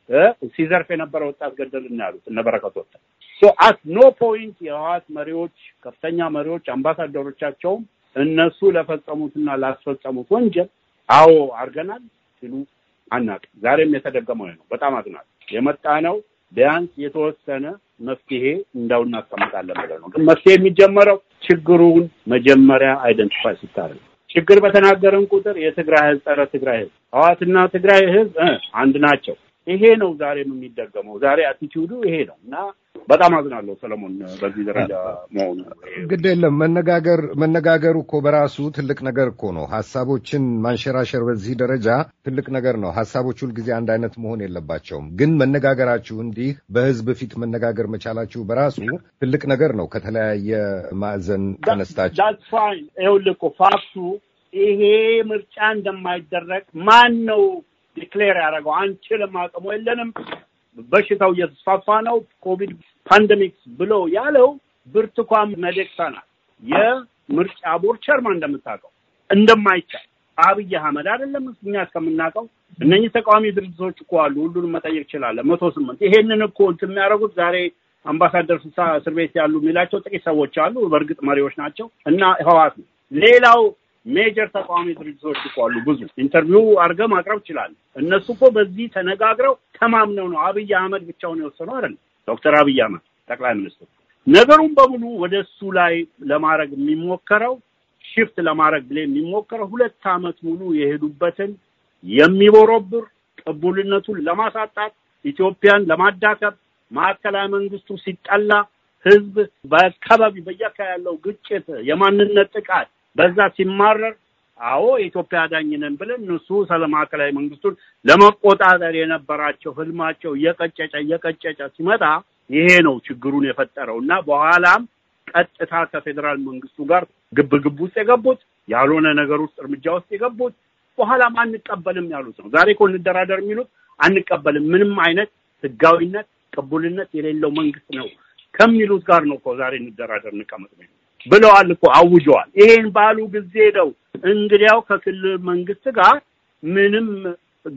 ሲዘርፍ የነበረ ወጣት ገደልን ያሉት እነበረከት በረከት ወጣት አት ኖ ፖይንት የህወሓት መሪዎች፣ ከፍተኛ መሪዎች፣ አምባሳደሮቻቸውም እነሱ ለፈጸሙትና ላስፈጸሙት ወንጀል አዎ አድርገናል ሲሉ አናውቅም። ዛሬም የተደገመው ነው። በጣም አዝናል። የመጣ ነው ቢያንስ የተወሰነ መፍትሄ እንዳው እናስቀምጣለን ብለ ነው። ግን መፍትሄ የሚጀመረው ችግሩን መጀመሪያ አይደንቲፋይ ስታደርግ ችግር በተናገረን ቁጥር የትግራይ ህዝብ ጸረ ትግራይ ህዝብ ህዋትና ትግራይ ህዝብ አንድ ናቸው። ይሄ ነው ዛሬም የሚደገመው። ዛሬ አቲቲዩዱ ይሄ ነው እና በጣም አዝናለሁ ሰለሞን፣ በዚህ ደረጃ መሆኑ ግድ የለም። መነጋገር መነጋገሩ እኮ በራሱ ትልቅ ነገር እኮ ነው። ሀሳቦችን ማንሸራሸር በዚህ ደረጃ ትልቅ ነገር ነው። ሀሳቦች ሁልጊዜ አንድ አይነት መሆን የለባቸውም። ግን መነጋገራችሁ፣ እንዲህ በህዝብ ፊት መነጋገር መቻላችሁ በራሱ ትልቅ ነገር ነው። ከተለያየ ማዕዘን ተነስታችሁ ይኸውልህ እኮ ፋክቱ ይሄ ምርጫ እንደማይደረግ ማን ነው ዲክሌር ያደረገው? አንችልም፣ አቅሙ የለንም በሽታው እየተስፋፋ ነው ኮቪድ ፓንደሚክስ ብሎ ያለው ብርቱካን ሚደቅሳ ናት። የምርጫ ቦርድ ቸርማን እንደምታውቀው እንደማይቻል አብይ አህመድ አይደለም እኛ እስከምናውቀው እነኚህ ተቃዋሚ ድርጅቶች እኮ አሉ። ሁሉንም መጠየቅ ይችላለ። መቶ ስምንት ይሄንን እኮ እንትን የሚያደርጉት ዛሬ አምባሳደር ፍስሐ እስር ቤት ያሉ የሚላቸው ጥቂት ሰዎች አሉ። በእርግጥ መሪዎች ናቸው እና ህዋት ነው ሌላው ሜጀር ተቃዋሚ ድርጅቶች እኮ አሉ። ብዙ ኢንተርቪው አድርገ ማቅረብ ይችላል። እነሱ እኮ በዚህ ተነጋግረው ተማምነው ነው። አብይ አህመድ ብቻውን የወሰነው አይደለም። ዶክተር አብይ አህመድ ጠቅላይ ሚኒስትሩ ነገሩን በሙሉ ወደ እሱ ላይ ለማድረግ የሚሞከረው ሽፍት ለማድረግ ብለ የሚሞከረው ሁለት ዓመት ሙሉ የሄዱበትን የሚቦረብር ቅቡልነቱን ለማሳጣት ኢትዮጵያን ለማዳከብ ማዕከላዊ መንግስቱ ሲጠላ ህዝብ በአካባቢ በየካ ያለው ግጭት፣ የማንነት ጥቃት በዛ ሲማረር አዎ የኢትዮጵያ አዳኝ ነን ብለን እነሱ ማዕከላዊ መንግስቱን ለመቆጣጠር የነበራቸው ህልማቸው እየቀጨጨ እየቀጨጨ ሲመጣ ይሄ ነው ችግሩን የፈጠረው እና በኋላም ቀጥታ ከፌዴራል መንግስቱ ጋር ግብ ግብ ውስጥ የገቡት ያልሆነ ነገር ውስጥ እርምጃ ውስጥ የገቡት በኋላም አንቀበልም ያሉት ነው። ዛሬ እኮ እንደራደር የሚሉት አንቀበልም፣ ምንም አይነት ህጋዊነት ቅቡልነት የሌለው መንግስት ነው ከሚሉት ጋር ነው እኮ ዛሬ እንደራደር እንቀመጥ ነው። ብለዋል እኮ አውጀዋል። ይሄን ባሉ ጊዜ ነው እንግዲያው ከክልል መንግስት ጋር ምንም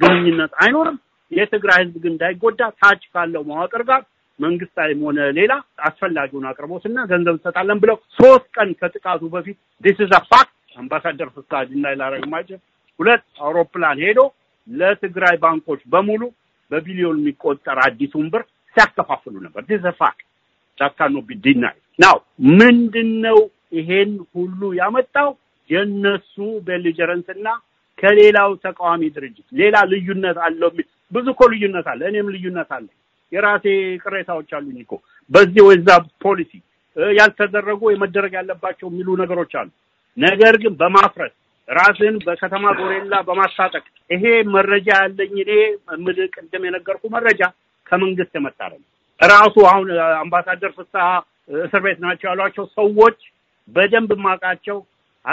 ግንኙነት አይኖርም። የትግራይ ህዝብ ግን እንዳይጎዳ ታች ካለው መዋቅር ጋር መንግስታዊም ሆነ ሌላ አስፈላጊውን አቅርቦትና ገንዘብ እንሰጣለን ብለው ሶስት ቀን ከጥቃቱ በፊት ዲስ ኢዝ አ ፋክት አምባሳደር ፍስሐ ላይ ላደረግ ሁለት አውሮፕላን ሄዶ ለትግራይ ባንኮች በሙሉ በቢሊዮን የሚቆጠር አዲሱን ብር ሲያከፋፍሉ ነበር። ዲስ ኢዝ አ ፋክት that cannot be denied. now ምንድን ይሄን ሁሉ ያመጣው የነሱ ቤሊጀረንስ እና ከሌላው ተቃዋሚ ድርጅት ሌላ ልዩነት አለው። ብዙ እኮ ልዩነት አለ። እኔም ልዩነት አለ። የራሴ ቅሬታዎች አሉኝ እኮ በዚህ ወዛ ፖሊሲ ያልተደረጉ የመደረግ ያለባቸው የሚሉ ነገሮች አሉ። ነገር ግን በማፍረስ ራስን በከተማ ጎሬላ በማስታጠቅ ይሄ መረጃ ያለኝ እኔ ምልህ ቅድም የነገርኩ መረጃ ከመንግስት የመጣ ራሱ አሁን አምባሳደር ፍስሐ እስር ቤት ናቸው ያሏቸው ሰዎች በደንብ ማውቃቸው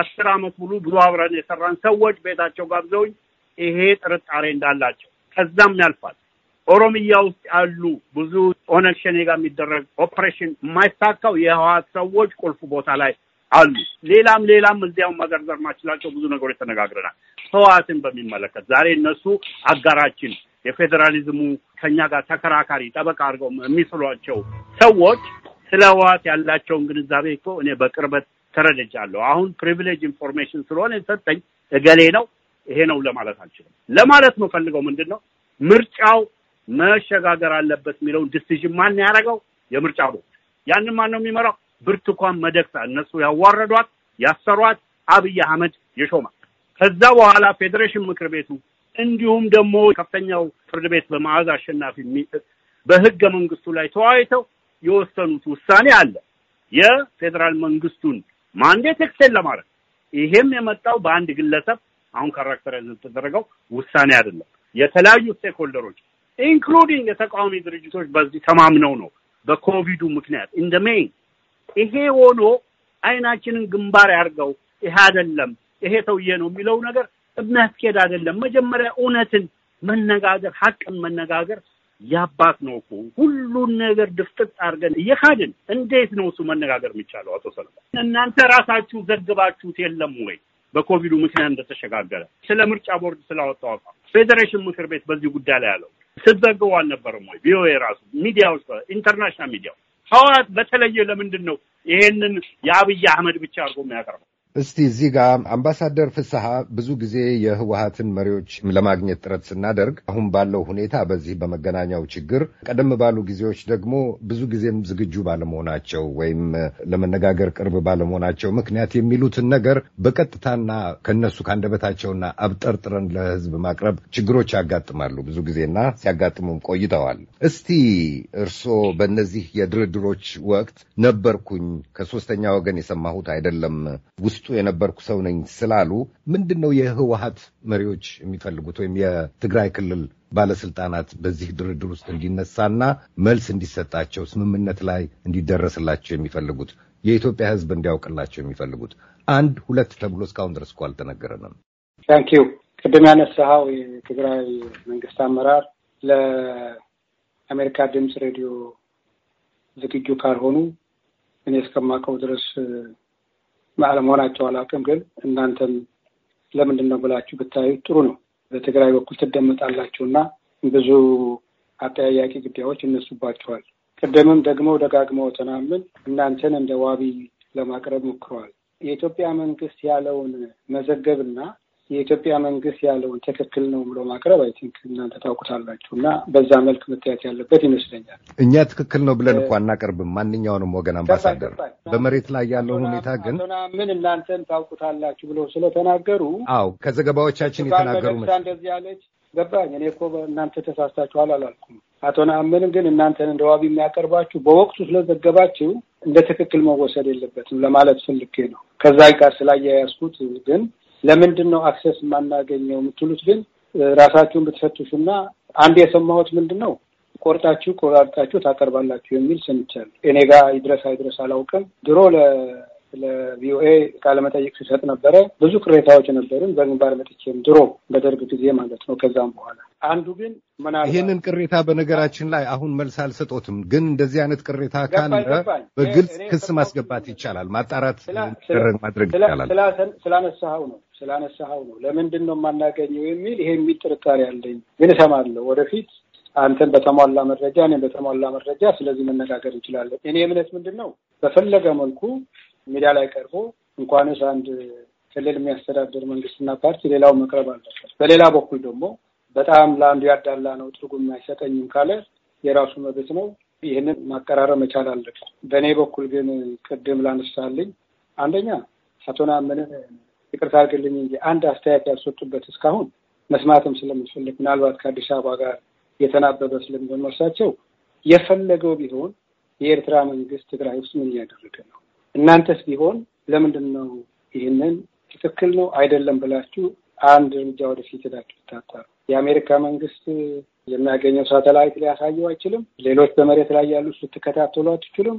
አስር አመት ሙሉ ብዙ አብረን የሰራን ሰዎች ቤታቸው ጋብዘውኝ ይሄ ጥርጣሬ እንዳላቸው ከዛም ያልፋል። ኦሮሚያ ውስጥ ያሉ ብዙ ኦነግ ሸኔ ጋር የሚደረግ ኦፕሬሽን የማይሳካው የህወሓት ሰዎች ቁልፍ ቦታ ላይ አሉ። ሌላም ሌላም እዚያው መዘርዘር ማችላቸው ብዙ ነገሮች ተነጋግረናል። ህወሓትን በሚመለከት ዛሬ እነሱ አጋራችን የፌዴራሊዝሙ ከኛ ጋር ተከራካሪ ጠበቃ አድርገው የሚስሏቸው ሰዎች ስለ ህወሓት ያላቸውን ግንዛቤ እኮ እኔ በቅርበት ተረድቻለሁ። አሁን ፕሪቪሌጅ ኢንፎርሜሽን ስለሆነ የሰጠኝ እገሌ ነው ይሄ ነው ለማለት አልችልም። ለማለት የምፈልገው ምንድን ነው ምርጫው መሸጋገር አለበት የሚለውን ዲሲዥን ማን ያደረገው? የምርጫ ቦርድ። ያንን ማን ነው የሚመራው? ብርቱካን ሚደቅሳ። እነሱ ያዋረዷት ያሰሯት አብይ አህመድ የሾማል። ከዛ በኋላ ፌዴሬሽን ምክር ቤቱ እንዲሁም ደግሞ ከፍተኛው ፍርድ ቤት በመዓዛ አሸናፊ በህገ መንግስቱ ላይ ተወያይተው የወሰኑት ውሳኔ አለ የፌዴራል መንግስቱን ማንዴት ኤክስቴንድ ለማድረግ ይሄም የመጣው በአንድ ግለሰብ አሁን ካራክተራይዝ የተደረገው ውሳኔ አይደለም። የተለያዩ ስቴክሆልደሮች ኢንክሉዲንግ የተቃዋሚ ድርጅቶች በዚህ ተማምነው ነው በኮቪዱ ምክንያት እንደ ሜን ይሄ ሆኖ አይናችንን ግንባር ያድርገው ይሄ አይደለም ይሄ ሰውዬ ነው የሚለው ነገር የሚያስኬድ አይደለም። መጀመሪያ እውነትን መነጋገር፣ ሀቅን መነጋገር ያባት ነው እኮ ሁሉን ነገር ድፍጥጥ አድርገን እየካድን እንዴት ነው እሱ መነጋገር የሚቻለው? አቶ ሰለሞን እናንተ ራሳችሁ ዘግባችሁት የለም ወይ? በኮቪዱ ምክንያት እንደተሸጋገረ ስለ ምርጫ ቦርድ ስላወጣው አቋም ፌዴሬሽን ምክር ቤት በዚህ ጉዳይ ላይ ያለው ስትዘግቡ አልነበረም ወይ? ቪኦኤ ራሱ ሚዲያዎች፣ ኢንተርናሽናል ሚዲያው ሐዋት በተለየ ለምንድን ነው ይሄንን የአብይ አህመድ ብቻ አድርጎ የሚያቀርበው? እስቲ እዚህ ጋ አምባሳደር ፍስሐ ብዙ ጊዜ የህወሀትን መሪዎች ለማግኘት ጥረት ስናደርግ አሁን ባለው ሁኔታ በዚህ በመገናኛው ችግር፣ ቀደም ባሉ ጊዜዎች ደግሞ ብዙ ጊዜም ዝግጁ ባለመሆናቸው ወይም ለመነጋገር ቅርብ ባለመሆናቸው ምክንያት የሚሉትን ነገር በቀጥታና ከነሱ ከአንደበታቸውና አብጠርጥረን ለህዝብ ማቅረብ ችግሮች ያጋጥማሉ ብዙ ጊዜና ሲያጋጥሙም ቆይተዋል። እስቲ እርስዎ በእነዚህ የድርድሮች ወቅት ነበርኩኝ ከሶስተኛ ወገን የሰማሁት አይደለም ውስ ውስጡ የነበርኩ ሰው ነኝ ስላሉ ምንድን ነው የህወሀት መሪዎች የሚፈልጉት ወይም የትግራይ ክልል ባለስልጣናት በዚህ ድርድር ውስጥ እንዲነሳና መልስ እንዲሰጣቸው ስምምነት ላይ እንዲደረስላቸው የሚፈልጉት የኢትዮጵያ ህዝብ እንዲያውቅላቸው የሚፈልጉት አንድ ሁለት ተብሎ እስካሁን ድረስ እኮ አልተነገረንም። ታንኪዩ ቅድም ያነሳኸው የትግራይ መንግስት አመራር ለአሜሪካ ድምፅ ሬዲዮ ዝግጁ ካልሆኑ እኔ እስከማውቀው ድረስ ባለመሆናቸው አላውቅም፣ ግን እናንተም ለምንድን ነው ብላችሁ ብታዩ ጥሩ ነው። በትግራይ በኩል ትደመጣላችሁ እና ብዙ አጠያያቂ ጉዳዮች ይነሱባችኋል። ቅድምም ደግሞ ደጋግመው ተናምን እናንተን እንደ ዋቢ ለማቅረብ ሞክረዋል። የኢትዮጵያ መንግስት ያለውን መዘገብና የኢትዮጵያ መንግስት ያለውን ትክክል ነው ብሎ ማቅረብ አይ ቲንክ እናንተ ታውቁታላችሁ እና በዛ መልክ መታየት ያለበት ይመስለኛል። እኛ ትክክል ነው ብለን እኮ አናቀርብም ማንኛውንም ወገን አምባሳደር። በመሬት ላይ ያለውን ሁኔታ ግን ምን እናንተን ታውቁታላችሁ ብሎ ስለተናገሩ፣ አው ከዘገባዎቻችን የተናገሩ እንደዚህ ያለች ገባኝ። እኔ እኮ እናንተ ተሳስታችኋል አላልኩም። አቶ ናምን ግን እናንተን እንደ ዋቢ የሚያቀርባችሁ በወቅቱ ስለዘገባችሁ እንደ ትክክል መወሰድ የለበትም ለማለት ፈልጌ ነው። ከዛ ጋር ስላያያዝኩት ግን ለምንድን ነው አክሰስ የማናገኘው የምትሉት ግን ራሳችሁን ብትፈትሹና አንድ የሰማሁት ምንድን ነው ቆርጣችሁ ቆራርጣችሁ ታቀርባላችሁ የሚል ስንቻል እኔ ጋ ይድረስ አይድረስ አላውቅም። ድሮ ለቪኦኤ ቃለመጠይቅ ሲሰጥ ነበረ። ብዙ ቅሬታዎች ነበርን በግንባር መጥቼም ድሮ በደርግ ጊዜ ማለት ነው። ከዛም በኋላ አንዱ ግን ይህንን ቅሬታ በነገራችን ላይ አሁን መልስ አልሰጦትም፣ ግን እንደዚህ አይነት ቅሬታ ካለ በግልጽ ክስ ማስገባት ይቻላል፣ ማጣራት ማድረግ ይቻላል። ስላነሳኸው ነው ስላነሳኸው ነው። ለምንድን ነው የማናገኘው የሚል ይሄ የሚል ጥርጣሬ አለኝ፣ ግን እሰማለሁ። ወደፊት አንተን በተሟላ መረጃ እኔም በተሟላ መረጃ ስለዚህ መነጋገር እንችላለን። እኔ እምነት ምንድን ነው በፈለገ መልኩ ሚዲያ ላይ ቀርቦ እንኳንስ አንድ ክልል የሚያስተዳድር መንግስትና ፓርቲ ሌላው መቅረብ አለበት። በሌላ በኩል ደግሞ በጣም ለአንዱ ያዳላ ነው ትርጉም አይሰጠኝም ካለ የራሱ መብት ነው። ይህንን ማቀራረብ መቻል አለበት። በእኔ በኩል ግን ቅድም ላነሳልኝ አንደኛ አቶ ይቅርታ አድርግልኝ እንጂ አንድ አስተያየት ያልሰጡበት እስካሁን መስማትም ስለምትፈልግ ምናልባት ከአዲስ አበባ ጋር የተናበበ ስለሚሆን የፈለገው ቢሆን የኤርትራ መንግስት ትግራይ ውስጥ ምን እያደረገ ነው? እናንተስ ቢሆን ለምንድን ነው ይህንን ትክክል ነው አይደለም ብላችሁ አንድ እርምጃ ወደፊት ሄዳችሁ ልታጣሩ? የአሜሪካ መንግስት የሚያገኘው ሳተላይት ሊያሳየው አይችልም። ሌሎች በመሬት ላይ ያሉ ልትከታተሉ አትችሉም።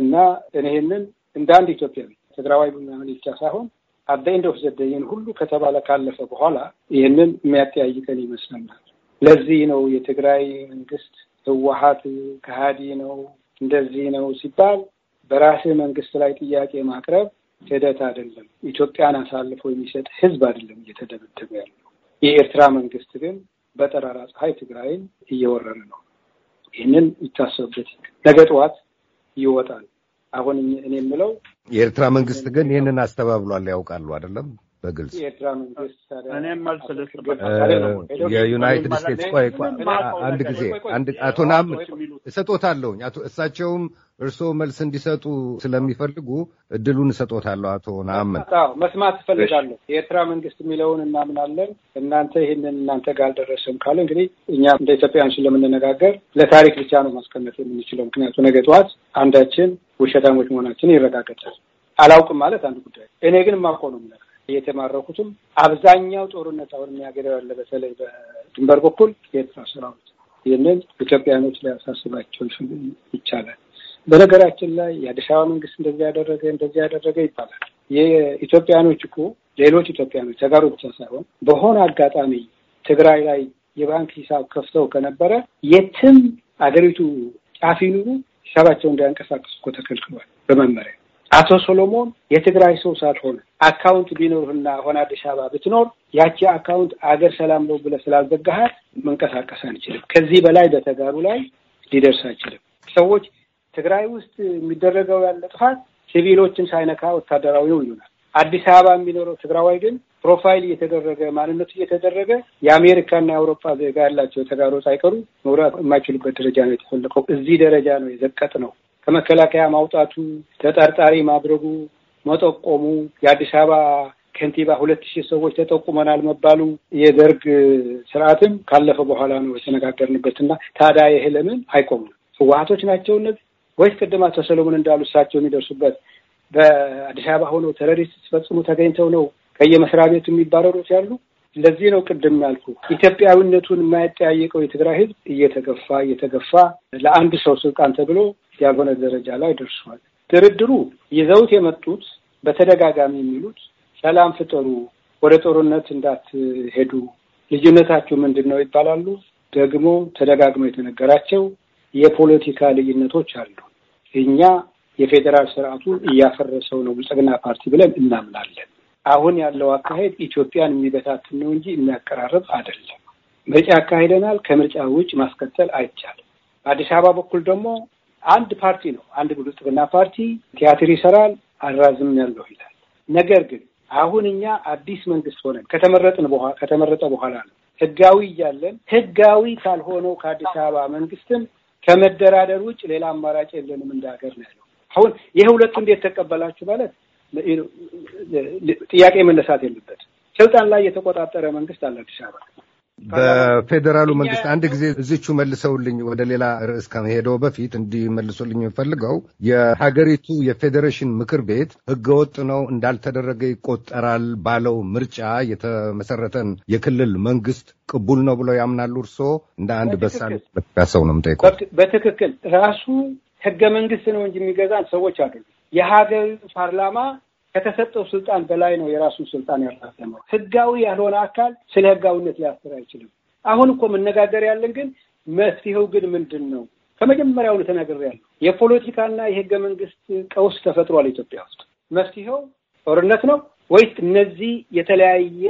እና እኔ ይህንን እንደ አንድ ኢትዮጵያዊ ትግራዋይ ብቻ ሳይሆን አደይንደ ዘደይን ሁሉ ከተባለ ካለፈ በኋላ ይህንን የሚያጠያይቀን ይመስለናል። ለዚህ ነው የትግራይ መንግስት ህወሀት ከሃዲ ነው እንደዚህ ነው ሲባል በራስህ መንግስት ላይ ጥያቄ ማቅረብ ሂደት አይደለም። ኢትዮጵያን አሳልፎ የሚሰጥ ህዝብ አይደለም እየተደበደበ ያለው። የኤርትራ መንግስት ግን በጠራራ ፀሐይ ትግራይን እየወረረ ነው። ይህንን ይታሰብበት። ነገ ጠዋት ይወጣል። አሁን እኔ የምለው የኤርትራ መንግስት ግን ይህንን አስተባብሏል። ያውቃሉ አይደለም? በግልጽ እኔም መልስ የዩናይትድ ስቴትስ ቆይ አንድ ጊዜ አቶ ናም እሰጦታለሁኝ። እሳቸውም እርስዎ መልስ እንዲሰጡ ስለሚፈልጉ እድሉን እሰጦታለሁ። አቶ ናምን መስማት እፈልጋለሁ። የኤርትራ መንግስት የሚለውን እናምናለን። እናንተ ይህንን እናንተ ጋር አልደረሰም ካለ እንግዲህ እኛ እንደ ኢትዮጵያውያን ስለምንነጋገር ለታሪክ ብቻ ነው ማስቀመጥ የምንችለው። ምክንያቱ ነገ ጠዋት አንዳችን ውሸታሞች መሆናችን ይረጋገጣል። አላውቅም ማለት አንድ ጉዳይ። እኔ ግን ማቆ ነው የተማረኩትም አብዛኛው ጦርነት አሁን የሚያገደው ያለ በተለይ በድንበር በኩል የኤርትራ ሰራዊት ይህንን ኢትዮጵያኖች ሊያሳስባቸው ይቻላል። በነገራችን ላይ የአዲስ አበባ መንግስት እንደዚህ ያደረገ እንደዚህ ያደረገ ይባላል። የኢትዮጵያኖች እኮ ሌሎች ኢትዮጵያኖች ተጋሩ ብቻ ሳይሆን በሆነ አጋጣሚ ትግራይ ላይ የባንክ ሂሳብ ከፍተው ከነበረ የትም አገሪቱ ጫፍ ይኑሩ ሂሳባቸው እንዳያንቀሳቀሱ እኮ ተከልክሏል በመመሪያ አቶ ሶሎሞን የትግራይ ሰው ሳትሆን አካውንት ቢኖርህና ሆነ አዲስ አበባ ብትኖር ያቺ አካውንት አገር ሰላም ነው ብለህ ስላልዘጋሃት መንቀሳቀስ አንችልም። ከዚህ በላይ በተጋሩ ላይ ሊደርስ አይችልም። ሰዎች ትግራይ ውስጥ የሚደረገው ያለ ጥፋት ሲቪሎችን ሳይነካ ወታደራዊ ነው ይሆናል። አዲስ አበባ የሚኖረው ትግራዋይ ግን ፕሮፋይል እየተደረገ ማንነቱ እየተደረገ የአሜሪካና የአውሮፓ ዜጋ ያላቸው ተጋሮ ሳይቀሩ መውራት የማይችሉበት ደረጃ ነው የተፈለቀው። እዚህ ደረጃ ነው የዘቀጥ ነው ከመከላከያ ማውጣቱ፣ ተጠርጣሪ ማድረጉ፣ መጠቆሙ የአዲስ አበባ ከንቲባ ሁለት ሺህ ሰዎች ተጠቁመናል መባሉ የደርግ ስርዓትም ካለፈ በኋላ ነው የተነጋገርንበት እና ታዲያ ይሄ ለምን አይቆሙም? ህወሀቶች ናቸው እነዚህ ወይስ ቅድም አቶ እንዳሉ እሳቸው የሚደርሱበት በአዲስ አበባ ሆነው ተረሪስ ሲፈጽሙ ተገኝተው ነው ከየመስሪያ ቤቱ የሚባረሩት ያሉ? ለዚህ ነው ቅድም ያልኩ ኢትዮጵያዊነቱን የማይጠያየቀው የትግራይ ህዝብ እየተገፋ እየተገፋ ለአንድ ሰው ስልጣን ተብሎ ያልሆነ ደረጃ ላይ ደርሷል። ድርድሩ ይዘውት የመጡት በተደጋጋሚ የሚሉት ሰላም ፍጠሩ፣ ወደ ጦርነት እንዳትሄዱ፣ ልዩነታችሁ ምንድን ነው ይባላሉ። ደግሞ ተደጋግመው የተነገራቸው የፖለቲካ ልዩነቶች አሉ። እኛ የፌዴራል ስርዓቱ እያፈረሰው ነው ብልጽግና ፓርቲ ብለን እናምናለን። አሁን ያለው አካሄድ ኢትዮጵያን የሚበታትን ነው እንጂ የሚያቀራርብ አይደለም። ምርጫ አካሂደናል። ከምርጫ ውጭ ማስቀጠል አይቻልም። በአዲስ አበባ በኩል ደግሞ አንድ ፓርቲ ነው። አንድ ብልጽግና ፓርቲ ቲያትር ይሰራል፣ አራዝም ያለው ይላል። ነገር ግን አሁን እኛ አዲስ መንግስት ሆነን ከተመረጥን በኋላ ከተመረጠ በኋላ ነው ህጋዊ እያለን ህጋዊ ካልሆነው ከአዲስ አበባ መንግስትም ከመደራደር ውጭ ሌላ አማራጭ የለንም እንደ ሀገር ነው ያለው። አሁን ይህ ሁለቱ እንዴት ተቀበላችሁ ማለት ጥያቄ መነሳት የለበት። ስልጣን ላይ የተቆጣጠረ መንግስት አለ አዲስ አበባ በፌዴራሉ መንግስት አንድ ጊዜ እዚቹ መልሰውልኝ ወደ ሌላ ርዕስ ከመሄደው በፊት እንዲመልሱልኝ የምፈልገው የሀገሪቱ የፌዴሬሽን ምክር ቤት ህገወጥ ነው እንዳልተደረገ ይቆጠራል ባለው ምርጫ የተመሰረተን የክልል መንግስት ቅቡል ነው ብለው ያምናሉ? እርስዎ እንደ አንድ በሳል ሰው ነው ምጠይቆ። በትክክል ራሱ ህገ መንግስት ነው እንጂ የሚገዛን ሰዎች አሉ። የሀገር ፓርላማ ከተሰጠው ስልጣን በላይ ነው የራሱን ስልጣን ያራዘመው። ህጋዊ ያልሆነ አካል ስለ ህጋዊነት ሊያስር አይችልም። አሁን እኮ መነጋገር ያለን ግን መፍትሄው ግን ምንድን ነው? ከመጀመሪያውኑ ተናግሬያለሁ። የፖለቲካና የህገ መንግስት ቀውስ ተፈጥሯል ኢትዮጵያ ውስጥ። መፍትሄው ጦርነት ነው ወይስ እነዚህ የተለያየ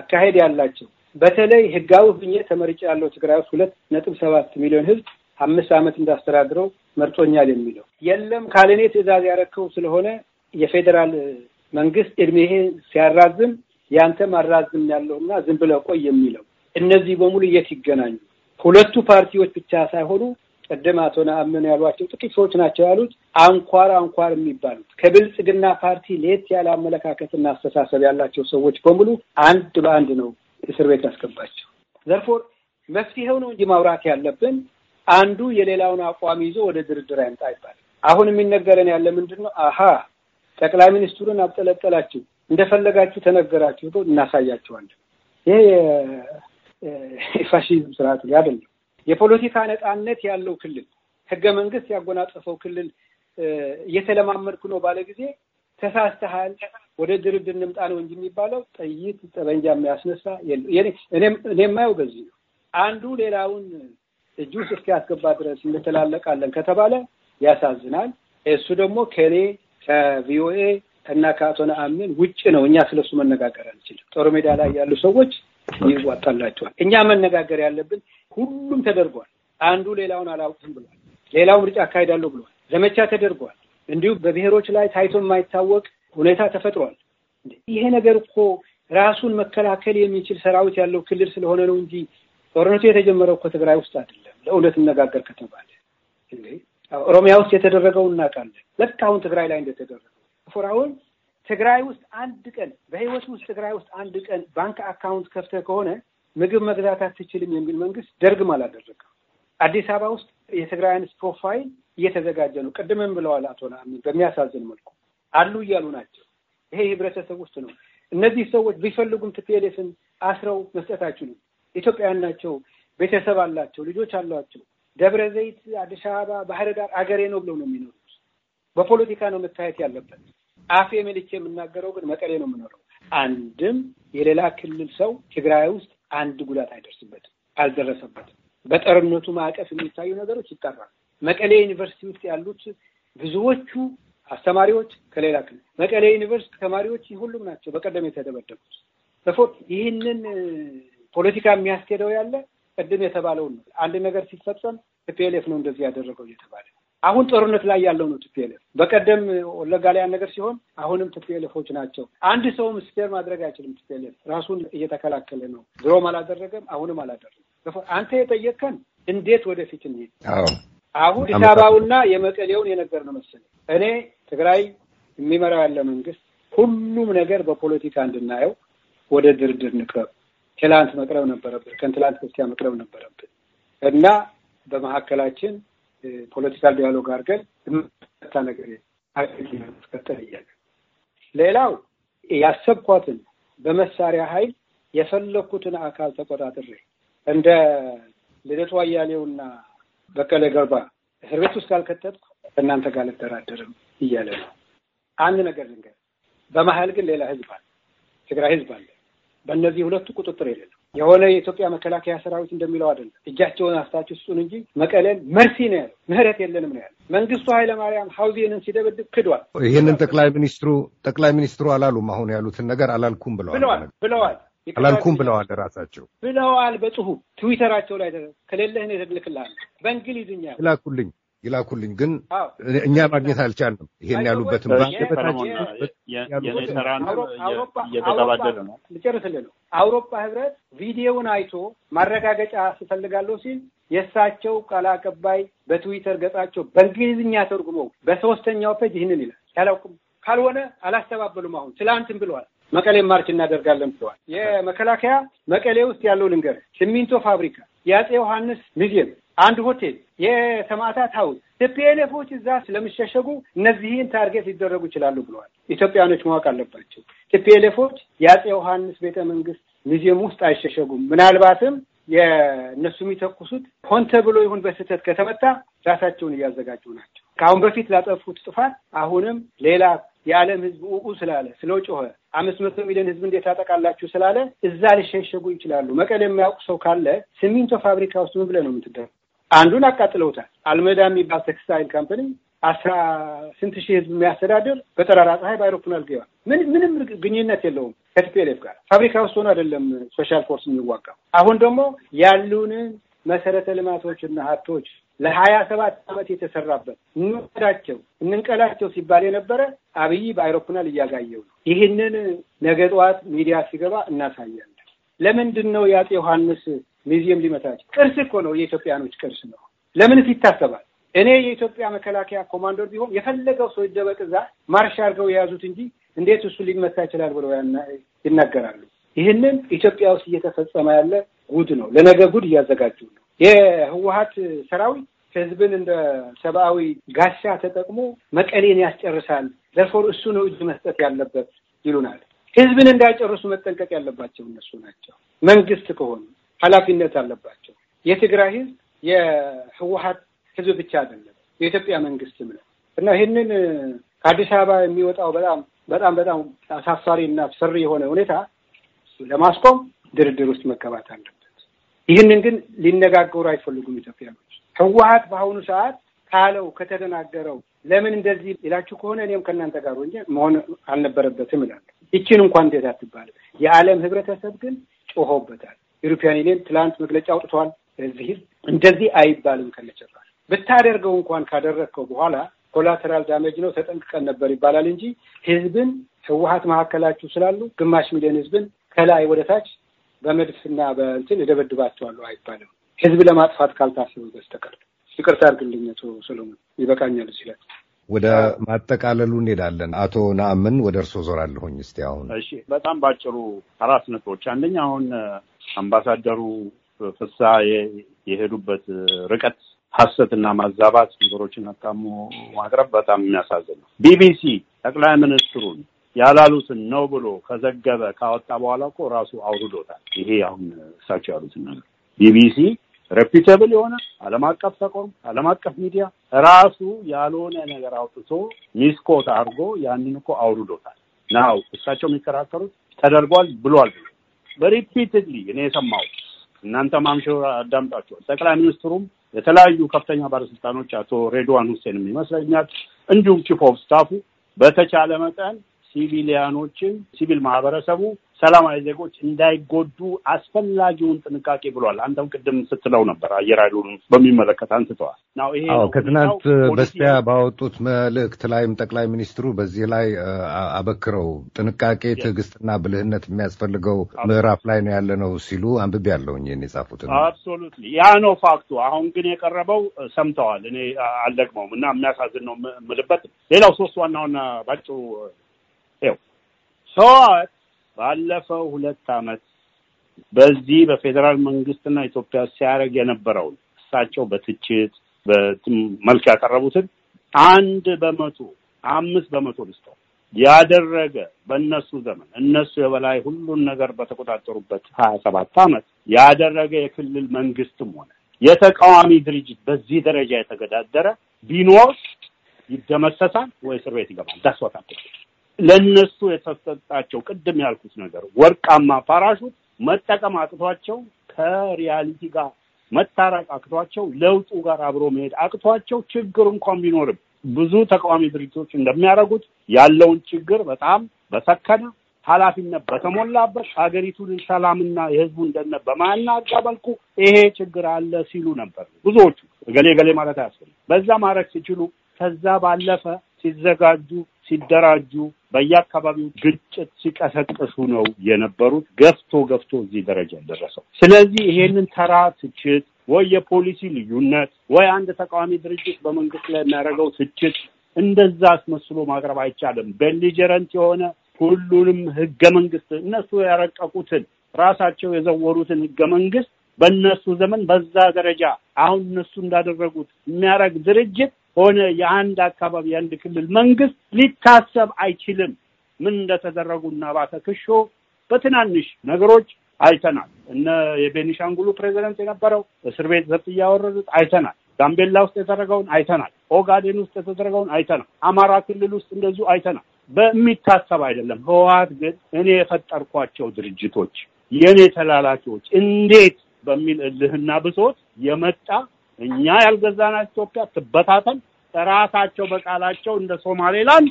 አካሄድ ያላቸው በተለይ ህጋዊ ሁኜ ተመርጬ ያለው ትግራይ ውስጥ ሁለት ነጥብ ሰባት ሚሊዮን ህዝብ አምስት ዓመት እንዳስተዳድረው መርጦኛል የሚለው የለም ካልኔ ትዕዛዝ ያረከው ስለሆነ የፌዴራል መንግስት እድሜህ ሲያራዝም ያንተም አራዝም ያለውና ዝም ብለህ ቆይ የሚለው እነዚህ በሙሉ የት ይገናኙ? ሁለቱ ፓርቲዎች ብቻ ሳይሆኑ ቅድም አቶ ነአምን ያሏቸው ጥቂት ሰዎች ናቸው ያሉት አንኳር አንኳር የሚባሉት ከብልጽግና ፓርቲ ለየት ያለ አመለካከትና አስተሳሰብ ያላቸው ሰዎች በሙሉ አንድ በአንድ ነው እስር ቤት ያስገባቸው። ዘርፎር መፍትሄው ነው እንጂ ማውራት ያለብን አንዱ የሌላውን አቋም ይዞ ወደ ድርድር አይምጣ ይባል። አሁን የሚነገረን ያለ ምንድን ነው? አሀ ጠቅላይ ሚኒስትሩን አብጠለጠላችሁ፣ እንደፈለጋችሁ ተነገራችሁ ብሎ እናሳያቸዋለን። ይሄ የፋሽዝም ስርዓት አይደለም። የፖለቲካ ነጻነት ያለው ክልል ህገ መንግስት ያጎናጸፈው ክልል እየተለማመድኩ ነው ባለ ጊዜ ተሳስተሃል፣ ወደ ድርድር እንምጣ ነው እንጂ የሚባለው ጥይት ጠበንጃ የሚያስነሳ እኔ የማየው በዚህ ነው። አንዱ ሌላውን እጁ ውስጥ እስኪያስገባ ድረስ እንተላለቃለን ከተባለ ያሳዝናል። እሱ ደግሞ ከሌ ከቪኦኤ እና ከአቶ ነአምን ውጭ ነው። እኛ ስለሱ መነጋገር አንችልም። ጦር ሜዳ ላይ ያሉ ሰዎች ይዋጣላቸዋል። እኛ መነጋገር ያለብን ሁሉም ተደርጓል። አንዱ ሌላውን አላውቅም ብሏል። ሌላው ምርጫ አካሄዳለሁ ብሏል። ዘመቻ ተደርጓል። እንዲሁም በብሔሮች ላይ ታይቶ የማይታወቅ ሁኔታ ተፈጥሯል። ይሄ ነገር እኮ ራሱን መከላከል የሚችል ሰራዊት ያለው ክልል ስለሆነ ነው እንጂ ጦርነቱ የተጀመረው እኮ ትግራይ ውስጥ አይደለም። ለእውነት እነጋገር ከተባለ ኦሮሚያ ውስጥ የተደረገው እናውቃለን። ልክ አሁን ትግራይ ላይ እንደተደረገው ፎር አሁን ትግራይ ውስጥ አንድ ቀን በህይወት ውስጥ ትግራይ ውስጥ አንድ ቀን ባንክ አካውንት ከፍተህ ከሆነ ምግብ መግዛት አትችልም የሚል መንግስት ደርግም አላደረገም። አዲስ አበባ ውስጥ የትግራይንስ ፕሮፋይል እየተዘጋጀ ነው። ቅድምም ብለዋል አቶ ናሚ በሚያሳዝን መልኩ አሉ እያሉ ናቸው። ይሄ ህብረተሰብ ውስጥ ነው። እነዚህ ሰዎች ቢፈልጉም ትፒኤልኤፍን አስረው መስጠት አይችሉም። ኢትዮጵያውያን ናቸው። ቤተሰብ አላቸው። ልጆች አሏቸው። ደብረ ዘይት፣ አዲስ አበባ፣ ባህር ዳር አገሬ ነው ብለው ነው የሚኖሩት። በፖለቲካ ነው መታየት ያለበት። አፌ መልቼ የምናገረው ግን መቀሌ ነው የምኖረው። አንድም የሌላ ክልል ሰው ትግራይ ውስጥ አንድ ጉዳት አይደርስበትም፣ አልደረሰበትም። በጦርነቱ ማዕቀፍ የሚታዩ ነገሮች ይጠራል። መቀሌ ዩኒቨርሲቲ ውስጥ ያሉት ብዙዎቹ አስተማሪዎች ከሌላ ክልል መቀሌ ዩኒቨርሲቲ ተማሪዎች ሁሉም ናቸው። በቀደም የተደበደቡት በፎት ይህንን ፖለቲካ የሚያስኬደው ያለ ቅድም የተባለውን አንድ ነገር ሲፈጸም ቲፒኤልኤፍ ነው እንደዚህ ያደረገው እየተባለ አሁን ጦርነት ላይ ያለው ነው ቲፒኤልኤፍ። በቀደም ወለጋ ላይ ነገር ሲሆን አሁንም ቲፒኤልኤፎች ናቸው። አንድ ሰውም ስፔር ማድረግ አይችልም። ቲፒኤልኤፍ ራሱን እየተከላከለ ነው። ድሮም አላደረገም፣ አሁንም አላደረገም። አንተ የጠየቅከን እንዴት ወደፊት እንሄድ አሁን አዲስ አበባውና የመቀሌውን የነገር ነው መሰለኝ። እኔ ትግራይ የሚመራው ያለ መንግስት ሁሉም ነገር በፖለቲካ እንድናየው ወደ ድርድር ንቅረብ። ትላንት መቅረብ ነበረብን፣ ከትላንት በስቲያ መቅረብ ነበረብን እና በመካከላችን ፖለቲካል ዲያሎግ አድርገን የምንፈታ ነገር ማስቀጠል እያለ ሌላው ያሰብኳትን በመሳሪያ ኃይል የፈለግኩትን አካል ተቆጣጥሬ እንደ ልደቱ አያሌውና በቀለ ገርባ እስር ቤት ውስጥ ካልከተትኩ እናንተ ጋር ልደራደርም እያለ ነው። አንድ ነገር ልንገር፣ በመሀል ግን ሌላ ህዝብ አለ፣ ትግራይ ህዝብ አለ። በእነዚህ ሁለቱ ቁጥጥር የሌለው የሆነ የኢትዮጵያ መከላከያ ሰራዊት እንደሚለው አይደለም። እጃቸውን አፍታችሁ ስጡን እንጂ መቀሌን መርሲ ነው ያለው፣ ምህረት የለንም ነው ያለ። መንግስቱ ኃይለማርያም ሀውዜንን ሲደበድብ ክዷል። ይህንን ጠቅላይ ሚኒስትሩ ጠቅላይ ሚኒስትሩ አላሉም። አሁን ያሉትን ነገር አላልኩም ብለዋል ብለዋል አላልኩም ብለዋል። ራሳቸው ብለዋል። በጽሁፍ ትዊተራቸው ላይ ከሌለህን የተልክላል በእንግሊዝኛ ላኩልኝ ይላኩልኝ። ግን እኛ ማግኘት አልቻልንም። ይሄን ያሉበትን ነው። ልጨርስልህ ነው። አውሮፓ ህብረት ቪዲዮውን አይቶ ማረጋገጫ ስፈልጋለሁ ሲል የእሳቸው ቃል አቀባይ በትዊተር ገጻቸው በእንግሊዝኛ ተርጉመው በሶስተኛው ፔጅ ይህንን ይላል። ያላውቅም ካልሆነ አላስተባበሉም። አሁን ትላንትም ብለዋል። መቀሌ ማርች እናደርጋለን ብለዋል። የመከላከያ መቀሌ ውስጥ ያለው ልንገር ሲሚንቶ ፋብሪካ፣ የአፄ ዮሐንስ ሚዚየም፣ አንድ ሆቴል፣ የሰማዕታት ሐውልት ቲፒኤልኤፎች እዛ ስለሚሸሸጉ እነዚህን ታርጌት ሊደረጉ ይችላሉ ብለዋል። ኢትዮጵያኖች ማወቅ አለባቸው። ቲፒኤልኤፎች የአፄ ዮሐንስ ቤተ መንግስት ሙዚየም ውስጥ አይሸሸጉም። ምናልባትም የእነሱ የሚተኩሱት ሆን ተብሎ ይሁን በስህተት ከተመታ ራሳቸውን እያዘጋጁ ናቸው። ከአሁን በፊት ላጠፉት ጥፋት አሁንም ሌላ የዓለም ህዝብ ውቁ ስላለ ጮኸ አምስት መቶ ሚሊዮን ህዝብ እንዴት ታጠቃላችሁ ስላለ እዛ ሊሸሸጉ ይችላሉ። መቀሌ የሚያውቁ ሰው ካለ ሲሚንቶ ፋብሪካ ውስጥ ምን ብለህ ነው የምትደረግ? አንዱን አቃጥለውታል። አልመዳ የሚባል ቴክስታይል ካምፓኒ አስራ ስንት ሺህ ህዝብ የሚያስተዳድር በጠራራ ፀሐይ በአይሮፕላን አልገባም። ምንም ግንኙነት የለውም ከቲፒኤልኤፍ ጋር። ፋብሪካ ውስጥ ሆኖ አይደለም ሶሻል ፎርስ የሚዋጋው። አሁን ደግሞ ያሉንን መሰረተ እና ሀብቶች ለሀያ ሰባት ዓመት የተሰራበት እንወዳቸው እንንቀላቸው ሲባል የነበረ አብይ በአይሮፕላን እያጋየው ነው። ይህንን ነገ ጠዋት ሚዲያ ሲገባ እናሳያለን። ለምንድን ነው የአፄ ዮሐንስ ሚዚየም ሊመታች ቅርስ እኮ ነው። የኢትዮጵያኖች ቅርስ ነው። ለምንስ ይታሰባል? እኔ የኢትዮጵያ መከላከያ ኮማንዶር ቢሆን የፈለገው ሰው ይደበቅ እዛ ማርሽ አድርገው የያዙት እንጂ እንዴት እሱ ሊመታ ይችላል ብለው ይናገራሉ። ይህንን ኢትዮጵያ ውስጥ እየተፈጸመ ያለ ጉድ ነው። ለነገ ጉድ እያዘጋጁ ነው። የህወሀት ሰራዊት ህዝብን እንደ ሰብአዊ ጋሻ ተጠቅሞ መቀሌን ያስጨርሳል። ለፎር እሱ ነው እጅ መስጠት ያለበት ይሉናል። ህዝብን እንዳይጨርሱ መጠንቀቅ ያለባቸው እነሱ ናቸው መንግስት ከሆኑ ኃላፊነት አለባቸው። የትግራይ ህዝብ የህወሀት ህዝብ ብቻ አይደለም፣ የኢትዮጵያ መንግስትም ነው እና ይህንን ከአዲስ አበባ የሚወጣው በጣም በጣም በጣም አሳፋሪ እና አስፈሪ የሆነ ሁኔታ ለማስቆም ድርድር ውስጥ መገባት አለበት። ይህንን ግን ሊነጋገሩ አይፈልጉም ኢትዮጵያኖች። ህወሀት በአሁኑ ሰዓት ካለው ከተደናገረው ለምን እንደዚህ ይላችሁ ከሆነ እኔም ከእናንተ ጋር ወንጀ መሆን አልነበረበትም እላለሁ። ይችን እንኳን እንዴት አትባልም። የዓለም ህብረተሰብ ግን ጮሆበታል። ዩሮፒያን ዩኒየን ትላንት መግለጫ አውጥተዋል። ስለዚህ ህዝብ እንደዚህ አይባልም ከነጭራሽ ብታደርገው እንኳን ካደረግከው በኋላ ኮላተራል ዳሜጅ ነው ተጠንቅቀን ነበር ይባላል እንጂ ህዝብን ህወሀት መካከላችሁ ስላሉ ግማሽ ሚሊዮን ህዝብን ከላይ ወደ ታች በመድፍና በእንትን እደበድባቸዋለሁ አይባልም። ህዝብ ለማጥፋት ካልታሰበ በስተቀር ይቅርታ አድርግልኝ አቶ ሰሎሞን ይበቃኛል ሲላል ወደ ማጠቃለሉ እንሄዳለን። አቶ ናምን ወደ እርሶ ዞራለሁኝ። እስቲ አሁን እሺ፣ በጣም ባጭሩ አራት ነጥቦች። አንደኛ አሁን አምባሳደሩ ፍሳ የሄዱበት ርቀት ሀሰትና ማዛባት ነገሮችን አጣሙ ማቅረብ በጣም የሚያሳዝን ነው። ቢቢሲ ጠቅላይ ሚኒስትሩን ያላሉትን ነው ብሎ ከዘገበ ካወጣ በኋላ እኮ ራሱ አውርዶታል። ይሄ አሁን እሳቸው ያሉትን ነገር ቢቢሲ ሬፒተብል የሆነ ዓለም አቀፍ ተቋም ዓለም አቀፍ ሚዲያ ራሱ ያልሆነ ነገር አውጥቶ ሚስኮት አድርጎ ያንን እኮ አውርዶታል። ናው እሳቸው የሚከራከሩት ተደርጓል ብሏል ብሎ በሪፒትድሊ እኔ የሰማው እናንተ ማምሽ አዳምጣቸዋል። ጠቅላይ ሚኒስትሩም የተለያዩ ከፍተኛ ባለስልጣኖች አቶ ሬድዋን ሁሴንም ይመስለኛል እንዲሁም ቺፍ ኦፍ ስታፉ በተቻለ መጠን ሲቪሊያኖችን፣ ሲቪል ማህበረሰቡ ሰላማዊ ዜጎች እንዳይጎዱ አስፈላጊውን ጥንቃቄ ብሏል። አንተም ቅድም ስትለው ነበር አየር ኃይሉን በሚመለከት አንስተዋል። ናው ይሄ ከትናንት በስቲያ ባወጡት መልእክት ላይም ጠቅላይ ሚኒስትሩ በዚህ ላይ አበክረው ጥንቃቄ፣ ትዕግስትና ብልህነት የሚያስፈልገው ምዕራፍ ላይ ነው ያለ ነው ሲሉ አንብቤ ያለውኝ ይህን የጻፉት አብሶሉትሊ ያ ነው ፋክቱ። አሁን ግን የቀረበው ሰምተዋል። እኔ አልደግመውም እና የሚያሳዝን ነው የምልበት ሌላው ሶስት ዋና ዋና ባጭሩ ይኸው ህወሓት ባለፈው ሁለት አመት በዚህ በፌዴራል መንግስትና ኢትዮጵያ ሲያደርግ የነበረውን እሳቸው በትችት መልክ ያቀረቡትን አንድ በመቶ አምስት በመቶ ልስተው ያደረገ በእነሱ ዘመን እነሱ የበላይ ሁሉን ነገር በተቆጣጠሩበት ሀያ ሰባት አመት ያደረገ የክልል መንግስትም ሆነ የተቃዋሚ ድርጅት በዚህ ደረጃ የተገዳደረ ቢኖር ይደመሰሳል ወይ እስር ቤት ይገባል። ዳስዋታ ለነሱ የተሰጣቸው ቅድም ያልኩት ነገር ወርቃማ ፓራሹት መጠቀም አቅቷቸው ከሪያሊቲ ጋር መታረቅ አቅቷቸው ለውጡ ጋር አብሮ መሄድ አቅቷቸው ችግር እንኳን ቢኖርም ብዙ ተቃዋሚ ድርጅቶች እንደሚያደርጉት ያለውን ችግር በጣም በሰከነ ኃላፊነት በተሞላበት ሀገሪቱን ሰላምና የህዝቡን ደህንነት በማናጋ መልኩ ይሄ ችግር አለ ሲሉ ነበር። ብዙዎቹ ገሌ ገሌ ማለት አያስፈልግም። በዛ ማድረግ ሲችሉ ከዛ ባለፈ ሲዘጋጁ ሲደራጁ በየአካባቢው ግጭት ሲቀሰቅሱ ነው የነበሩት። ገፍቶ ገፍቶ እዚህ ደረጃ ደረሰው። ስለዚህ ይሄንን ተራ ትችት ወይ የፖሊሲ ልዩነት ወይ አንድ ተቃዋሚ ድርጅት በመንግስት ላይ የሚያደርገው ትችት እንደዛ አስመስሎ ማቅረብ አይቻልም። ቤሊጀረንት የሆነ ሁሉንም ህገ መንግስት እነሱ ያረቀቁትን ራሳቸው የዘወሩትን ህገ መንግስት በእነሱ ዘመን በዛ ደረጃ አሁን እነሱ እንዳደረጉት የሚያደርግ ድርጅት ሆነ የአንድ አካባቢ የአንድ ክልል መንግስት ሊታሰብ አይችልም። ምን እንደተደረጉ እና ባተ ክሾ በትናንሽ ነገሮች አይተናል። እነ የቤኒሻንጉሉ ፕሬዚደንት የነበረው እስር ቤት ዘጥ እያወረዱት አይተናል። ጋምቤላ ውስጥ የተደረገውን አይተናል። ኦጋዴን ውስጥ የተደረገውን አይተናል። አማራ ክልል ውስጥ እንደዚሁ አይተናል። በሚታሰብ አይደለም። ህወሓት ግን እኔ የፈጠርኳቸው ድርጅቶች የእኔ ተላላኪዎች እንዴት በሚል እልህና ብሶት የመጣ እኛ ያልገዛናት ኢትዮጵያ ትበታተን፣ ራሳቸው በቃላቸው እንደ ሶማሌላንድ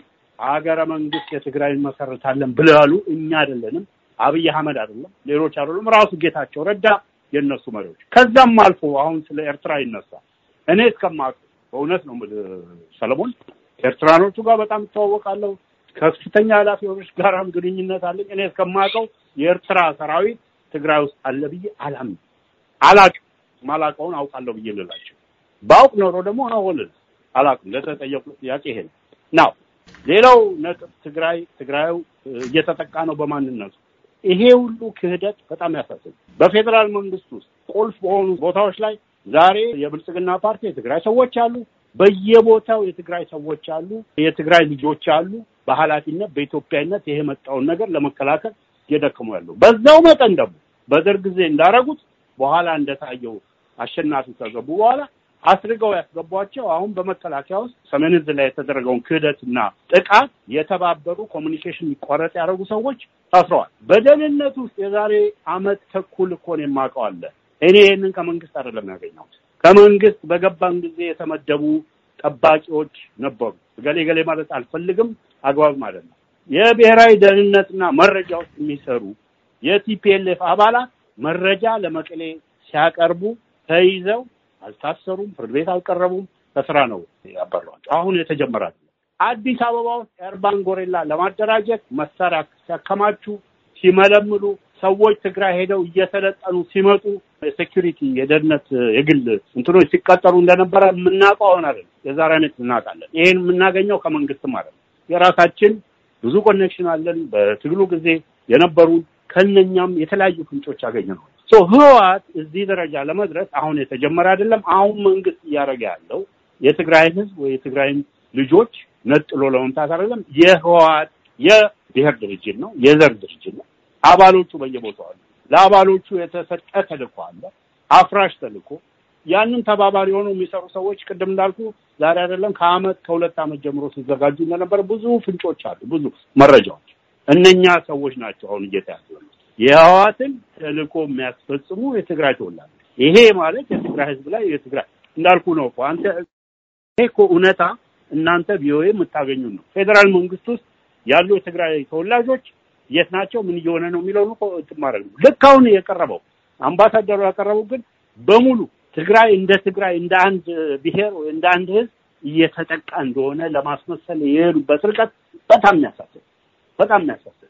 ሀገረ መንግስት የትግራይ መሰረታለን ብለሉ። እኛ አይደለንም፣ አብይ አህመድ አይደለም፣ ሌሎች አይደሉም፣ ራሱ ጌታቸው ረዳ የነሱ መሪዎች። ከዛም አልፎ አሁን ስለ ኤርትራ ይነሳ። እኔ እስከማውቅ በእውነት ነው ሰለሞን፣ ኤርትራኖቹ ጋር በጣም እተዋወቃለሁ። ከፍተኛ ኃላፊዎች ጋራም ግንኙነት አለኝ። እኔ እስከማውቀው የኤርትራ ሰራዊት ትግራይ ውስጥ አለ ብዬ አላምንም፣ ማላቀውን አውቃለሁ ብዬ ልላቸው፣ በአውቅ ኖሮ ደግሞ አሁን አላቅም። ለተጠየቁ ጥያቄ ይሄ ነው ሌላው ነጥብ ትግራይ ትግራዩ እየተጠቃ ነው በማንነቱ። ይሄ ሁሉ ክህደት በጣም ያሳስብ። በፌዴራል መንግስት ውስጥ ቁልፍ በሆኑ ቦታዎች ላይ ዛሬ የብልጽግና ፓርቲ የትግራይ ሰዎች አሉ፣ በየቦታው የትግራይ ሰዎች አሉ፣ የትግራይ ልጆች አሉ። በኃላፊነት በኢትዮጵያዊነት ይሄ መጣውን ነገር ለመከላከል እየደከሙ ያለው በዛው መጠን ደግሞ በደርግ ጊዜ እንዳረጉት በኋላ እንደታየው አሸናፊ ከገቡ በኋላ አስርገው ያስገቧቸው አሁን በመከላከያ ውስጥ ሰሜን ላይ የተደረገውን ክህደትና ጥቃት የተባበሩ ኮሚኒኬሽን ይቋረጥ ያደረጉ ሰዎች ታስረዋል። በደህንነት ውስጥ የዛሬ አመት ተኩል እኮን የማውቀው አለ። እኔ ይህንን ከመንግስት አይደለም ያገኘሁት። ከመንግስት በገባን ጊዜ የተመደቡ ጠባቂዎች ነበሩ። ገሌ ገሌ ማለት አልፈልግም፣ አግባብም አይደለም። የብሔራዊ ደህንነትና መረጃ ውስጥ የሚሰሩ የቲፒኤልኤፍ አባላት መረጃ ለመቀሌ ሲያቀርቡ ተይዘው አልታሰሩም፣ ፍርድ ቤት አልቀረቡም። በስራ ነው ያበሯቸው። አሁን የተጀመረ አዲስ አበባ ውስጥ ኤርባን ጎሬላ ለማደራጀት መሳሪያ ሲያከማቹ፣ ሲመለምሉ፣ ሰዎች ትግራይ ሄደው እየሰለጠኑ ሲመጡ የሴኪሪቲ የደህንነት የግል እንትኖች ሲቀጠሩ እንደነበረ የምናውቀው አሁን አይደለም። የዛሬ አይነት እናውቃለን። ይህን የምናገኘው ከመንግስትም አይደለም። የራሳችን ብዙ ኮኔክሽን አለን። በትግሉ ጊዜ የነበሩን ከነኛም የተለያዩ ፍንጮች ያገኘ ነው። ሶ ህወሓት እዚህ ደረጃ ለመድረስ አሁን የተጀመረ አይደለም። አሁን መንግስት እያደረገ ያለው የትግራይ ህዝብ ወይ የትግራይን ልጆች ነጥሎ ለመምታት አይደለም። የህወሓት የብሔር ድርጅት ነው፣ የዘር ድርጅት ነው። አባሎቹ በየቦታው አሉ። ለአባሎቹ የተሰጠ ተልእኮ አለ፣ አፍራሽ ተልእኮ። ያንን ተባባሪ ሆኖ የሚሰሩ ሰዎች ቅድም እንዳልኩ ዛሬ አይደለም ከአመት ከሁለት አመት ጀምሮ ሲዘጋጁ እንደነበረ ብዙ ፍንጮች አሉ፣ ብዙ መረጃዎች። እነኛ ሰዎች ናቸው አሁን እየተያዙ የህወሓትን ተልዕኮ የሚያስፈጽሙ የትግራይ ተወላጆች ይሄ ማለት የትግራይ ህዝብ ላይ የትግራይ እንዳልኩ ነው እኮ አንተ ይሄ እኮ እውነታ እናንተ ቪኦኤ የምታገኙ ነው። ፌዴራል መንግስት ውስጥ ያሉ የትግራይ ተወላጆች የት ናቸው? ምን እየሆነ ነው የሚለውን እኮ ትማረግ ነው። ልክ አሁን የቀረበው አምባሳደሩ ያቀረበው ግን በሙሉ ትግራይ እንደ ትግራይ እንደ አንድ ብሔር ወይ እንደ አንድ ህዝብ እየተጠቃ እንደሆነ ለማስመሰል የሄዱበት ርቀት በጣም የሚያሳስብ በጣም የሚያሳስብ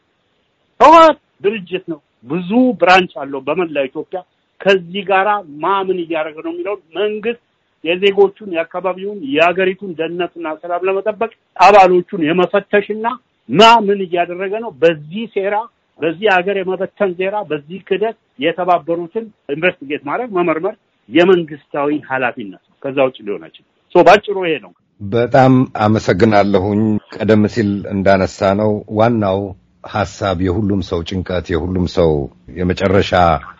ህወሓት ድርጅት ነው። ብዙ ብራንች አለው በመላ ኢትዮጵያ። ከዚህ ጋራ ማምን እያደረገ ነው የሚለውን መንግስት የዜጎቹን የአካባቢውን የሀገሪቱን ደህንነትና ሰላም ለመጠበቅ አባሎቹን የመፈተሽና ማምን እያደረገ ነው በዚህ ሴራ በዚህ ሀገር የመበተን ሴራ በዚህ ክደት የተባበሩትን ኢንቨስቲጌት ማድረግ መመርመር የመንግስታዊ ኃላፊነት ነው። ከዛ ውጭ ሊሆን አይችልም። ባጭሩ ይሄ ነው። በጣም አመሰግናለሁኝ። ቀደም ሲል እንዳነሳ ነው ዋናው ሀሳብ፣ የሁሉም ሰው ጭንቀት፣ የሁሉም ሰው የመጨረሻ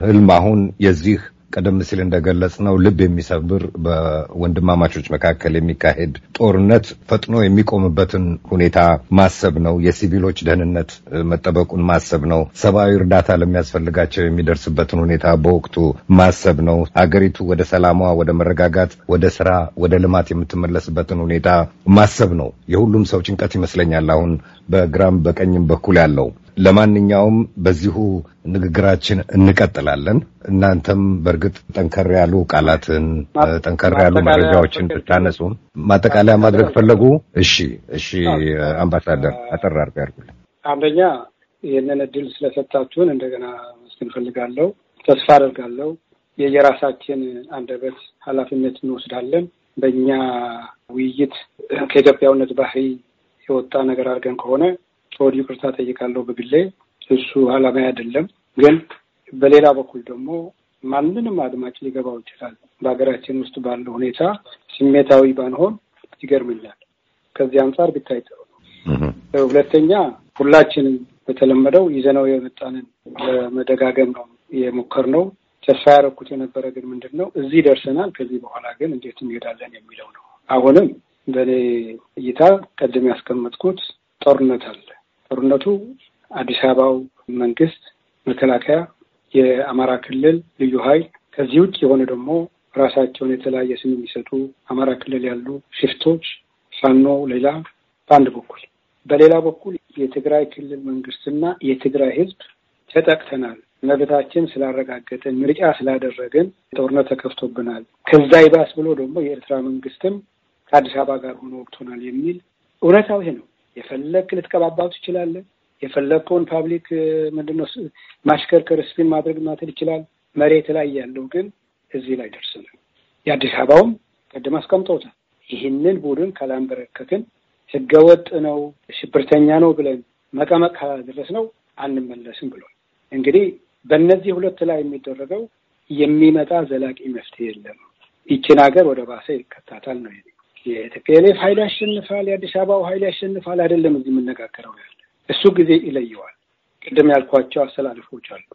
ህልም አሁን የዚህ ቀደም ሲል እንደገለጽ ነው ልብ የሚሰብር በወንድማማቾች መካከል የሚካሄድ ጦርነት ፈጥኖ የሚቆምበትን ሁኔታ ማሰብ ነው። የሲቪሎች ደህንነት መጠበቁን ማሰብ ነው። ሰብአዊ እርዳታ ለሚያስፈልጋቸው የሚደርስበትን ሁኔታ በወቅቱ ማሰብ ነው። አገሪቱ ወደ ሰላሟ፣ ወደ መረጋጋት፣ ወደ ስራ፣ ወደ ልማት የምትመለስበትን ሁኔታ ማሰብ ነው። የሁሉም ሰው ጭንቀት ይመስለኛል አሁን በግራም በቀኝም በኩል ያለው ለማንኛውም በዚሁ ንግግራችን እንቀጥላለን። እናንተም በእርግጥ ጠንከር ያሉ ቃላትን ጠንከር ያሉ መረጃዎችን ብታነጹ ማጠቃለያ ማድረግ ፈለጉ? እሺ፣ እሺ አምባሳደር አጠር አድርገው ያድርጉልን። አንደኛ ይህንን እድል ስለሰጣችሁን እንደገና መስገን እንፈልጋለሁ። ተስፋ አደርጋለሁ የየራሳችን አንደበት ኃላፊነት እንወስዳለን። በእኛ ውይይት ከኢትዮጵያውነት ባህሪ የወጣ ነገር አድርገን ከሆነ ከወዲሁ ይቅርታ ጠይቃለሁ በግሌ እሱ አላማ አይደለም። ግን በሌላ በኩል ደግሞ ማንንም አድማጭ ሊገባው ይችላል። በሀገራችን ውስጥ ባለው ሁኔታ ስሜታዊ ባንሆን ይገርምኛል። ከዚህ አንጻር ቢታይ ጥሩ ነው። ሁለተኛ ሁላችንም በተለመደው ይዘነው የመጣንን ለመደጋገም ነው የሞከርነው። ተስፋ ያደረኩት የነበረ ግን ምንድን ነው እዚህ ደርሰናል፣ ከዚህ በኋላ ግን እንዴት እንሄዳለን የሚለው ነው። አሁንም በእኔ እይታ ቀደም ያስቀመጥኩት ጦርነት አለ። ጦርነቱ አዲስ አበባው መንግስት፣ መከላከያ፣ የአማራ ክልል ልዩ ኃይል ከዚህ ውጭ የሆነ ደግሞ ራሳቸውን የተለያየ ስም የሚሰጡ አማራ ክልል ያሉ ሽፍቶች፣ ፋኖ ሌላ በአንድ በኩል በሌላ በኩል የትግራይ ክልል መንግስትና የትግራይ ህዝብ ተጠቅተናል፣ መብታችን ስላረጋገጥን፣ ምርጫ ስላደረግን ጦርነት ተከፍቶብናል። ከዛ ይባስ ብሎ ደግሞ የኤርትራ መንግስትም ከአዲስ አበባ ጋር ሆኖ ወቅቶናል የሚል እውነታው ይሄ ነው። የፈለግ ልትቀባባው ትችላለህ። የፈለግከውን ፓብሊክ ምንድነው ማሽከርከር ስፒን ማድረግ ማትል ይችላል። መሬት ላይ ያለው ግን እዚህ ላይ ደርሰናል። የአዲስ አበባውም ቅድም አስቀምጠውታል። ይህንን ቡድን ካላንበረከክን ህገወጥ ነው ሽብርተኛ ነው ብለን መቀመቅ ካላደረስ ነው አንመለስም ብሏል። እንግዲህ በእነዚህ ሁለት ላይ የሚደረገው የሚመጣ ዘላቂ መፍትሄ የለም። ይችን ሀገር ወደ ባሰ ይከታታል ነው የቲፒኤልኤፍ ኃይል ያሸንፋል፣ የአዲስ አበባው ኃይል ያሸንፋል አይደለም እዚህ የምነጋገረው ያለ እሱ ጊዜ ይለየዋል። ቅድም ያልኳቸው አስተላልፎች አሉ።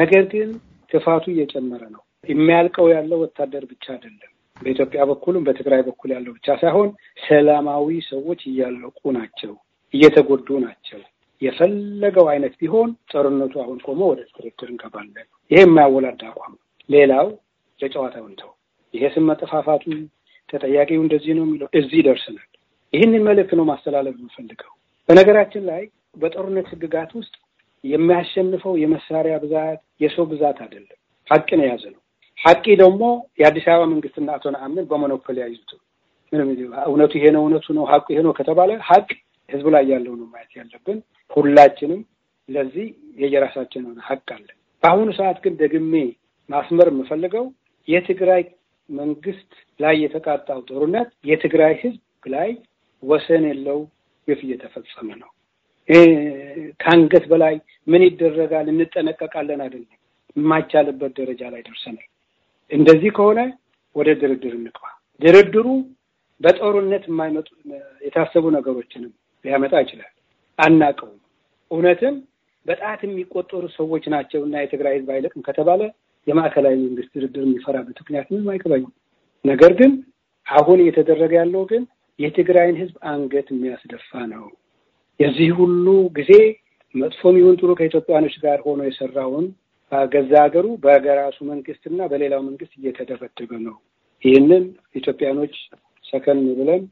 ነገር ግን ክፋቱ እየጨመረ ነው። የሚያልቀው ያለው ወታደር ብቻ አይደለም። በኢትዮጵያ በኩልም በትግራይ በኩል ያለው ብቻ ሳይሆን ሰላማዊ ሰዎች እያለቁ ናቸው፣ እየተጎዱ ናቸው። የፈለገው አይነት ቢሆን ጦርነቱ አሁን ቆሞ ወደ ድርድር እንገባለን። ይሄ የማያወላዳ አቋም። ሌላው ለጨዋታው እንተው። ይሄ ስም መጠፋፋቱ ተጠያቂው እንደዚህ ነው የሚለው እዚህ ይደርስናል። ይህንን መልእክት ነው ማስተላለፍ የምፈልገው። በነገራችን ላይ በጦርነት ህግጋት ውስጥ የሚያሸንፈው የመሳሪያ ብዛት፣ የሰው ብዛት አይደለም። ሀቅን የያዘ ነው። ሀቂ ደግሞ የአዲስ አበባ መንግስትና አቶ ነአምን በሞኖፖሊ ያይዙት ምንም እውነቱ ይሄ ነው እውነቱ ነው ሀቁ ይሄ ነው ከተባለ ሀቅ ህዝቡ ላይ ያለው ነው ማየት ያለብን። ሁላችንም ለዚህ የየራሳችን ሆነ ሀቅ አለን። በአሁኑ ሰዓት ግን ደግሜ ማስመር የምፈልገው የትግራይ መንግስት ላይ የተቃጣው ጦርነት የትግራይ ህዝብ ላይ ወሰን የለው ግፍ እየተፈጸመ ነው። ከአንገት በላይ ምን ይደረጋል እንጠነቀቃለን አይደለም፣ የማይቻልበት ደረጃ ላይ ደርሰናል። እንደዚህ ከሆነ ወደ ድርድር እንግባ። ድርድሩ በጦርነት የማይመጡ የታሰቡ ነገሮችንም ሊያመጣ ይችላል። አናቀውም እውነትም በጣት የሚቆጠሩ ሰዎች ናቸው እና የትግራይ ህዝብ አይለቅም ከተባለ የማዕከላዊ መንግስት ድርድር የሚፈራበት ምክንያት ምንም አይገባኝም። ነገር ግን አሁን እየተደረገ ያለው ግን የትግራይን ህዝብ አንገት የሚያስደፋ ነው። የዚህ ሁሉ ጊዜ መጥፎም ይሁን ጥሩ ከኢትዮጵያኖች ጋር ሆኖ የሰራውን በገዛ ሀገሩ በገራሱ መንግስትና በሌላው መንግስት እየተደበደበ ነው። ይህንን ኢትዮጵያኖች ሰከን ብለን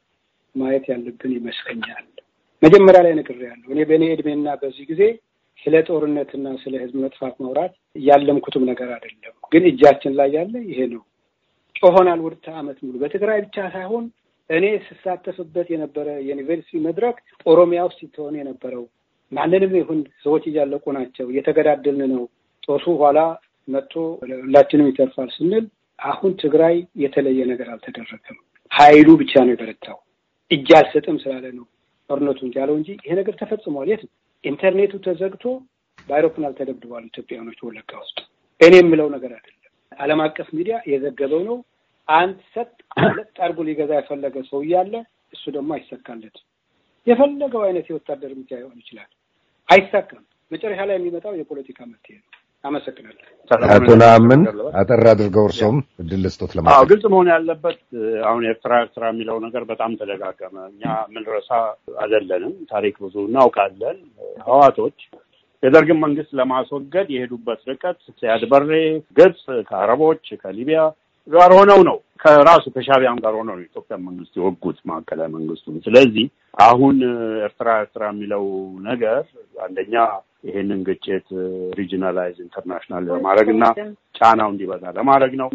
ማየት ያለብን ይመስለኛል። መጀመሪያ ላይ ነግሬያለሁ። እኔ በእኔ ዕድሜና በዚህ ጊዜ ስለ ጦርነትና ስለ ህዝብ መጥፋት ማውራት ያለምኩትም ነገር አይደለም። ግን እጃችን ላይ ያለ ይሄ ነው። ጮሆናል ወደ አመት ሙሉ በትግራይ ብቻ ሳይሆን እኔ ስሳተፍበት የነበረ የዩኒቨርሲቲ መድረክ ኦሮሚያ ውስጥ ሲትሆን የነበረው ማንንም ይሁን ሰዎች እያለቁ ናቸው፣ እየተገዳደልን ነው፣ ጦሱ ኋላ መጥቶ ሁላችንም ይተርፋል ስንል አሁን ትግራይ የተለየ ነገር አልተደረገም። ኃይሉ ብቻ ነው የበረታው እጅ አልሰጥም ስላለ ነው ጦርነቱ ያለው እንጂ ይሄ ነገር ተፈጽሟል። የት ነው። ኢንተርኔቱ ተዘግቶ በአይሮፕላን ተደብድበዋል ኢትዮጵያውያኖች ወለጋ ውስጥ። እኔ የምለው ነገር አይደለም። ዓለም አቀፍ ሚዲያ የዘገበው ነው። አንድ ሰጥ ለጥ አድርጎ ሊገዛ የፈለገ ሰው እያለ እሱ ደግሞ አይሰካለት የፈለገው አይነት የወታደር እርምጃ ሊሆን ይችላል። አይሳካም። መጨረሻ ላይ የሚመጣው የፖለቲካ መፍትሄ ነው። አመሰግናለሁ። አቶ ነአምን አጠር አድርገው እርሶም እድል ስጦት ለማ ግልጽ መሆን ያለበት አሁን ኤርትራ ኤርትራ የሚለው ነገር በጣም ተደጋገመ። እኛ ምንረሳ አይደለንም። ታሪክ ብዙ እናውቃለን። ህዋቶች የደርግን መንግስት ለማስወገድ የሄዱበት ርቀት በሬ ግብፅ፣ ከአረቦች፣ ከሊቢያ ጋር ሆነው ነው ከራሱ ከሻቢያም ጋር ሆነው ነው ኢትዮጵያ መንግስት የወጉት ማዕከላዊ መንግስቱ። ስለዚህ አሁን ኤርትራ ኤርትራ የሚለው ነገር አንደኛ ይሄንን ግጭት ሪጂናላይዝ ኢንተርናሽናል ለማድረግ እና ጫናው እንዲበዛ ለማድረግ ነው።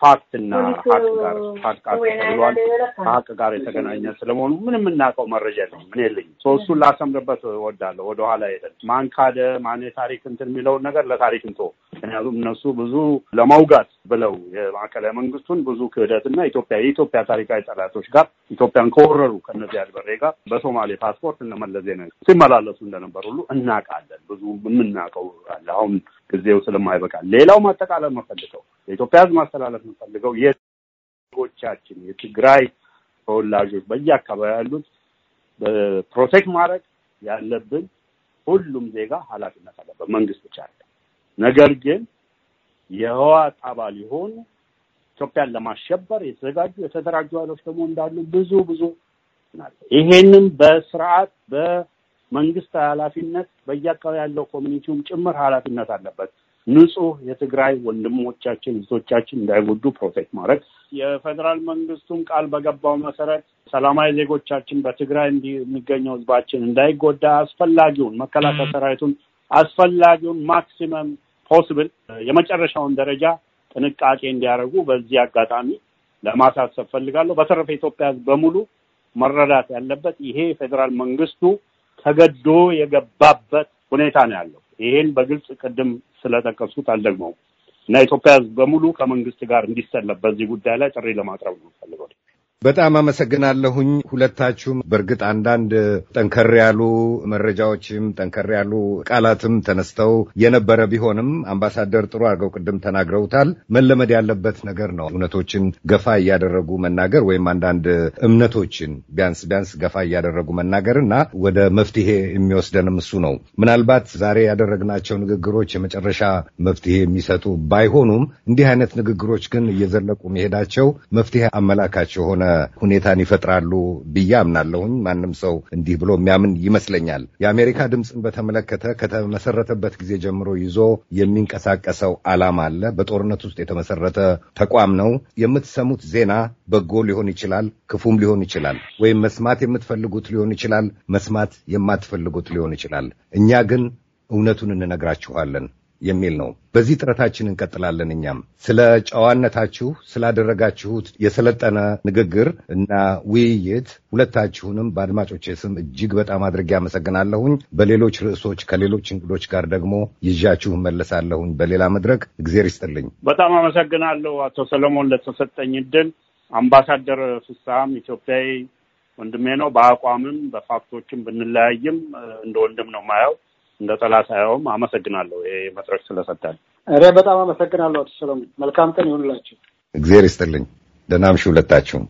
ፋክት እና ሀቅ ጋር ሀቅ ብሏል። ከሀቅ ጋር የተገናኘ ስለመሆኑ ምን የምናውቀው መረጃ የለም፣ ምን የለኝ። እሱን ላሰምርበት እወዳለሁ። ወደኋላ ሄደን ማን ካደ ማን የታሪክ እንትን የሚለውን ነገር ለታሪክ እንቶ ምክንያቱም እነሱ ብዙ ለማውጋት ብለው የማዕከላዊ መንግስቱን ብዙ ክህደትና ኢትዮጵያ የኢትዮጵያ ታሪካዊ ጠላቶች ጋር ኢትዮጵያን ከወረሩ ከነዚህ አድበሬ ጋር በሶማሌ ፓስፖርት እነ መለስ ዜናዊ ሲመላለሱ እንደነበር ሁሉ እናውቃለን። ብዙ የምናውቀው አለ አሁን ጊዜው ስለማይበቃ ሌላው ማጠቃለል መፈልገው የኢትዮጵያ ህዝብ ማስተላለፍ መፈልገው የዜጎቻችን የትግራይ ተወላጆች በየአካባቢ ያሉት ፕሮቴክት ማድረግ ያለብን ሁሉም ዜጋ ኃላፊነት አለበት፣ መንግስት ብቻ አለ። ነገር ግን የህወሓት አባል የሆኑ ኢትዮጵያን ለማሸበር የተዘጋጁ የተደራጁ ኃይሎች ደግሞ እንዳሉ ብዙ ብዙ ይሄንን በስርዓት በ መንግስት ኃላፊነት በየአካባቢ ያለው ኮሚኒቲውም ጭምር ኃላፊነት አለበት። ንጹህ የትግራይ ወንድሞቻችን እህቶቻችን እንዳይጎዱ ፕሮቴክት ማድረግ የፌዴራል መንግስቱም ቃል በገባው መሰረት ሰላማዊ ዜጎቻችን በትግራይ የሚገኘው ህዝባችን እንዳይጎዳ አስፈላጊውን መከላከያ ሰራዊቱን አስፈላጊውን ማክሲመም ፖስብል የመጨረሻውን ደረጃ ጥንቃቄ እንዲያደርጉ በዚህ አጋጣሚ ለማሳሰብ ፈልጋለሁ። በተረፈ ኢትዮጵያ ህዝብ በሙሉ መረዳት ያለበት ይሄ ፌዴራል መንግስቱ ተገዶ የገባበት ሁኔታ ነው ያለው። ይሄን በግልጽ ቅድም ስለጠቀሱት አልደግመውም እና ኢትዮጵያ ሕዝብ በሙሉ ከመንግስት ጋር እንዲሰለፍ በዚህ ጉዳይ ላይ ጥሪ ለማቅረብ ነው ፈልገው በጣም አመሰግናለሁኝ ሁለታችሁም። በእርግጥ አንዳንድ ጠንከር ያሉ መረጃዎችም ጠንከር ያሉ ቃላትም ተነስተው የነበረ ቢሆንም አምባሳደር ጥሩ አድርገው ቅድም ተናግረውታል። መለመድ ያለበት ነገር ነው። እውነቶችን ገፋ እያደረጉ መናገር ወይም አንዳንድ እምነቶችን ቢያንስ ቢያንስ ገፋ እያደረጉ መናገር እና ወደ መፍትሄ የሚወስደንም እሱ ነው። ምናልባት ዛሬ ያደረግናቸው ንግግሮች የመጨረሻ መፍትሄ የሚሰጡ ባይሆኑም እንዲህ አይነት ንግግሮች ግን እየዘለቁ መሄዳቸው መፍትሄ አመላካቸው ሆነ ሁኔታን ይፈጥራሉ ብዬ አምናለሁኝ። ማንም ሰው እንዲህ ብሎ የሚያምን ይመስለኛል። የአሜሪካ ድምፅን በተመለከተ ከተመሰረተበት ጊዜ ጀምሮ ይዞ የሚንቀሳቀሰው ዓላማ አለ። በጦርነት ውስጥ የተመሰረተ ተቋም ነው። የምትሰሙት ዜና በጎ ሊሆን ይችላል፣ ክፉም ሊሆን ይችላል። ወይም መስማት የምትፈልጉት ሊሆን ይችላል፣ መስማት የማትፈልጉት ሊሆን ይችላል። እኛ ግን እውነቱን እንነግራችኋለን። የሚል ነው። በዚህ ጥረታችን እንቀጥላለን። እኛም ስለ ጨዋነታችሁ ስላደረጋችሁት የሰለጠነ ንግግር እና ውይይት ሁለታችሁንም በአድማጮች ስም እጅግ በጣም አድርጌ አመሰግናለሁኝ። በሌሎች ርዕሶች ከሌሎች እንግዶች ጋር ደግሞ ይዣችሁ መለሳለሁኝ በሌላ መድረክ። እግዜር ይስጥልኝ። በጣም አመሰግናለሁ አቶ ሰለሞን ለተሰጠኝ እድል። አምባሳደር ፍሳም ኢትዮጵያዊ ወንድሜ ነው። በአቋምም በፋክቶችም ብንለያይም እንደ ወንድም ነው ማየው። እንደ ጠላ ሳይሆን አመሰግናለሁ ይሄ መድረክ ስለሰጣል። እረ በጣም አመሰግናለሁ አቶ ሰለሞን። መልካም ቀን ይሁንላችሁ። እግዜር ይስጥልኝ። ደህና እምሽ ሁለታችሁም።